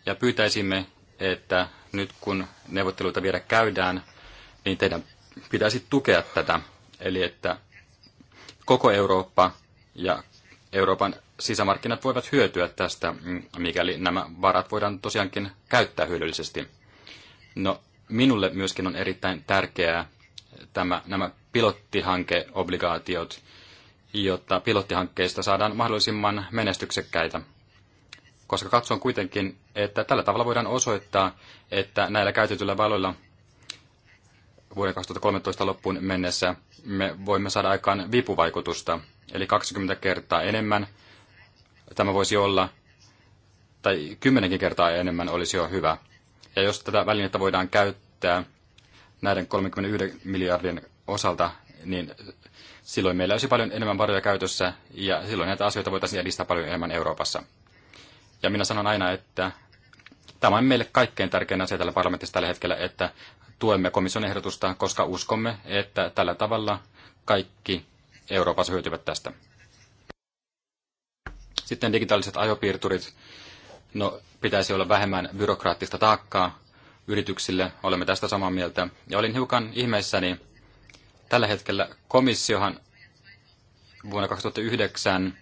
Ja pyytäisimme, että nyt kun neuvotteluita vielä käydään, niin teidän pitäisi tukea tätä. Eli että koko Eurooppa ja Euroopan sisämarkkinat voivat hyötyä tästä, mm, mikäli nämä varat voidaan tosiaankin käyttää hyödyllisesti. No, minulle myöskin on erittäin tärkeää tämä, nämä pilottihankeobligaatiot, jotta pilottihankkeista saadaan mahdollisimman menestyksekkäitä. Koska katson kuitenkin, että tällä tavalla voidaan osoittaa, että näillä käytetyillä valoilla vuoden 2013 loppuun mennessä me voimme saada aikaan vipuvaikutusta, eli 20 kertaa enemmän. Tämä voisi olla, tai kymmenenkin kertaa enemmän olisi jo hyvä. Ja jos tätä välinettä voidaan käyttää näiden 31 miljardin osalta, niin silloin meillä olisi paljon enemmän varoja käytössä ja silloin näitä asioita voitaisiin edistää paljon enemmän Euroopassa. Ja minä sanon aina, että tämä on meille kaikkein tärkein asia tällä parlamentissa tällä hetkellä, että tuemme komission ehdotusta, koska uskomme, että tällä tavalla kaikki Euroopassa hyötyvät tästä. Sitten digitaaliset ajopiirturit. No, pitäisi olla vähemmän byrokraattista taakkaa yrityksille, olemme tästä samaa mieltä. Ja olin hiukan ihmeissäni, Tällä hetkellä komissiohan vuonna 2009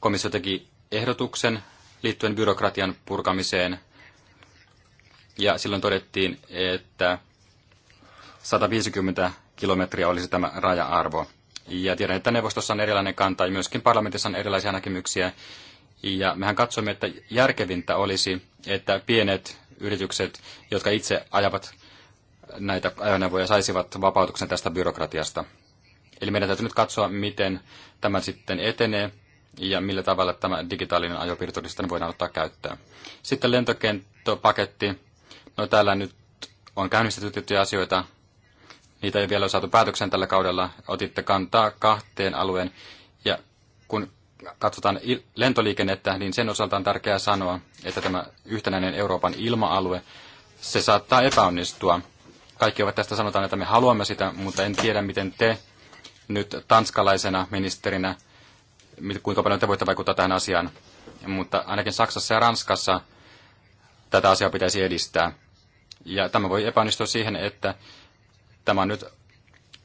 komissio teki ehdotuksen liittyen byrokratian purkamiseen. Ja silloin todettiin, että 150 kilometriä olisi tämä raja-arvo. Ja tiedän, että neuvostossa on erilainen kanta ja myöskin parlamentissa on erilaisia näkemyksiä. Ja mehän katsomme, että järkevintä olisi, että pienet yritykset, jotka itse ajavat näitä ajoneuvoja saisivat vapautuksen tästä byrokratiasta. Eli meidän täytyy nyt katsoa, miten tämä sitten etenee ja millä tavalla tämä digitaalinen ajopiirturista voidaan ottaa käyttöön. Sitten lentokenttöpaketti, No täällä nyt on käynnistetty tiettyjä asioita. Niitä ei vielä ole saatu päätökseen tällä kaudella. Otitte kantaa kahteen alueen. Ja kun katsotaan lentoliikennettä, niin sen osalta on tärkeää sanoa, että tämä yhtenäinen Euroopan ilma-alue, se saattaa epäonnistua kaikki ovat tästä sanotaan, että me haluamme sitä, mutta en tiedä, miten te nyt tanskalaisena ministerinä, kuinka paljon te voitte vaikuttaa tähän asiaan. Mutta ainakin Saksassa ja Ranskassa tätä asiaa pitäisi edistää. Ja tämä voi epäonnistua siihen, että tämä on nyt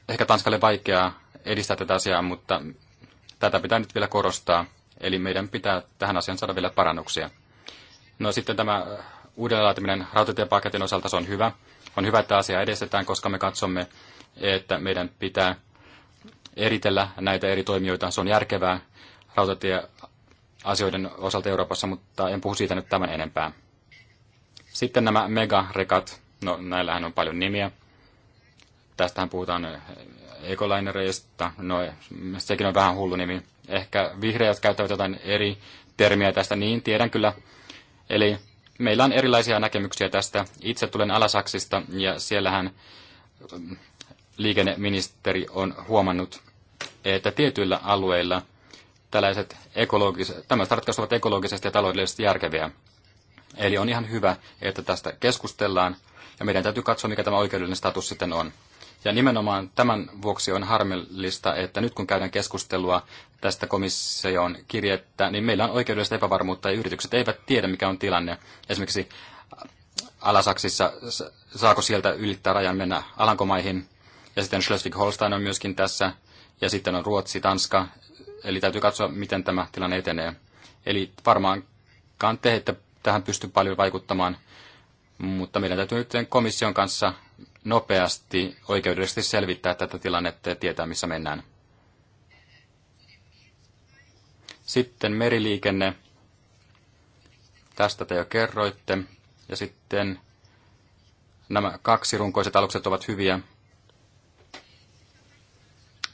ehkä Tanskalle vaikeaa edistää tätä asiaa, mutta tätä pitää nyt vielä korostaa. Eli meidän pitää tähän asiaan saada vielä parannuksia. No sitten tämä uudelleenlaatiminen rautatiepaketin osalta, se on hyvä. On hyvä, että asia edistetään, koska me katsomme, että meidän pitää eritellä näitä eri toimijoita. Se on järkevää rautatieasioiden osalta Euroopassa, mutta en puhu siitä nyt tämän enempää. Sitten nämä megarekat, no näillähän on paljon nimiä. Tästähän puhutaan ekolainereista, no sekin on vähän hullu nimi. Ehkä vihreät käyttävät jotain eri termiä tästä, niin tiedän kyllä. Eli meillä on erilaisia näkemyksiä tästä. Itse tulen Alasaksista ja siellähän mm, liikenneministeri on huomannut, että tietyillä alueilla tällaiset ekologiset, tämmöiset ratkaisut ovat ekologisesti ja taloudellisesti järkeviä. Eli on ihan hyvä, että tästä keskustellaan ja meidän täytyy katsoa, mikä tämä oikeudellinen status sitten on. Ja nimenomaan tämän vuoksi on harmillista, että nyt kun käydään keskustelua tästä komission kirjettä, niin meillä on oikeudellista epävarmuutta ja yritykset eivät tiedä, mikä on tilanne. Esimerkiksi Alasaksissa, saako sieltä ylittää rajan mennä Alankomaihin, ja sitten Schleswig-Holstein on myöskin tässä, ja sitten on Ruotsi, Tanska, eli täytyy katsoa, miten tämä tilanne etenee. Eli varmaankaan te että tähän pysty paljon vaikuttamaan, mutta meidän täytyy nyt komission kanssa nopeasti oikeudellisesti selvittää tätä tilannetta ja tietää, missä mennään. Sitten meriliikenne. Tästä te jo kerroitte. Ja sitten nämä kaksi runkoiset alukset ovat hyviä.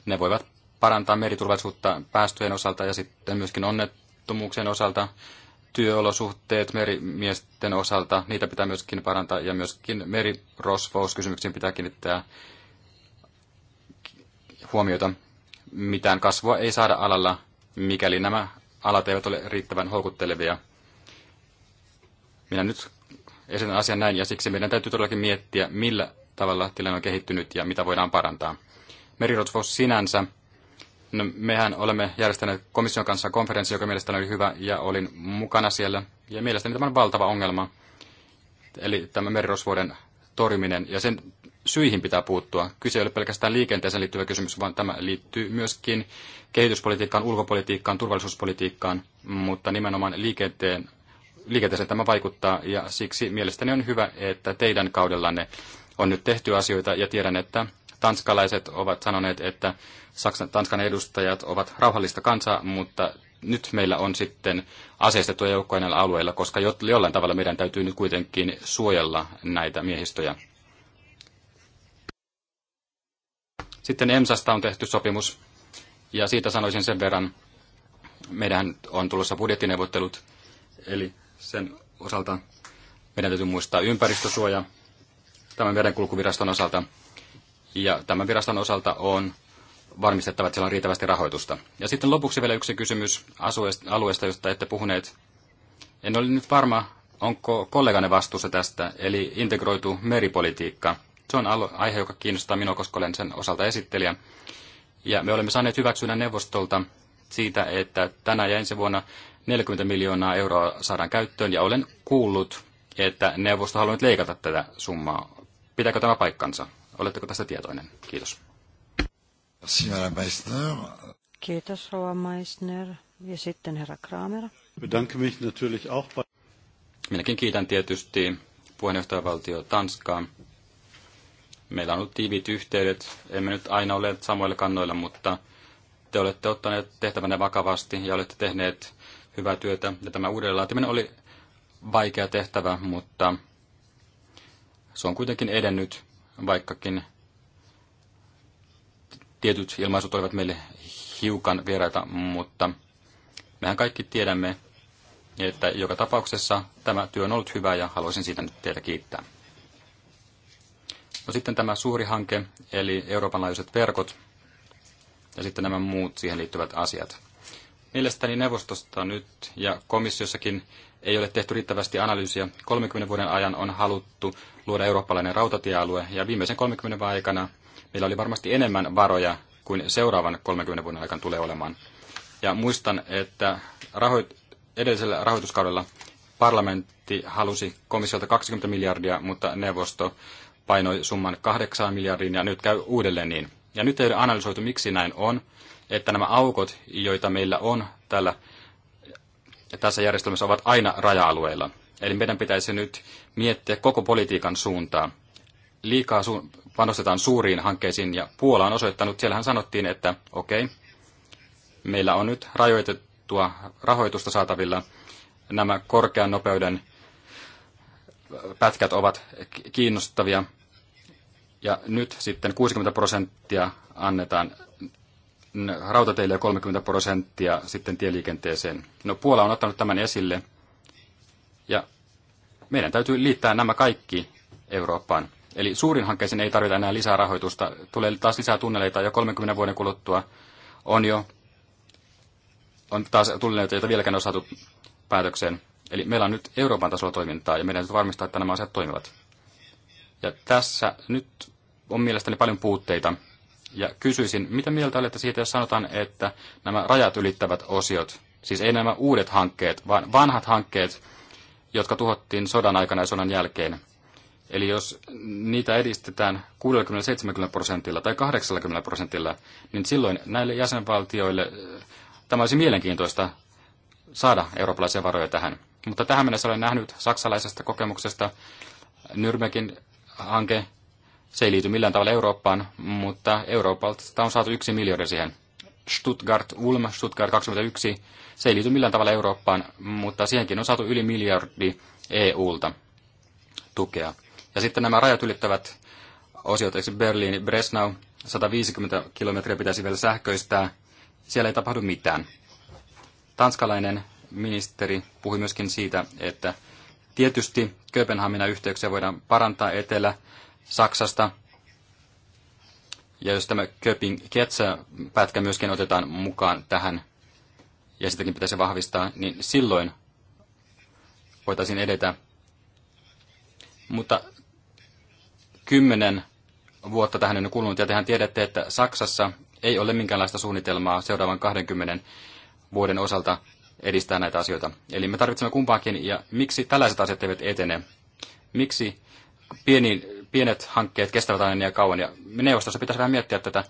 Ne voivat parantaa meriturvallisuutta päästöjen osalta ja sitten myöskin onnettomuuksien osalta, työolosuhteet merimiesten osalta, niitä pitää myöskin parantaa ja myöskin merirosvouskysymyksiin pitää kiinnittää huomiota. Mitään kasvua ei saada alalla, mikäli nämä alat eivät ole riittävän houkuttelevia. Minä nyt esitän asian näin, ja siksi meidän täytyy todellakin miettiä, millä tavalla tilanne on kehittynyt ja mitä voidaan parantaa. Merirosvous sinänsä, no, mehän olemme järjestäneet komission kanssa konferenssi, joka mielestäni oli hyvä, ja olin mukana siellä. Ja mielestäni tämä on valtava ongelma, eli tämä merirosvuuden torjuminen, ja sen syihin pitää puuttua. Kyse ei ole pelkästään liikenteeseen liittyvä kysymys, vaan tämä liittyy myöskin kehityspolitiikkaan, ulkopolitiikkaan, turvallisuuspolitiikkaan, mutta nimenomaan liikenteen, liikenteeseen tämä vaikuttaa ja siksi mielestäni on hyvä, että teidän kaudellanne on nyt tehty asioita ja tiedän, että tanskalaiset ovat sanoneet, että Saksan, Tanskan edustajat ovat rauhallista kansaa, mutta nyt meillä on sitten aseistettuja joukkoja näillä alueilla, koska jollain tavalla meidän täytyy nyt kuitenkin suojella näitä miehistöjä. Sitten EMSasta on tehty sopimus, ja siitä sanoisin sen verran, meidän on tulossa budjettineuvottelut, eli sen osalta meidän täytyy muistaa ympäristösuoja tämän merenkulkuviraston osalta, ja tämän viraston osalta on varmistettava, että siellä on riittävästi rahoitusta. Ja sitten lopuksi vielä yksi kysymys alueesta, josta ette puhuneet. En ole nyt varma, onko kollegane vastuussa tästä, eli integroitu meripolitiikka – se on aihe, joka kiinnostaa minua, koska olen sen osalta esittelijä. Ja me olemme saaneet hyväksynnän neuvostolta siitä, että tänä ja ensi vuonna 40 miljoonaa euroa saadaan käyttöön, ja olen kuullut, että neuvosto haluaa nyt leikata tätä summaa. Pitääkö tämä paikkansa? Oletteko tästä tietoinen? Kiitos. Kiitos, Rova Meissner. Ja sitten herra Kramer. Minäkin kiitän tietysti puheenjohtajavaltio Tanskaa Meillä on ollut tiiviit yhteydet. Emme nyt aina ole samoilla kannoilla, mutta te olette ottaneet tehtävänne vakavasti ja olette tehneet hyvää työtä. Ja tämä uudelleenlaatiminen oli vaikea tehtävä, mutta se on kuitenkin edennyt, vaikkakin tietyt ilmaisut olivat meille hiukan vieraita, mutta mehän kaikki tiedämme, että joka tapauksessa tämä työ on ollut hyvä ja haluaisin siitä nyt teitä kiittää. No sitten tämä suuri hanke, eli Euroopan laajuiset verkot ja sitten nämä muut siihen liittyvät asiat. Mielestäni neuvostosta nyt ja komissiossakin ei ole tehty riittävästi analyysiä. 30 vuoden ajan on haluttu luoda eurooppalainen rautatiealue ja viimeisen 30 vuoden aikana meillä oli varmasti enemmän varoja kuin seuraavan 30 vuoden aikana tulee olemaan. Ja muistan, että rahoit- edellisellä rahoituskaudella parlamentti halusi komissiolta 20 miljardia, mutta neuvosto painoi summan kahdeksaan miljardiin ja nyt käy uudelleen niin. Ja nyt ei ole analysoitu, miksi näin on, että nämä aukot, joita meillä on tällä, tässä järjestelmässä, ovat aina raja-alueilla. Eli meidän pitäisi nyt miettiä koko politiikan suuntaa. Liikaa su- panostetaan suuriin hankkeisiin ja Puola on osoittanut, siellähän sanottiin, että okei, okay, meillä on nyt rajoitettua rahoitusta saatavilla nämä korkean nopeuden pätkät ovat kiinnostavia. Ja nyt sitten 60 prosenttia annetaan rautateille ja 30 prosenttia sitten tieliikenteeseen. No Puola on ottanut tämän esille ja meidän täytyy liittää nämä kaikki Eurooppaan. Eli suurin hankkeeseen ei tarvita enää lisää rahoitusta. Tulee taas lisää tunneleita ja 30 vuoden kuluttua on jo on taas tunneleita, joita vieläkään on saatu päätökseen. Eli meillä on nyt Euroopan tasolla toimintaa ja meidän täytyy varmistaa, että nämä asiat toimivat. Ja tässä nyt on mielestäni paljon puutteita. Ja kysyisin, mitä mieltä olette siitä, jos sanotaan, että nämä rajat ylittävät osiot, siis ei nämä uudet hankkeet, vaan vanhat hankkeet, jotka tuhottiin sodan aikana ja sodan jälkeen. Eli jos niitä edistetään 60-70 prosentilla tai 80 prosentilla, niin silloin näille jäsenvaltioille äh, tämä olisi mielenkiintoista saada eurooppalaisia varoja tähän. Mutta tähän mennessä olen nähnyt saksalaisesta kokemuksesta Nürnbergin hanke. Se ei liity millään tavalla Eurooppaan, mutta Euroopalta on saatu yksi miljardi siihen. Stuttgart Ulm, Stuttgart 21, se ei liity millään tavalla Eurooppaan, mutta siihenkin on saatu yli miljardi EUlta tukea. Ja sitten nämä rajat ylittävät osiot, esimerkiksi Berliini, Bresnau, 150 kilometriä pitäisi vielä sähköistää. Siellä ei tapahdu mitään. Tanskalainen ministeri puhui myöskin siitä, että tietysti Kööpenhaminan yhteyksiä voidaan parantaa Etelä-Saksasta. Ja jos tämä köping ketsä pätkä myöskin otetaan mukaan tähän, ja sitäkin pitäisi vahvistaa, niin silloin voitaisiin edetä. Mutta kymmenen vuotta tähän on kulunut, ja tehän tiedätte, että Saksassa ei ole minkäänlaista suunnitelmaa seuraavan 20 vuoden osalta, edistää näitä asioita. Eli me tarvitsemme kumpaakin, ja miksi tällaiset asiat eivät etene? Miksi pieni, pienet hankkeet kestävät aina niin kauan? Ja neuvostossa pitäisi vähän miettiä tätä,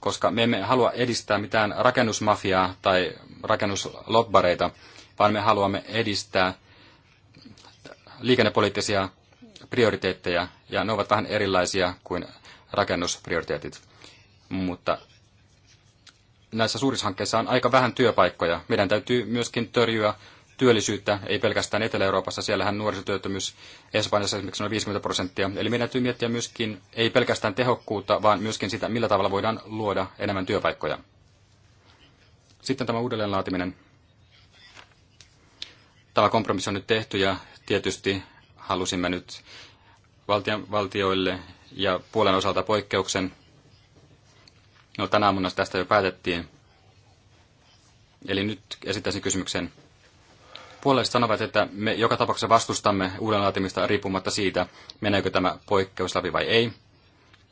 koska me emme halua edistää mitään rakennusmafiaa tai rakennuslobbareita, vaan me haluamme edistää liikennepoliittisia prioriteetteja, ja ne ovat vähän erilaisia kuin rakennusprioriteetit. Mutta näissä suurissa hankkeissa on aika vähän työpaikkoja. Meidän täytyy myöskin törjyä työllisyyttä, ei pelkästään Etelä-Euroopassa, siellähän nuorisotyöttömyys Espanjassa esimerkiksi on 50 prosenttia. Eli meidän täytyy miettiä myöskin, ei pelkästään tehokkuutta, vaan myöskin sitä, millä tavalla voidaan luoda enemmän työpaikkoja. Sitten tämä uudelleenlaatiminen. Tämä kompromissi on nyt tehty ja tietysti halusimme nyt valtioille ja puolen osalta poikkeuksen No, tänä aamuna tästä jo päätettiin. Eli nyt esittäisin kysymyksen. Puolelliset sanovat, että me joka tapauksessa vastustamme uuden laatimista riippumatta siitä, meneekö tämä poikkeus läpi vai ei.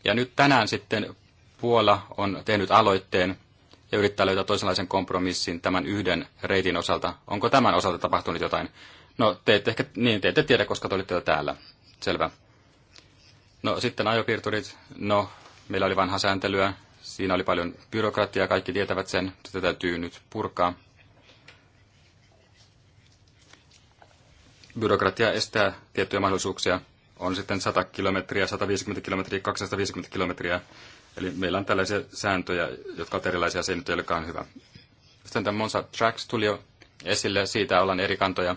Ja nyt tänään sitten Puola on tehnyt aloitteen ja yrittää löytää toisenlaisen kompromissin tämän yhden reitin osalta. Onko tämän osalta tapahtunut jotain? No, te ette ehkä, niin, te ette tiedä, koska te olitte täällä. Selvä. No, sitten ajopiirturit. No, meillä oli vanha sääntelyä. Siinä oli paljon byrokratiaa, kaikki tietävät sen, sitä täytyy nyt purkaa. Byrokratia estää tiettyjä mahdollisuuksia. On sitten 100 kilometriä, 150 kilometriä, 250 kilometriä. Eli meillä on tällaisia sääntöjä, jotka ovat erilaisia, se ei nyt olekaan hyvä. Sitten tämä Monsa Tracks tuli jo esille, siitä ollaan eri kantoja.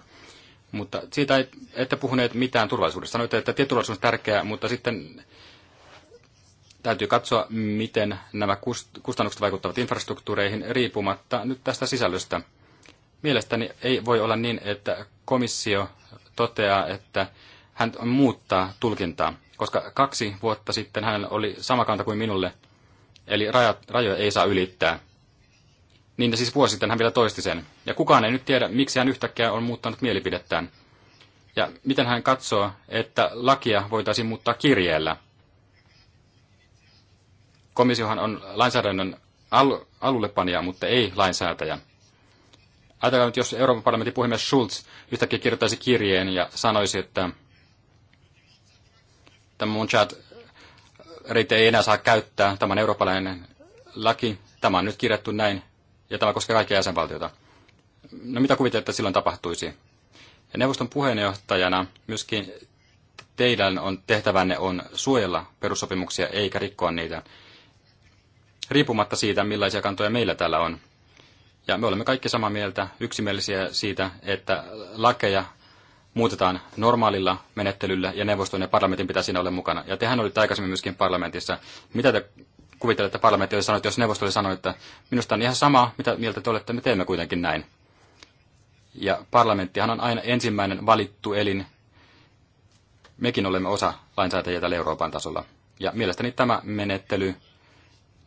Mutta siitä ette puhuneet mitään turvallisuudesta. Sanoitte, että tieturvallisuus on tärkeää, mutta sitten täytyy katsoa, miten nämä kustannukset vaikuttavat infrastruktuureihin riippumatta nyt tästä sisällöstä. Mielestäni ei voi olla niin, että komissio toteaa, että hän muuttaa tulkintaa, koska kaksi vuotta sitten hänellä oli sama kanta kuin minulle, eli rajat, rajoja ei saa ylittää. Niin siis vuosi sitten hän vielä toisti sen. Ja kukaan ei nyt tiedä, miksi hän yhtäkkiä on muuttanut mielipidettään. Ja miten hän katsoo, että lakia voitaisiin muuttaa kirjeellä – Komissiohan on lainsäädännön al- alullepanija, mutta ei lainsäätäjä. Ajatelkaa nyt, jos Euroopan parlamentin puhemies Schulz yhtäkkiä kirjoittaisi kirjeen ja sanoisi, että tämä mun chat reitti ei enää saa käyttää, tämä on eurooppalainen laki, tämä on nyt kirjattu näin, ja tämä koskee kaikkia jäsenvaltioita. No mitä kuvittelette, että silloin tapahtuisi? Ja neuvoston puheenjohtajana myöskin teidän on tehtävänne on suojella perussopimuksia eikä rikkoa niitä riippumatta siitä, millaisia kantoja meillä täällä on. Ja me olemme kaikki samaa mieltä, yksimielisiä siitä, että lakeja muutetaan normaalilla menettelyllä ja neuvoston ja parlamentin pitää siinä olla mukana. Ja tehän olitte aikaisemmin myöskin parlamentissa. Mitä te kuvittelette parlamentti oli sanonut, jos neuvosto oli sanonut, että minusta on ihan sama, mitä mieltä te olette, me teemme kuitenkin näin. Ja parlamenttihan on aina ensimmäinen valittu elin. Mekin olemme osa lainsäätäjiä täällä Euroopan tasolla. Ja mielestäni tämä menettely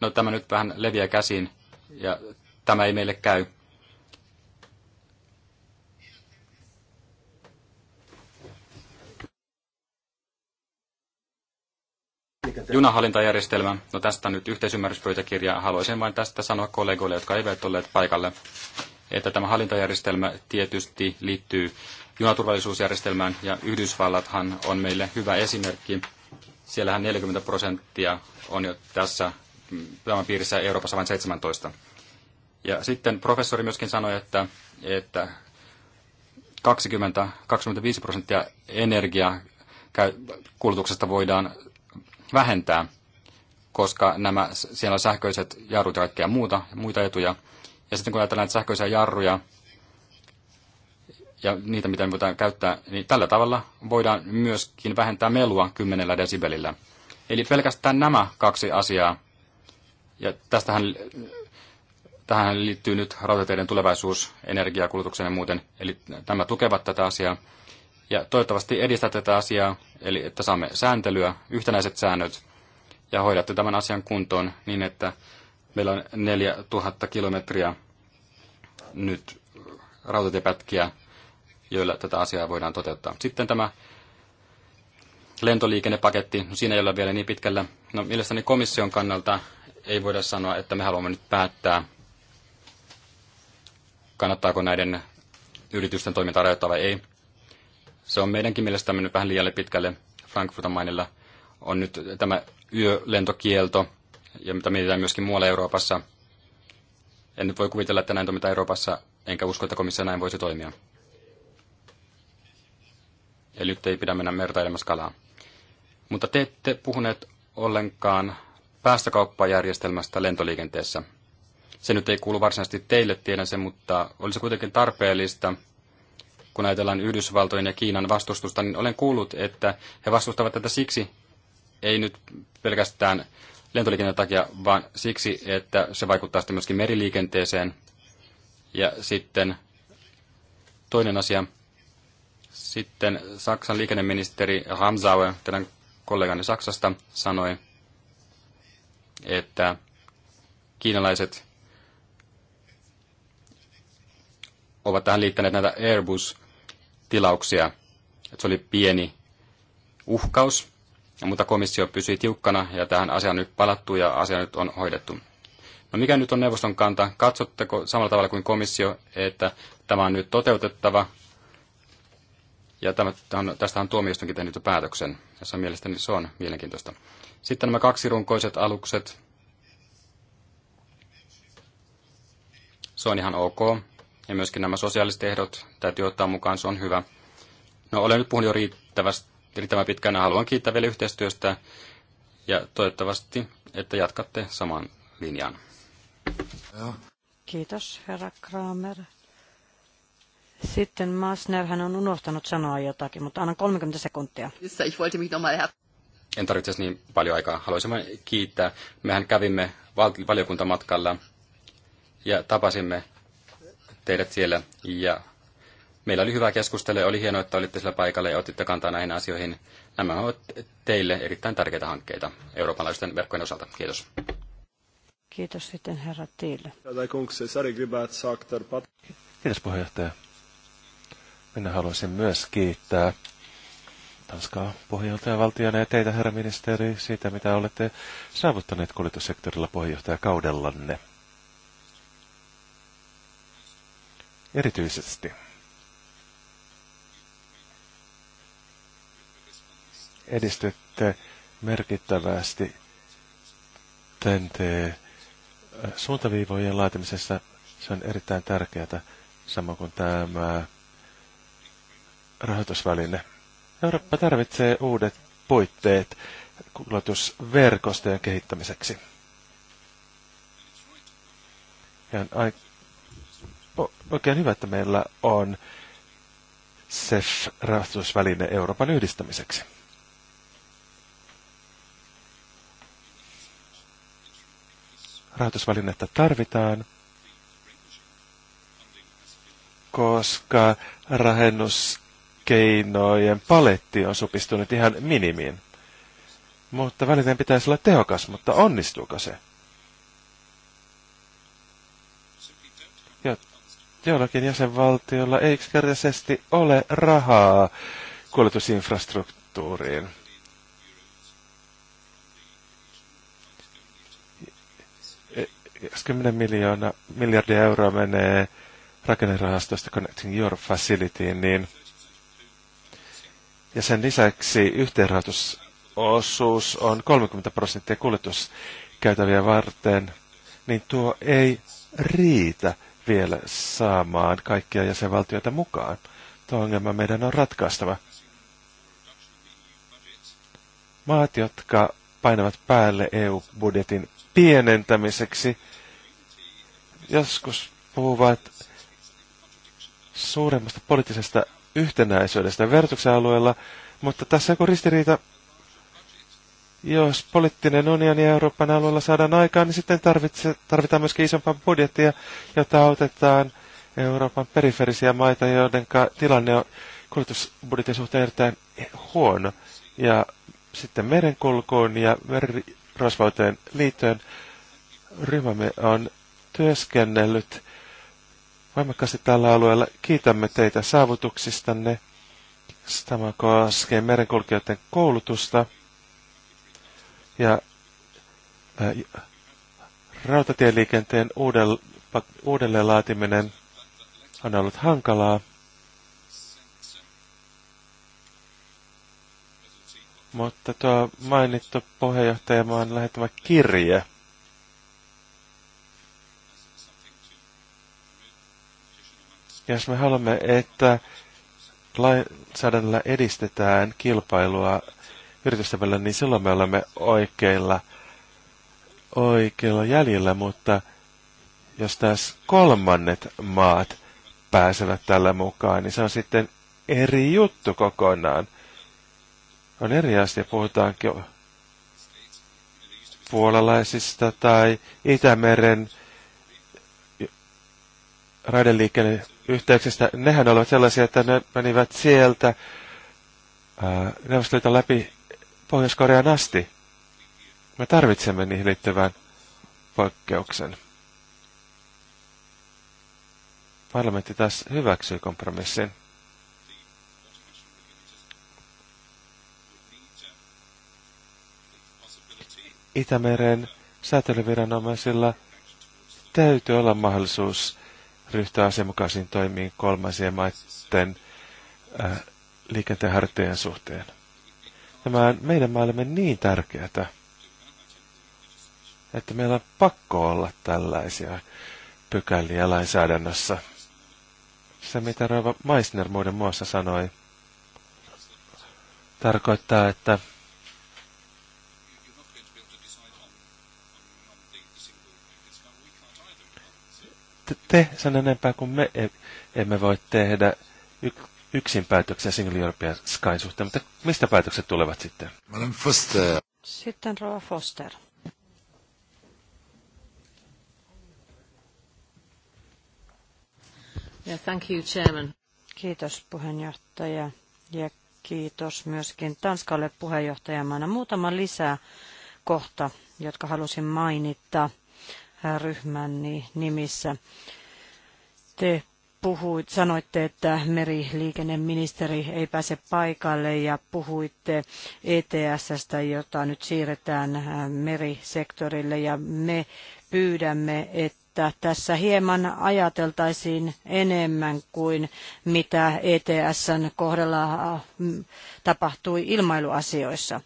no tämä nyt vähän leviää käsiin ja tämä ei meille käy. Junahallintajärjestelmä. No tästä nyt yhteisymmärryspöytäkirja. Haluaisin vain tästä sanoa kollegoille, jotka eivät olleet paikalle, että tämä hallintajärjestelmä tietysti liittyy junaturvallisuusjärjestelmään ja Yhdysvallathan on meille hyvä esimerkki. Siellähän 40 prosenttia on jo tässä tämän piirissä Euroopassa vain 17. Ja sitten professori myöskin sanoi, että, että 20-25 prosenttia energiaa kulutuksesta voidaan vähentää, koska nämä, siellä on sähköiset jarrut ja kaikkea muuta, muita etuja. Ja sitten kun ajatellaan näitä sähköisiä jarruja ja niitä, mitä me voidaan käyttää, niin tällä tavalla voidaan myöskin vähentää melua 10 desibelillä. Eli pelkästään nämä kaksi asiaa ja tästähän tähän liittyy nyt rautateiden tulevaisuus, energiakulutuksen ja muuten. Eli nämä tukevat tätä asiaa. Ja toivottavasti edistää tätä asiaa, eli että saamme sääntelyä, yhtenäiset säännöt ja hoidatte tämän asian kuntoon niin, että meillä on 4000 kilometriä nyt rautatiepätkiä, joilla tätä asiaa voidaan toteuttaa. Sitten tämä lentoliikennepaketti, no siinä ei ole vielä niin pitkällä. No, mielestäni komission kannalta ei voida sanoa, että me haluamme nyt päättää, kannattaako näiden yritysten toimintaa rajoittaa vai ei. Se on meidänkin mielestämme mennyt vähän liian pitkälle. Frankfurtan mainilla on nyt tämä yölentokielto, ja mitä mietitään myöskin muualla Euroopassa. En nyt voi kuvitella, että näin toimitaan Euroopassa, enkä usko, että komissio näin voisi toimia. Eli nyt ei pidä mennä merta kalaa. Mutta te ette puhuneet ollenkaan päästökauppajärjestelmästä lentoliikenteessä. Se nyt ei kuulu varsinaisesti teille, tiedän sen, mutta olisi kuitenkin tarpeellista, kun ajatellaan Yhdysvaltojen ja Kiinan vastustusta, niin olen kuullut, että he vastustavat tätä siksi, ei nyt pelkästään lentoliikenteen takia, vaan siksi, että se vaikuttaa sitten myöskin meriliikenteeseen. Ja sitten toinen asia, sitten Saksan liikenneministeri Hamzauer, teidän kolleganne Saksasta, sanoi, että kiinalaiset ovat tähän liittäneet näitä Airbus-tilauksia. Se oli pieni uhkaus, mutta komissio pysyi tiukkana ja tähän asiaan nyt palattu ja asia nyt on hoidettu. No mikä nyt on neuvoston kanta? Katsotteko samalla tavalla kuin komissio, että tämä on nyt toteutettava ja tämän, tästähän tuomioistuinkin tehnyt jo päätöksen, jossa mielestäni se on mielenkiintoista. Sitten nämä kaksirunkoiset alukset. Se on ihan ok. Ja myöskin nämä sosiaaliset ehdot täytyy ottaa mukaan, se on hyvä. No olen nyt puhunut jo riittävästi, riittävän pitkään ja haluan kiittää vielä yhteistyöstä ja toivottavasti, että jatkatte saman linjan. Kiitos, herra Kramer. Sitten Masner, hän on unohtanut sanoa jotakin, mutta annan 30 sekuntia. En tarvitse siis niin paljon aikaa. Haluaisin vain kiittää. Mehän kävimme valiokuntamatkalla ja tapasimme teidät siellä ja meillä oli hyvä keskustelu ja oli hienoa, että olitte siellä paikalla ja otitte kantaa näihin asioihin. Nämä ovat teille erittäin tärkeitä hankkeita eurooppalaisten verkkojen osalta. Kiitos. Kiitos sitten herra Tiille. Kiitos puheenjohtaja. Minä haluaisin myös kiittää Tanskaa puheenjohtajavaltiona ja teitä, herra ministeri, siitä, mitä olette saavuttaneet kuljetussektorilla puheenjohtajakaudellanne. Erityisesti edistytte merkittävästi tenteen äh, suuntaviivojen laatimisessa. Se on erittäin tärkeää, samoin kuin tämä rahoitusväline. Eurooppa tarvitsee uudet puitteet kulutusverkostojen kehittämiseksi. Ja on ai, oikein hyvä, että meillä on CEF-rahoitusväline Euroopan yhdistämiseksi. Rahoitusvälinettä tarvitaan, koska rahennus keinojen paletti on supistunut ihan minimiin. Mutta välineen pitäisi olla tehokas, mutta onnistuuko se? Jo, jäsenvaltiolla ei yksinkertaisesti ole rahaa kuljetusinfrastruktuuriin. jos 10 miljoona, miljardia euroa menee rakennerahastosta Connecting Europe Facilityin, niin ja sen lisäksi yhteenrahoitusosuus on 30 prosenttia kuljetuskäytäviä varten, niin tuo ei riitä vielä saamaan kaikkia jäsenvaltioita mukaan. Tuo ongelma meidän on ratkaistava. Maat, jotka painavat päälle EU-budjetin pienentämiseksi, joskus puhuvat suuremmasta poliittisesta yhtenäisyydestä verotuksen alueella, mutta tässä on ristiriita. Jos poliittinen unioni Euroopan alueella saadaan aikaan, niin sitten tarvitaan myöskin isompaa budjettia, jota autetaan Euroopan periferisiä maita, joiden tilanne on kulutusbudjetin suhteen erittäin huono. Ja sitten merenkulkuun ja merirosvauteen liittyen ryhmämme on työskennellyt voimakkaasti tällä alueella. Kiitämme teitä saavutuksistanne. Tämä koskee merenkulkijoiden koulutusta ja äh, rautatieliikenteen uudelleen laatiminen on ollut hankalaa. Mutta tuo mainittu puheenjohtajamaan lähettävä kirje Jos me haluamme, että lainsäädännöllä edistetään kilpailua yritysten välillä, niin silloin me olemme oikeilla, oikeilla jäljellä, mutta jos taas kolmannet maat pääsevät tällä mukaan, niin se on sitten eri juttu kokonaan. On eri asia, puhutaankin puolalaisista tai Itämeren yhteyksistä. nehän olivat sellaisia, että ne menivät sieltä ää, Neuvostoliiton läpi Pohjois-Korean asti. Me tarvitsemme niihin liittyvän poikkeuksen. Parlamentti taas hyväksyi kompromissin. Itämeren säätelyviranomaisilla täytyy olla mahdollisuus ryhtyä asianmukaisiin toimiin kolmansien maiden äh, liikenteenharjoittajien suhteen. Tämä on meidän maallemme niin tärkeää, että meillä on pakko olla tällaisia pykäliä lainsäädännössä. Se, mitä Rova Meissner muiden muassa sanoi, tarkoittaa, että te sen enempää kuin me e- emme voi tehdä yksin päätöksiä Single European Sky suhteen, mutta mistä päätökset tulevat sitten? Madame Foster. Sitten Rova Foster. Yeah, thank you, Chairman. Kiitos puheenjohtaja ja kiitos myöskin Tanskalle puheenjohtajamaana. Muutama lisää kohta, jotka halusin mainita ryhmänni nimissä. Te puhuit, sanoitte, että meriliikenneministeri ei pääse paikalle ja puhuitte ETSstä, jota nyt siirretään äh, merisektorille ja me pyydämme, että tässä hieman ajateltaisiin enemmän kuin mitä ETSn kohdalla äh, tapahtui ilmailuasioissa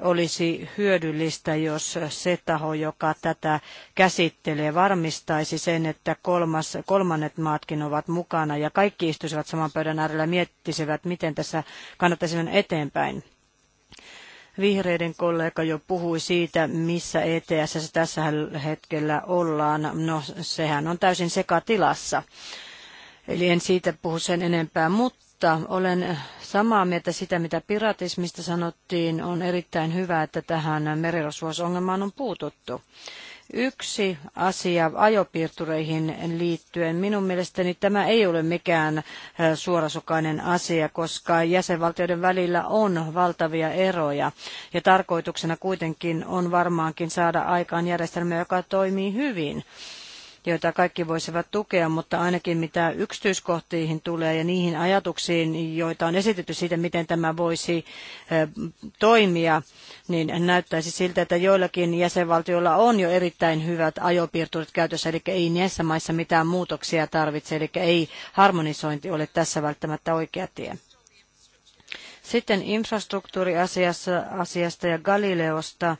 olisi hyödyllistä, jos se taho, joka tätä käsittelee, varmistaisi sen, että kolmas, kolmannet maatkin ovat mukana ja kaikki istuisivat saman pöydän äärellä ja miettisivät, miten tässä kannattaisi mennä eteenpäin. Vihreiden kollega jo puhui siitä, missä ETS tässä hetkellä ollaan. No, sehän on täysin sekatilassa. Eli en siitä puhu sen enempää, mutta mutta olen samaa mieltä sitä, mitä piratismista sanottiin. On erittäin hyvä, että tähän merirosvousongelmaan on puututtu. Yksi asia ajopiirtureihin liittyen. Minun mielestäni tämä ei ole mikään eh, suorasukainen asia, koska jäsenvaltioiden välillä on valtavia eroja. Ja tarkoituksena kuitenkin on varmaankin saada aikaan järjestelmä, joka toimii hyvin joita kaikki voisivat tukea, mutta ainakin mitä yksityiskohtiin tulee ja niihin ajatuksiin, joita on esitetty siitä, miten tämä voisi toimia, niin näyttäisi siltä, että joillakin jäsenvaltioilla on jo erittäin hyvät ajopiirturit käytössä, eli ei näissä maissa mitään muutoksia tarvitse, eli ei harmonisointi ole tässä välttämättä oikea tie. Sitten infrastruktuuriasiasta ja Galileosta.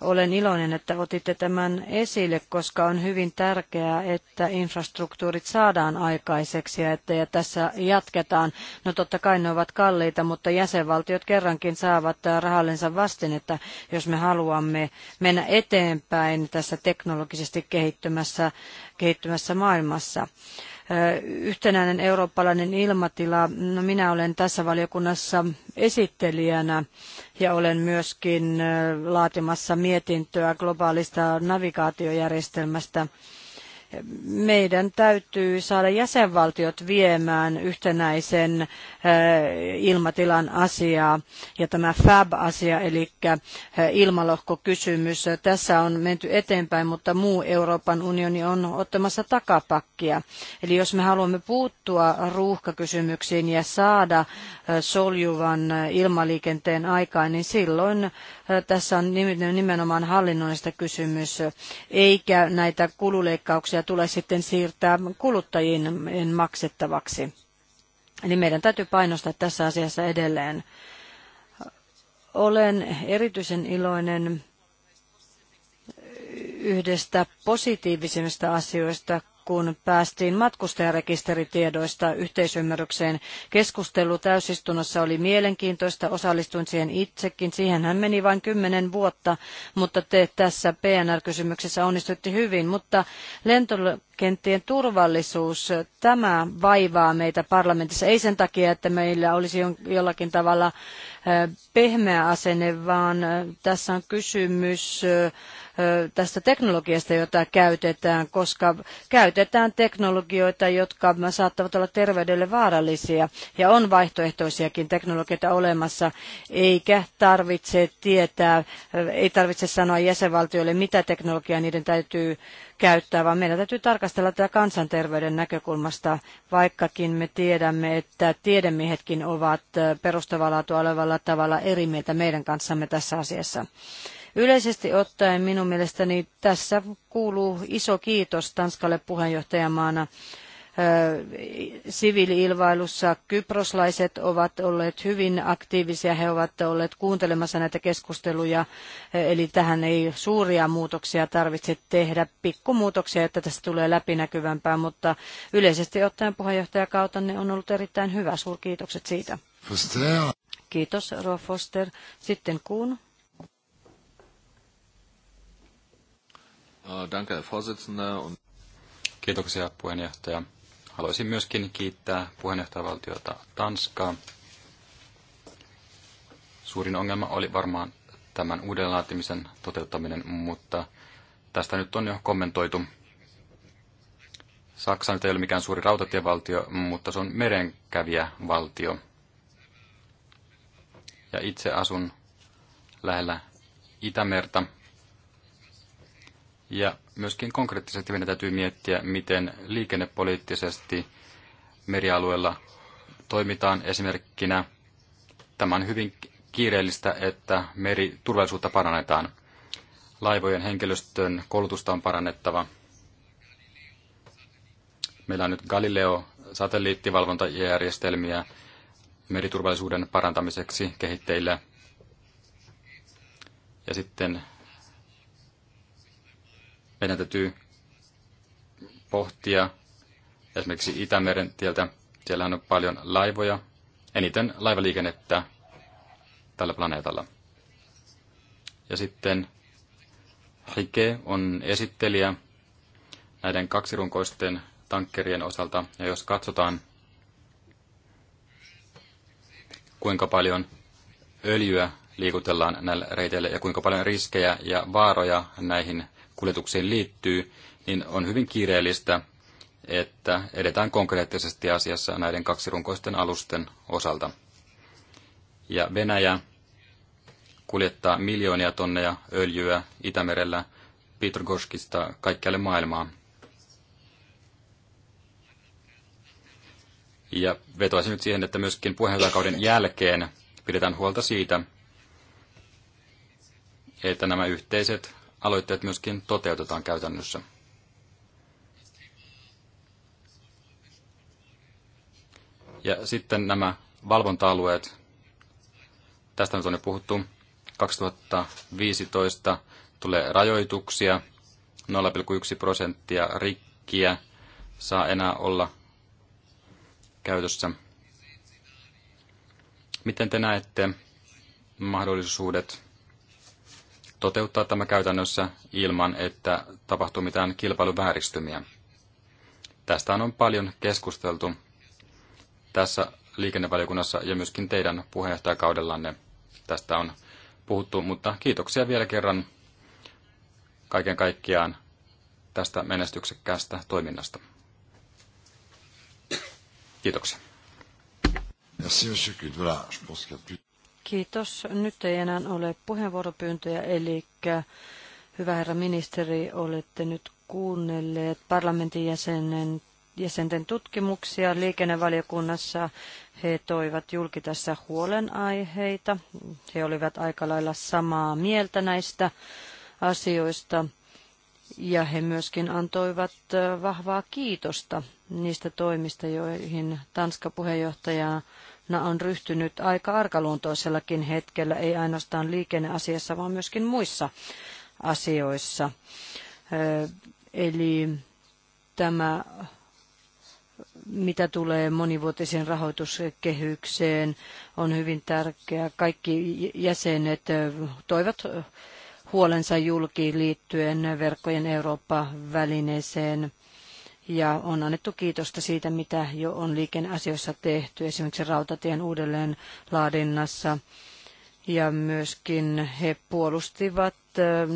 Olen iloinen, että otitte tämän esille, koska on hyvin tärkeää, että infrastruktuurit saadaan aikaiseksi ja että ja tässä jatketaan. No totta kai ne ovat kalliita, mutta jäsenvaltiot kerrankin saavat äh, rahallensa vastin, että jos me haluamme mennä eteenpäin tässä teknologisesti kehittymässä, kehittymässä maailmassa. Yhtenäinen eurooppalainen ilmatila, no minä olen tässä valiokunnassa esittelijänä ja olen myöskin laatimassa mietintöä globaalista navigaatiojärjestelmästä meidän täytyy saada jäsenvaltiot viemään yhtenäisen ilmatilan asiaa ja tämä FAB-asia, eli ilmalohkokysymys. Tässä on menty eteenpäin, mutta muu Euroopan unioni on ottamassa takapakkia. Eli jos me haluamme puuttua ruuhkakysymyksiin ja saada soljuvan ilmaliikenteen aikaan, niin silloin tässä on nimenomaan hallinnollista kysymys, eikä näitä kululeikkauksia tule sitten siirtää kuluttajien maksettavaksi. Eli meidän täytyy painostaa tässä asiassa edelleen. Olen erityisen iloinen yhdestä positiivisimmista asioista kun päästiin matkustajarekisteritiedoista yhteisymmärrykseen. Keskustelu täysistunnossa oli mielenkiintoista, osallistuin siihen itsekin. Siihenhän meni vain kymmenen vuotta, mutta te tässä PNR-kysymyksessä onnistuitte hyvin. Mutta lentokenttien turvallisuus, tämä vaivaa meitä parlamentissa. Ei sen takia, että meillä olisi jollakin tavalla pehmeä asenne, vaan tässä on kysymys tästä teknologiasta, jota käytetään, koska käytetään teknologioita, jotka saattavat olla terveydelle vaarallisia ja on vaihtoehtoisiakin teknologioita olemassa, eikä tarvitse tietää, ei tarvitse sanoa jäsenvaltioille, mitä teknologiaa niiden täytyy käyttää, vaan meidän täytyy tarkastella tätä kansanterveyden näkökulmasta, vaikkakin me tiedämme, että tiedemiehetkin ovat perustavalaatua olevalla tavalla eri mieltä meidän kanssamme tässä asiassa. Yleisesti ottaen minun mielestäni tässä kuuluu iso kiitos Tanskalle puheenjohtajamaana siviiliilvailussa kyproslaiset ovat olleet hyvin aktiivisia. He ovat olleet kuuntelemassa näitä keskusteluja, eli tähän ei suuria muutoksia tarvitse tehdä. Pikkumuutoksia, että tästä tulee läpinäkyvämpää, mutta yleisesti ottaen ne on ollut erittäin hyvä. Suurkiitokset siitä. Foster. Kiitos, Roa Foster. Sitten kuun. Äh, danke, Herr Vorsitzender. Kiitoksia puheenjohtaja. Haluaisin myöskin kiittää puheenjohtajavaltiota Tanskaa. Suurin ongelma oli varmaan tämän uuden laatimisen toteuttaminen, mutta tästä nyt on jo kommentoitu. Saksa nyt ei ole mikään suuri rautatievaltio, mutta se on merenkävijä valtio. Ja itse asun lähellä Itämerta. Ja myöskin konkreettisesti meidän täytyy miettiä, miten liikennepoliittisesti merialueella toimitaan esimerkkinä. Tämä on hyvin kiireellistä, että meriturvallisuutta parannetaan. Laivojen henkilöstön koulutusta on parannettava. Meillä on nyt Galileo-satelliittivalvontajärjestelmiä meriturvallisuuden parantamiseksi kehitteillä. Ja sitten meidän täytyy pohtia esimerkiksi Itämeren tieltä. Siellähän on paljon laivoja, eniten laivaliikennettä tällä planeetalla. Ja sitten Hike on esittelijä näiden kaksirunkoisten tankkerien osalta. Ja jos katsotaan, kuinka paljon öljyä liikutellaan näillä reiteillä ja kuinka paljon riskejä ja vaaroja näihin kuljetuksiin liittyy, niin on hyvin kiireellistä, että edetään konkreettisesti asiassa näiden kaksirunkoisten alusten osalta. Ja Venäjä kuljettaa miljoonia tonneja öljyä Itämerellä Petrogorskista kaikkialle maailmaan. Ja vetoaisin nyt siihen, että myöskin puheenjohtajakauden jälkeen pidetään huolta siitä, että nämä yhteiset aloitteet myöskin toteutetaan käytännössä. Ja sitten nämä valvonta-alueet, tästä nyt on jo puhuttu, 2015 tulee rajoituksia, 0,1 prosenttia rikkiä saa enää olla käytössä. Miten te näette mahdollisuudet toteuttaa tämä käytännössä ilman, että tapahtuu mitään kilpailuvääristymiä. Tästä on paljon keskusteltu tässä liikennevaliokunnassa ja myöskin teidän puheenjohtajakaudellanne tästä on puhuttu, mutta kiitoksia vielä kerran kaiken kaikkiaan tästä menestyksekkäästä toiminnasta. Kiitoksia. Merci, monsieur je pense qu'il y a plus... Kiitos. Nyt ei enää ole puheenvuoropyyntöjä, eli hyvä herra ministeri, olette nyt kuunnelleet parlamentin jäsenen, jäsenten tutkimuksia liikennevaliokunnassa. He toivat julki tässä huolenaiheita. He olivat aika lailla samaa mieltä näistä asioista. Ja he myöskin antoivat vahvaa kiitosta niistä toimista, joihin Tanska puheenjohtajaa on ryhtynyt aika arkaluontoisellakin hetkellä, ei ainoastaan liikenneasiassa, vaan myöskin muissa asioissa. Eli tämä, mitä tulee monivuotiseen rahoituskehykseen, on hyvin tärkeää. Kaikki jäsenet toivat huolensa julki liittyen verkkojen Eurooppa-välineeseen ja on annettu kiitosta siitä, mitä jo on liikenneasioissa tehty, esimerkiksi rautatien uudelleen laadinnassa. Ja myöskin he puolustivat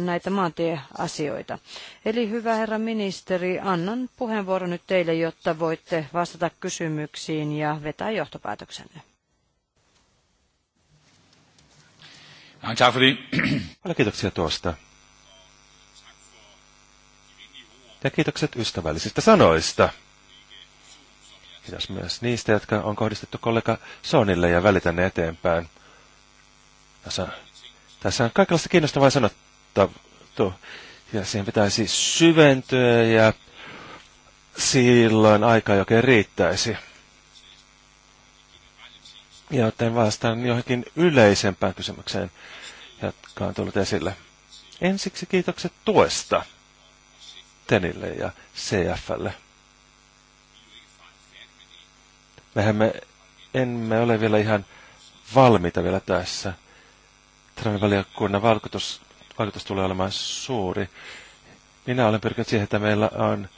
näitä maantieasioita. Eli hyvä herra ministeri, annan puheenvuoron nyt teille, jotta voitte vastata kysymyksiin ja vetää johtopäätöksenne. Äh, kiitoksia tuosta. Ja kiitokset ystävällisistä sanoista. Kiitos myös niistä, jotka on kohdistettu kollega Sonille ja välitän ne eteenpäin. Tässä on, tässä on kaikenlaista kiinnostavaa sanottu. Ja siihen pitäisi syventyä ja silloin aika oikein riittäisi. Joten vastaan johonkin yleisempään kysymykseen, jotka on tullut esille. Ensiksi kiitokset tuesta. TENille ja CFlle. Mehän me emme ole vielä ihan valmiita vielä tässä. Tramivaliokunnan vaikutus, vaikutus tulee olemaan suuri. Minä olen pyrkinyt siihen, että meillä on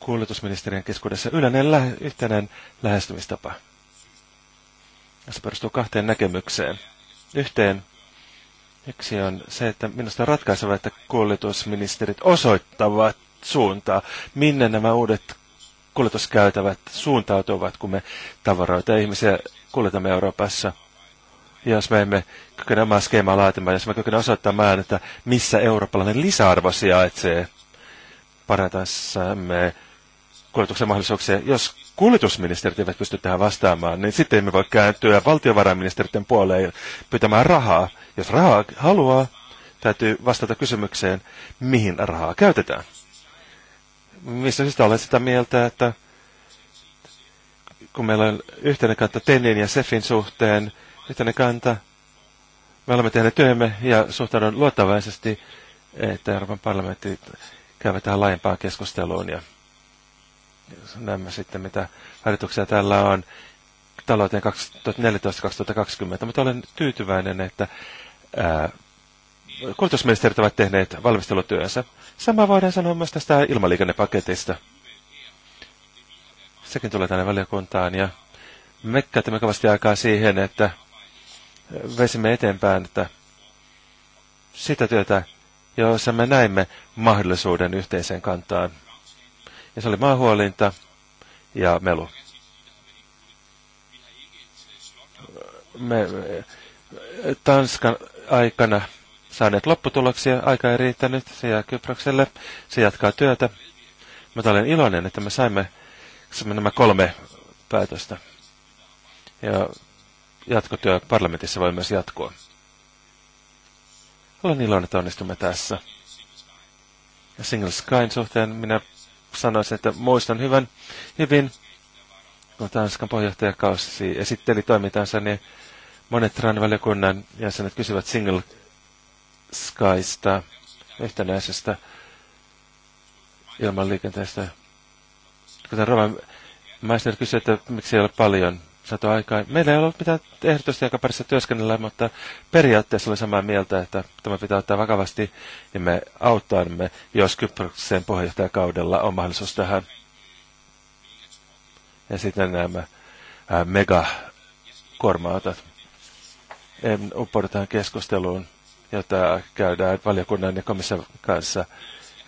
kuljetusministeriön keskuudessa yleinen lä- yhtenäinen lähestymistapa. Se perustuu kahteen näkemykseen. Yhteen Yksi on se, että minusta on ratkaiseva, että kuljetusministerit osoittavat suuntaa, minne nämä uudet kuljetuskäytävät suuntautuvat, kun me tavaroita ja ihmisiä kuljetamme Euroopassa. Ja jos me emme kykene omaa skeemaa laatimaan, jos me kykene osoittamaan, että missä eurooppalainen lisäarvo sijaitsee, parantaessamme kuljetuksen mahdollisuuksia. Jos kuljetusministerit eivät pysty tähän vastaamaan, niin sitten emme voi kääntyä valtiovarainministeriön puoleen pyytämään rahaa. Jos rahaa haluaa, täytyy vastata kysymykseen, mihin rahaa käytetään mistä syystä olen sitä mieltä, että kun meillä on yhteinen kanta Tenin ja Sefin suhteen, yhteinen kanta, me olemme tehneet työmme ja suhtaudun luottavaisesti, että Euroopan parlamentti käyvät tähän laajempaan keskusteluun ja näemme sitten, mitä harjoituksia täällä on talouteen 2014-2020, mutta olen tyytyväinen, että ää, kulutusministerit ovat tehneet valmistelutyönsä. Sama voidaan sanoa myös tästä ilmaliikennepaketista. Sekin tulee tänne valiokuntaan ja me käytämme kovasti aikaa siihen, että veisimme eteenpäin että sitä työtä, jossa me näimme mahdollisuuden yhteiseen kantaan. Ja se oli maahuolinta ja melu. Me, Tanskan aikana saaneet lopputuloksia. Aika ei riittänyt. Se jää Kyprokselle. Se jatkaa työtä. Mutta olen iloinen, että me saimme, saimme nämä kolme päätöstä. Ja jatkotyö parlamentissa voi myös jatkua. Olen iloinen, että onnistumme tässä. Ja Single Skyn suhteen minä sanoisin, että muistan hyvän, hyvin, kun Tanskan puheenjohtajakausi esitteli toimintansa, niin monet RAN-valiokunnan jäsenet kysyvät Single skaista, yhtenäisestä ilmanliikenteestä. Kuten Roman maisteri kysyi, että miksi ei ole paljon saatu aikaa. Meillä ei ollut mitään ehdotusta, jonka parissa työskennellä, mutta periaatteessa oli samaa mieltä, että tämä pitää ottaa vakavasti ja me auttaamme, jos Kyproksen puheenjohtajakaudella on mahdollisuus tähän. Ja sitten nämä mega kuorma En uppoudu tähän keskusteluun jota käydään valiokunnan ja komission kanssa,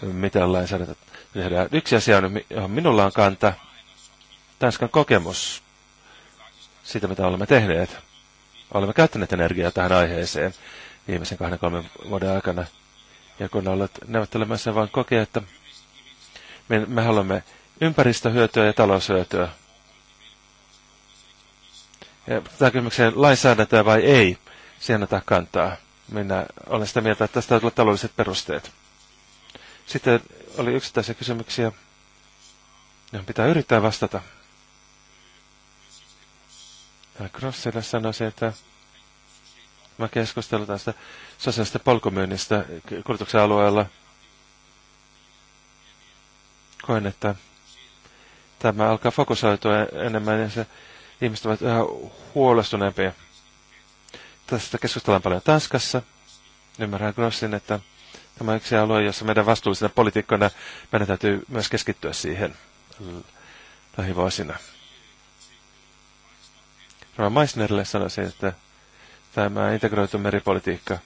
mitä lainsäädäntö tehdään. Yksi asia, on, johon minulla on kanta, Tanskan kokemus siitä, mitä olemme tehneet. Olemme käyttäneet energiaa tähän aiheeseen viimeisen kahden kolmen vuoden aikana. Ja kun olet neuvottelemassa, vaan kokea, että me, me haluamme ympäristöhyötyä ja taloushyötyä. Ja tämä kysymykseen lainsäädäntöä vai ei, siihen ottaa kantaa. Minä olen sitä mieltä, että tästä täytyy olla taloudelliset perusteet. Sitten oli yksittäisiä kysymyksiä, johon pitää yrittää vastata. Ja Grossille sanoisi, että mä keskustelin tästä sosiaalista polkumyynnistä kulutuksen alueella. Koen, että tämä alkaa fokusoitua enemmän ja se ihmiset ovat yhä huolestuneempia. Tästä keskustellaan paljon Tanskassa. Ymmärrän Grossin, että tämä on yksi alue, jossa meidän vastuullisena poliitikkoina meidän täytyy myös keskittyä siihen lähivuosina. Rova Meissnerille sanoisin, että tämä integroitu meripolitiikka,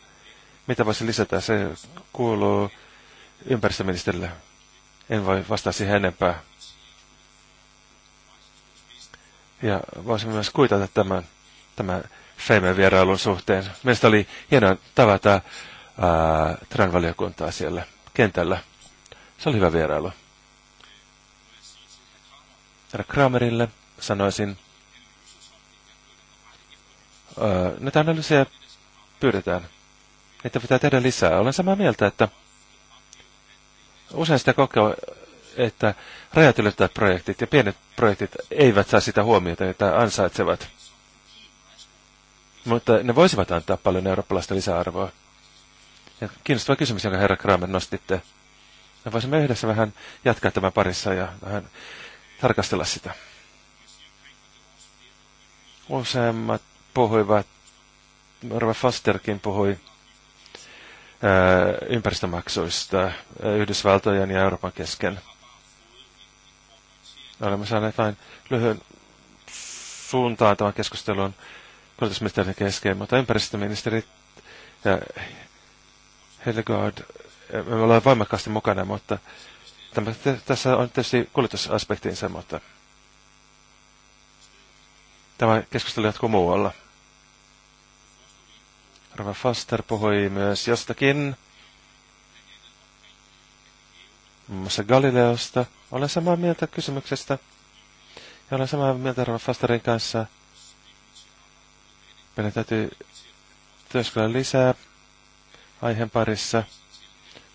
mitä voisi lisätä, se kuuluu ympäristöministerille. En voi vastata siihen enempää. Ja voisimme myös kuitata tämän, tämän Feimen vierailun suhteen. Meistä oli hienoa tavata ää, Tran-valiokuntaa siellä kentällä. Se oli hyvä vierailu. Herra Kramerille sanoisin, ää, näitä analyysejä pyydetään. Niitä pitää tehdä lisää. Olen samaa mieltä, että usein sitä kokee, että rajat projektit ja pienet projektit eivät saa sitä huomiota, jota ansaitsevat mutta ne voisivat antaa paljon eurooppalaista lisäarvoa. Ja kiinnostava kysymys, jonka herra Kramer nostitte. Me voisimme yhdessä vähän jatkaa tämän parissa ja vähän tarkastella sitä. Useimmat puhuivat, Rova Fosterkin puhui ää, ympäristömaksuista ää, Yhdysvaltojen ja Euroopan kesken. Olemme saaneet vain lyhyen suuntaan tämän keskustelun kuljetusministerin kesken, mutta ympäristöministeri ja Helgaard, me ollaan voimakkaasti mukana, mutta tämä, tässä on tietysti kuljetusaspektiinsa, mutta tämä keskustelu jatkuu muualla. Rava Faster puhui myös jostakin, muun muassa Galileosta. Olen samaa mieltä kysymyksestä ja olen samaa mieltä Rava Fasterin kanssa – meidän täytyy työskennellä lisää aiheen parissa.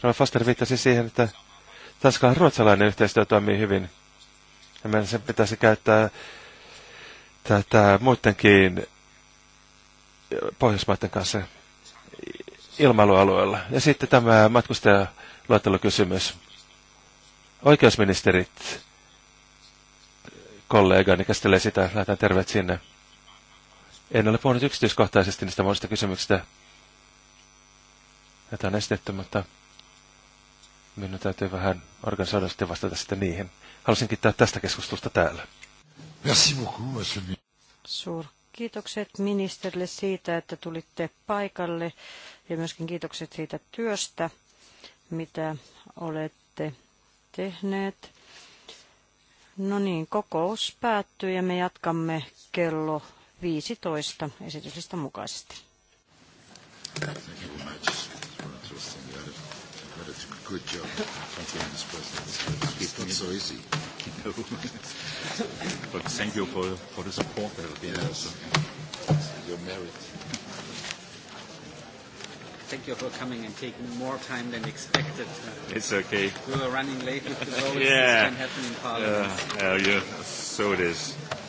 Rova Foster viittasi siihen, että Tanskahan ruotsalainen yhteistyö toimii hyvin. Ja meidän sen pitäisi käyttää tätä muidenkin Pohjoismaiden kanssa ilmailualueella. Ja sitten tämä matkustajaluottelukysymys. Oikeusministerit kollegani käsittelee sitä. Laitan terveet sinne. En ole puhunut yksityiskohtaisesti niistä monista kysymyksistä, joita on esitetty, mutta minun täytyy vähän sitten vastata sitten niihin. Haluaisin kiittää tästä keskustelusta täällä. Merci beaucoup, monsieur. Suur kiitokset ministerille siitä, että tulitte paikalle ja myöskin kiitokset siitä työstä, mitä olette tehneet. No niin, kokous päättyy ja me jatkamme kello 15 esityslistan mukaisesti. Thank you, It's not so easy. But thank you for, the support. Thank you for coming and taking more time than expected. It's okay. We were running late with the votes. yeah. This can happen in Parliament. Yeah, yeah. so it is.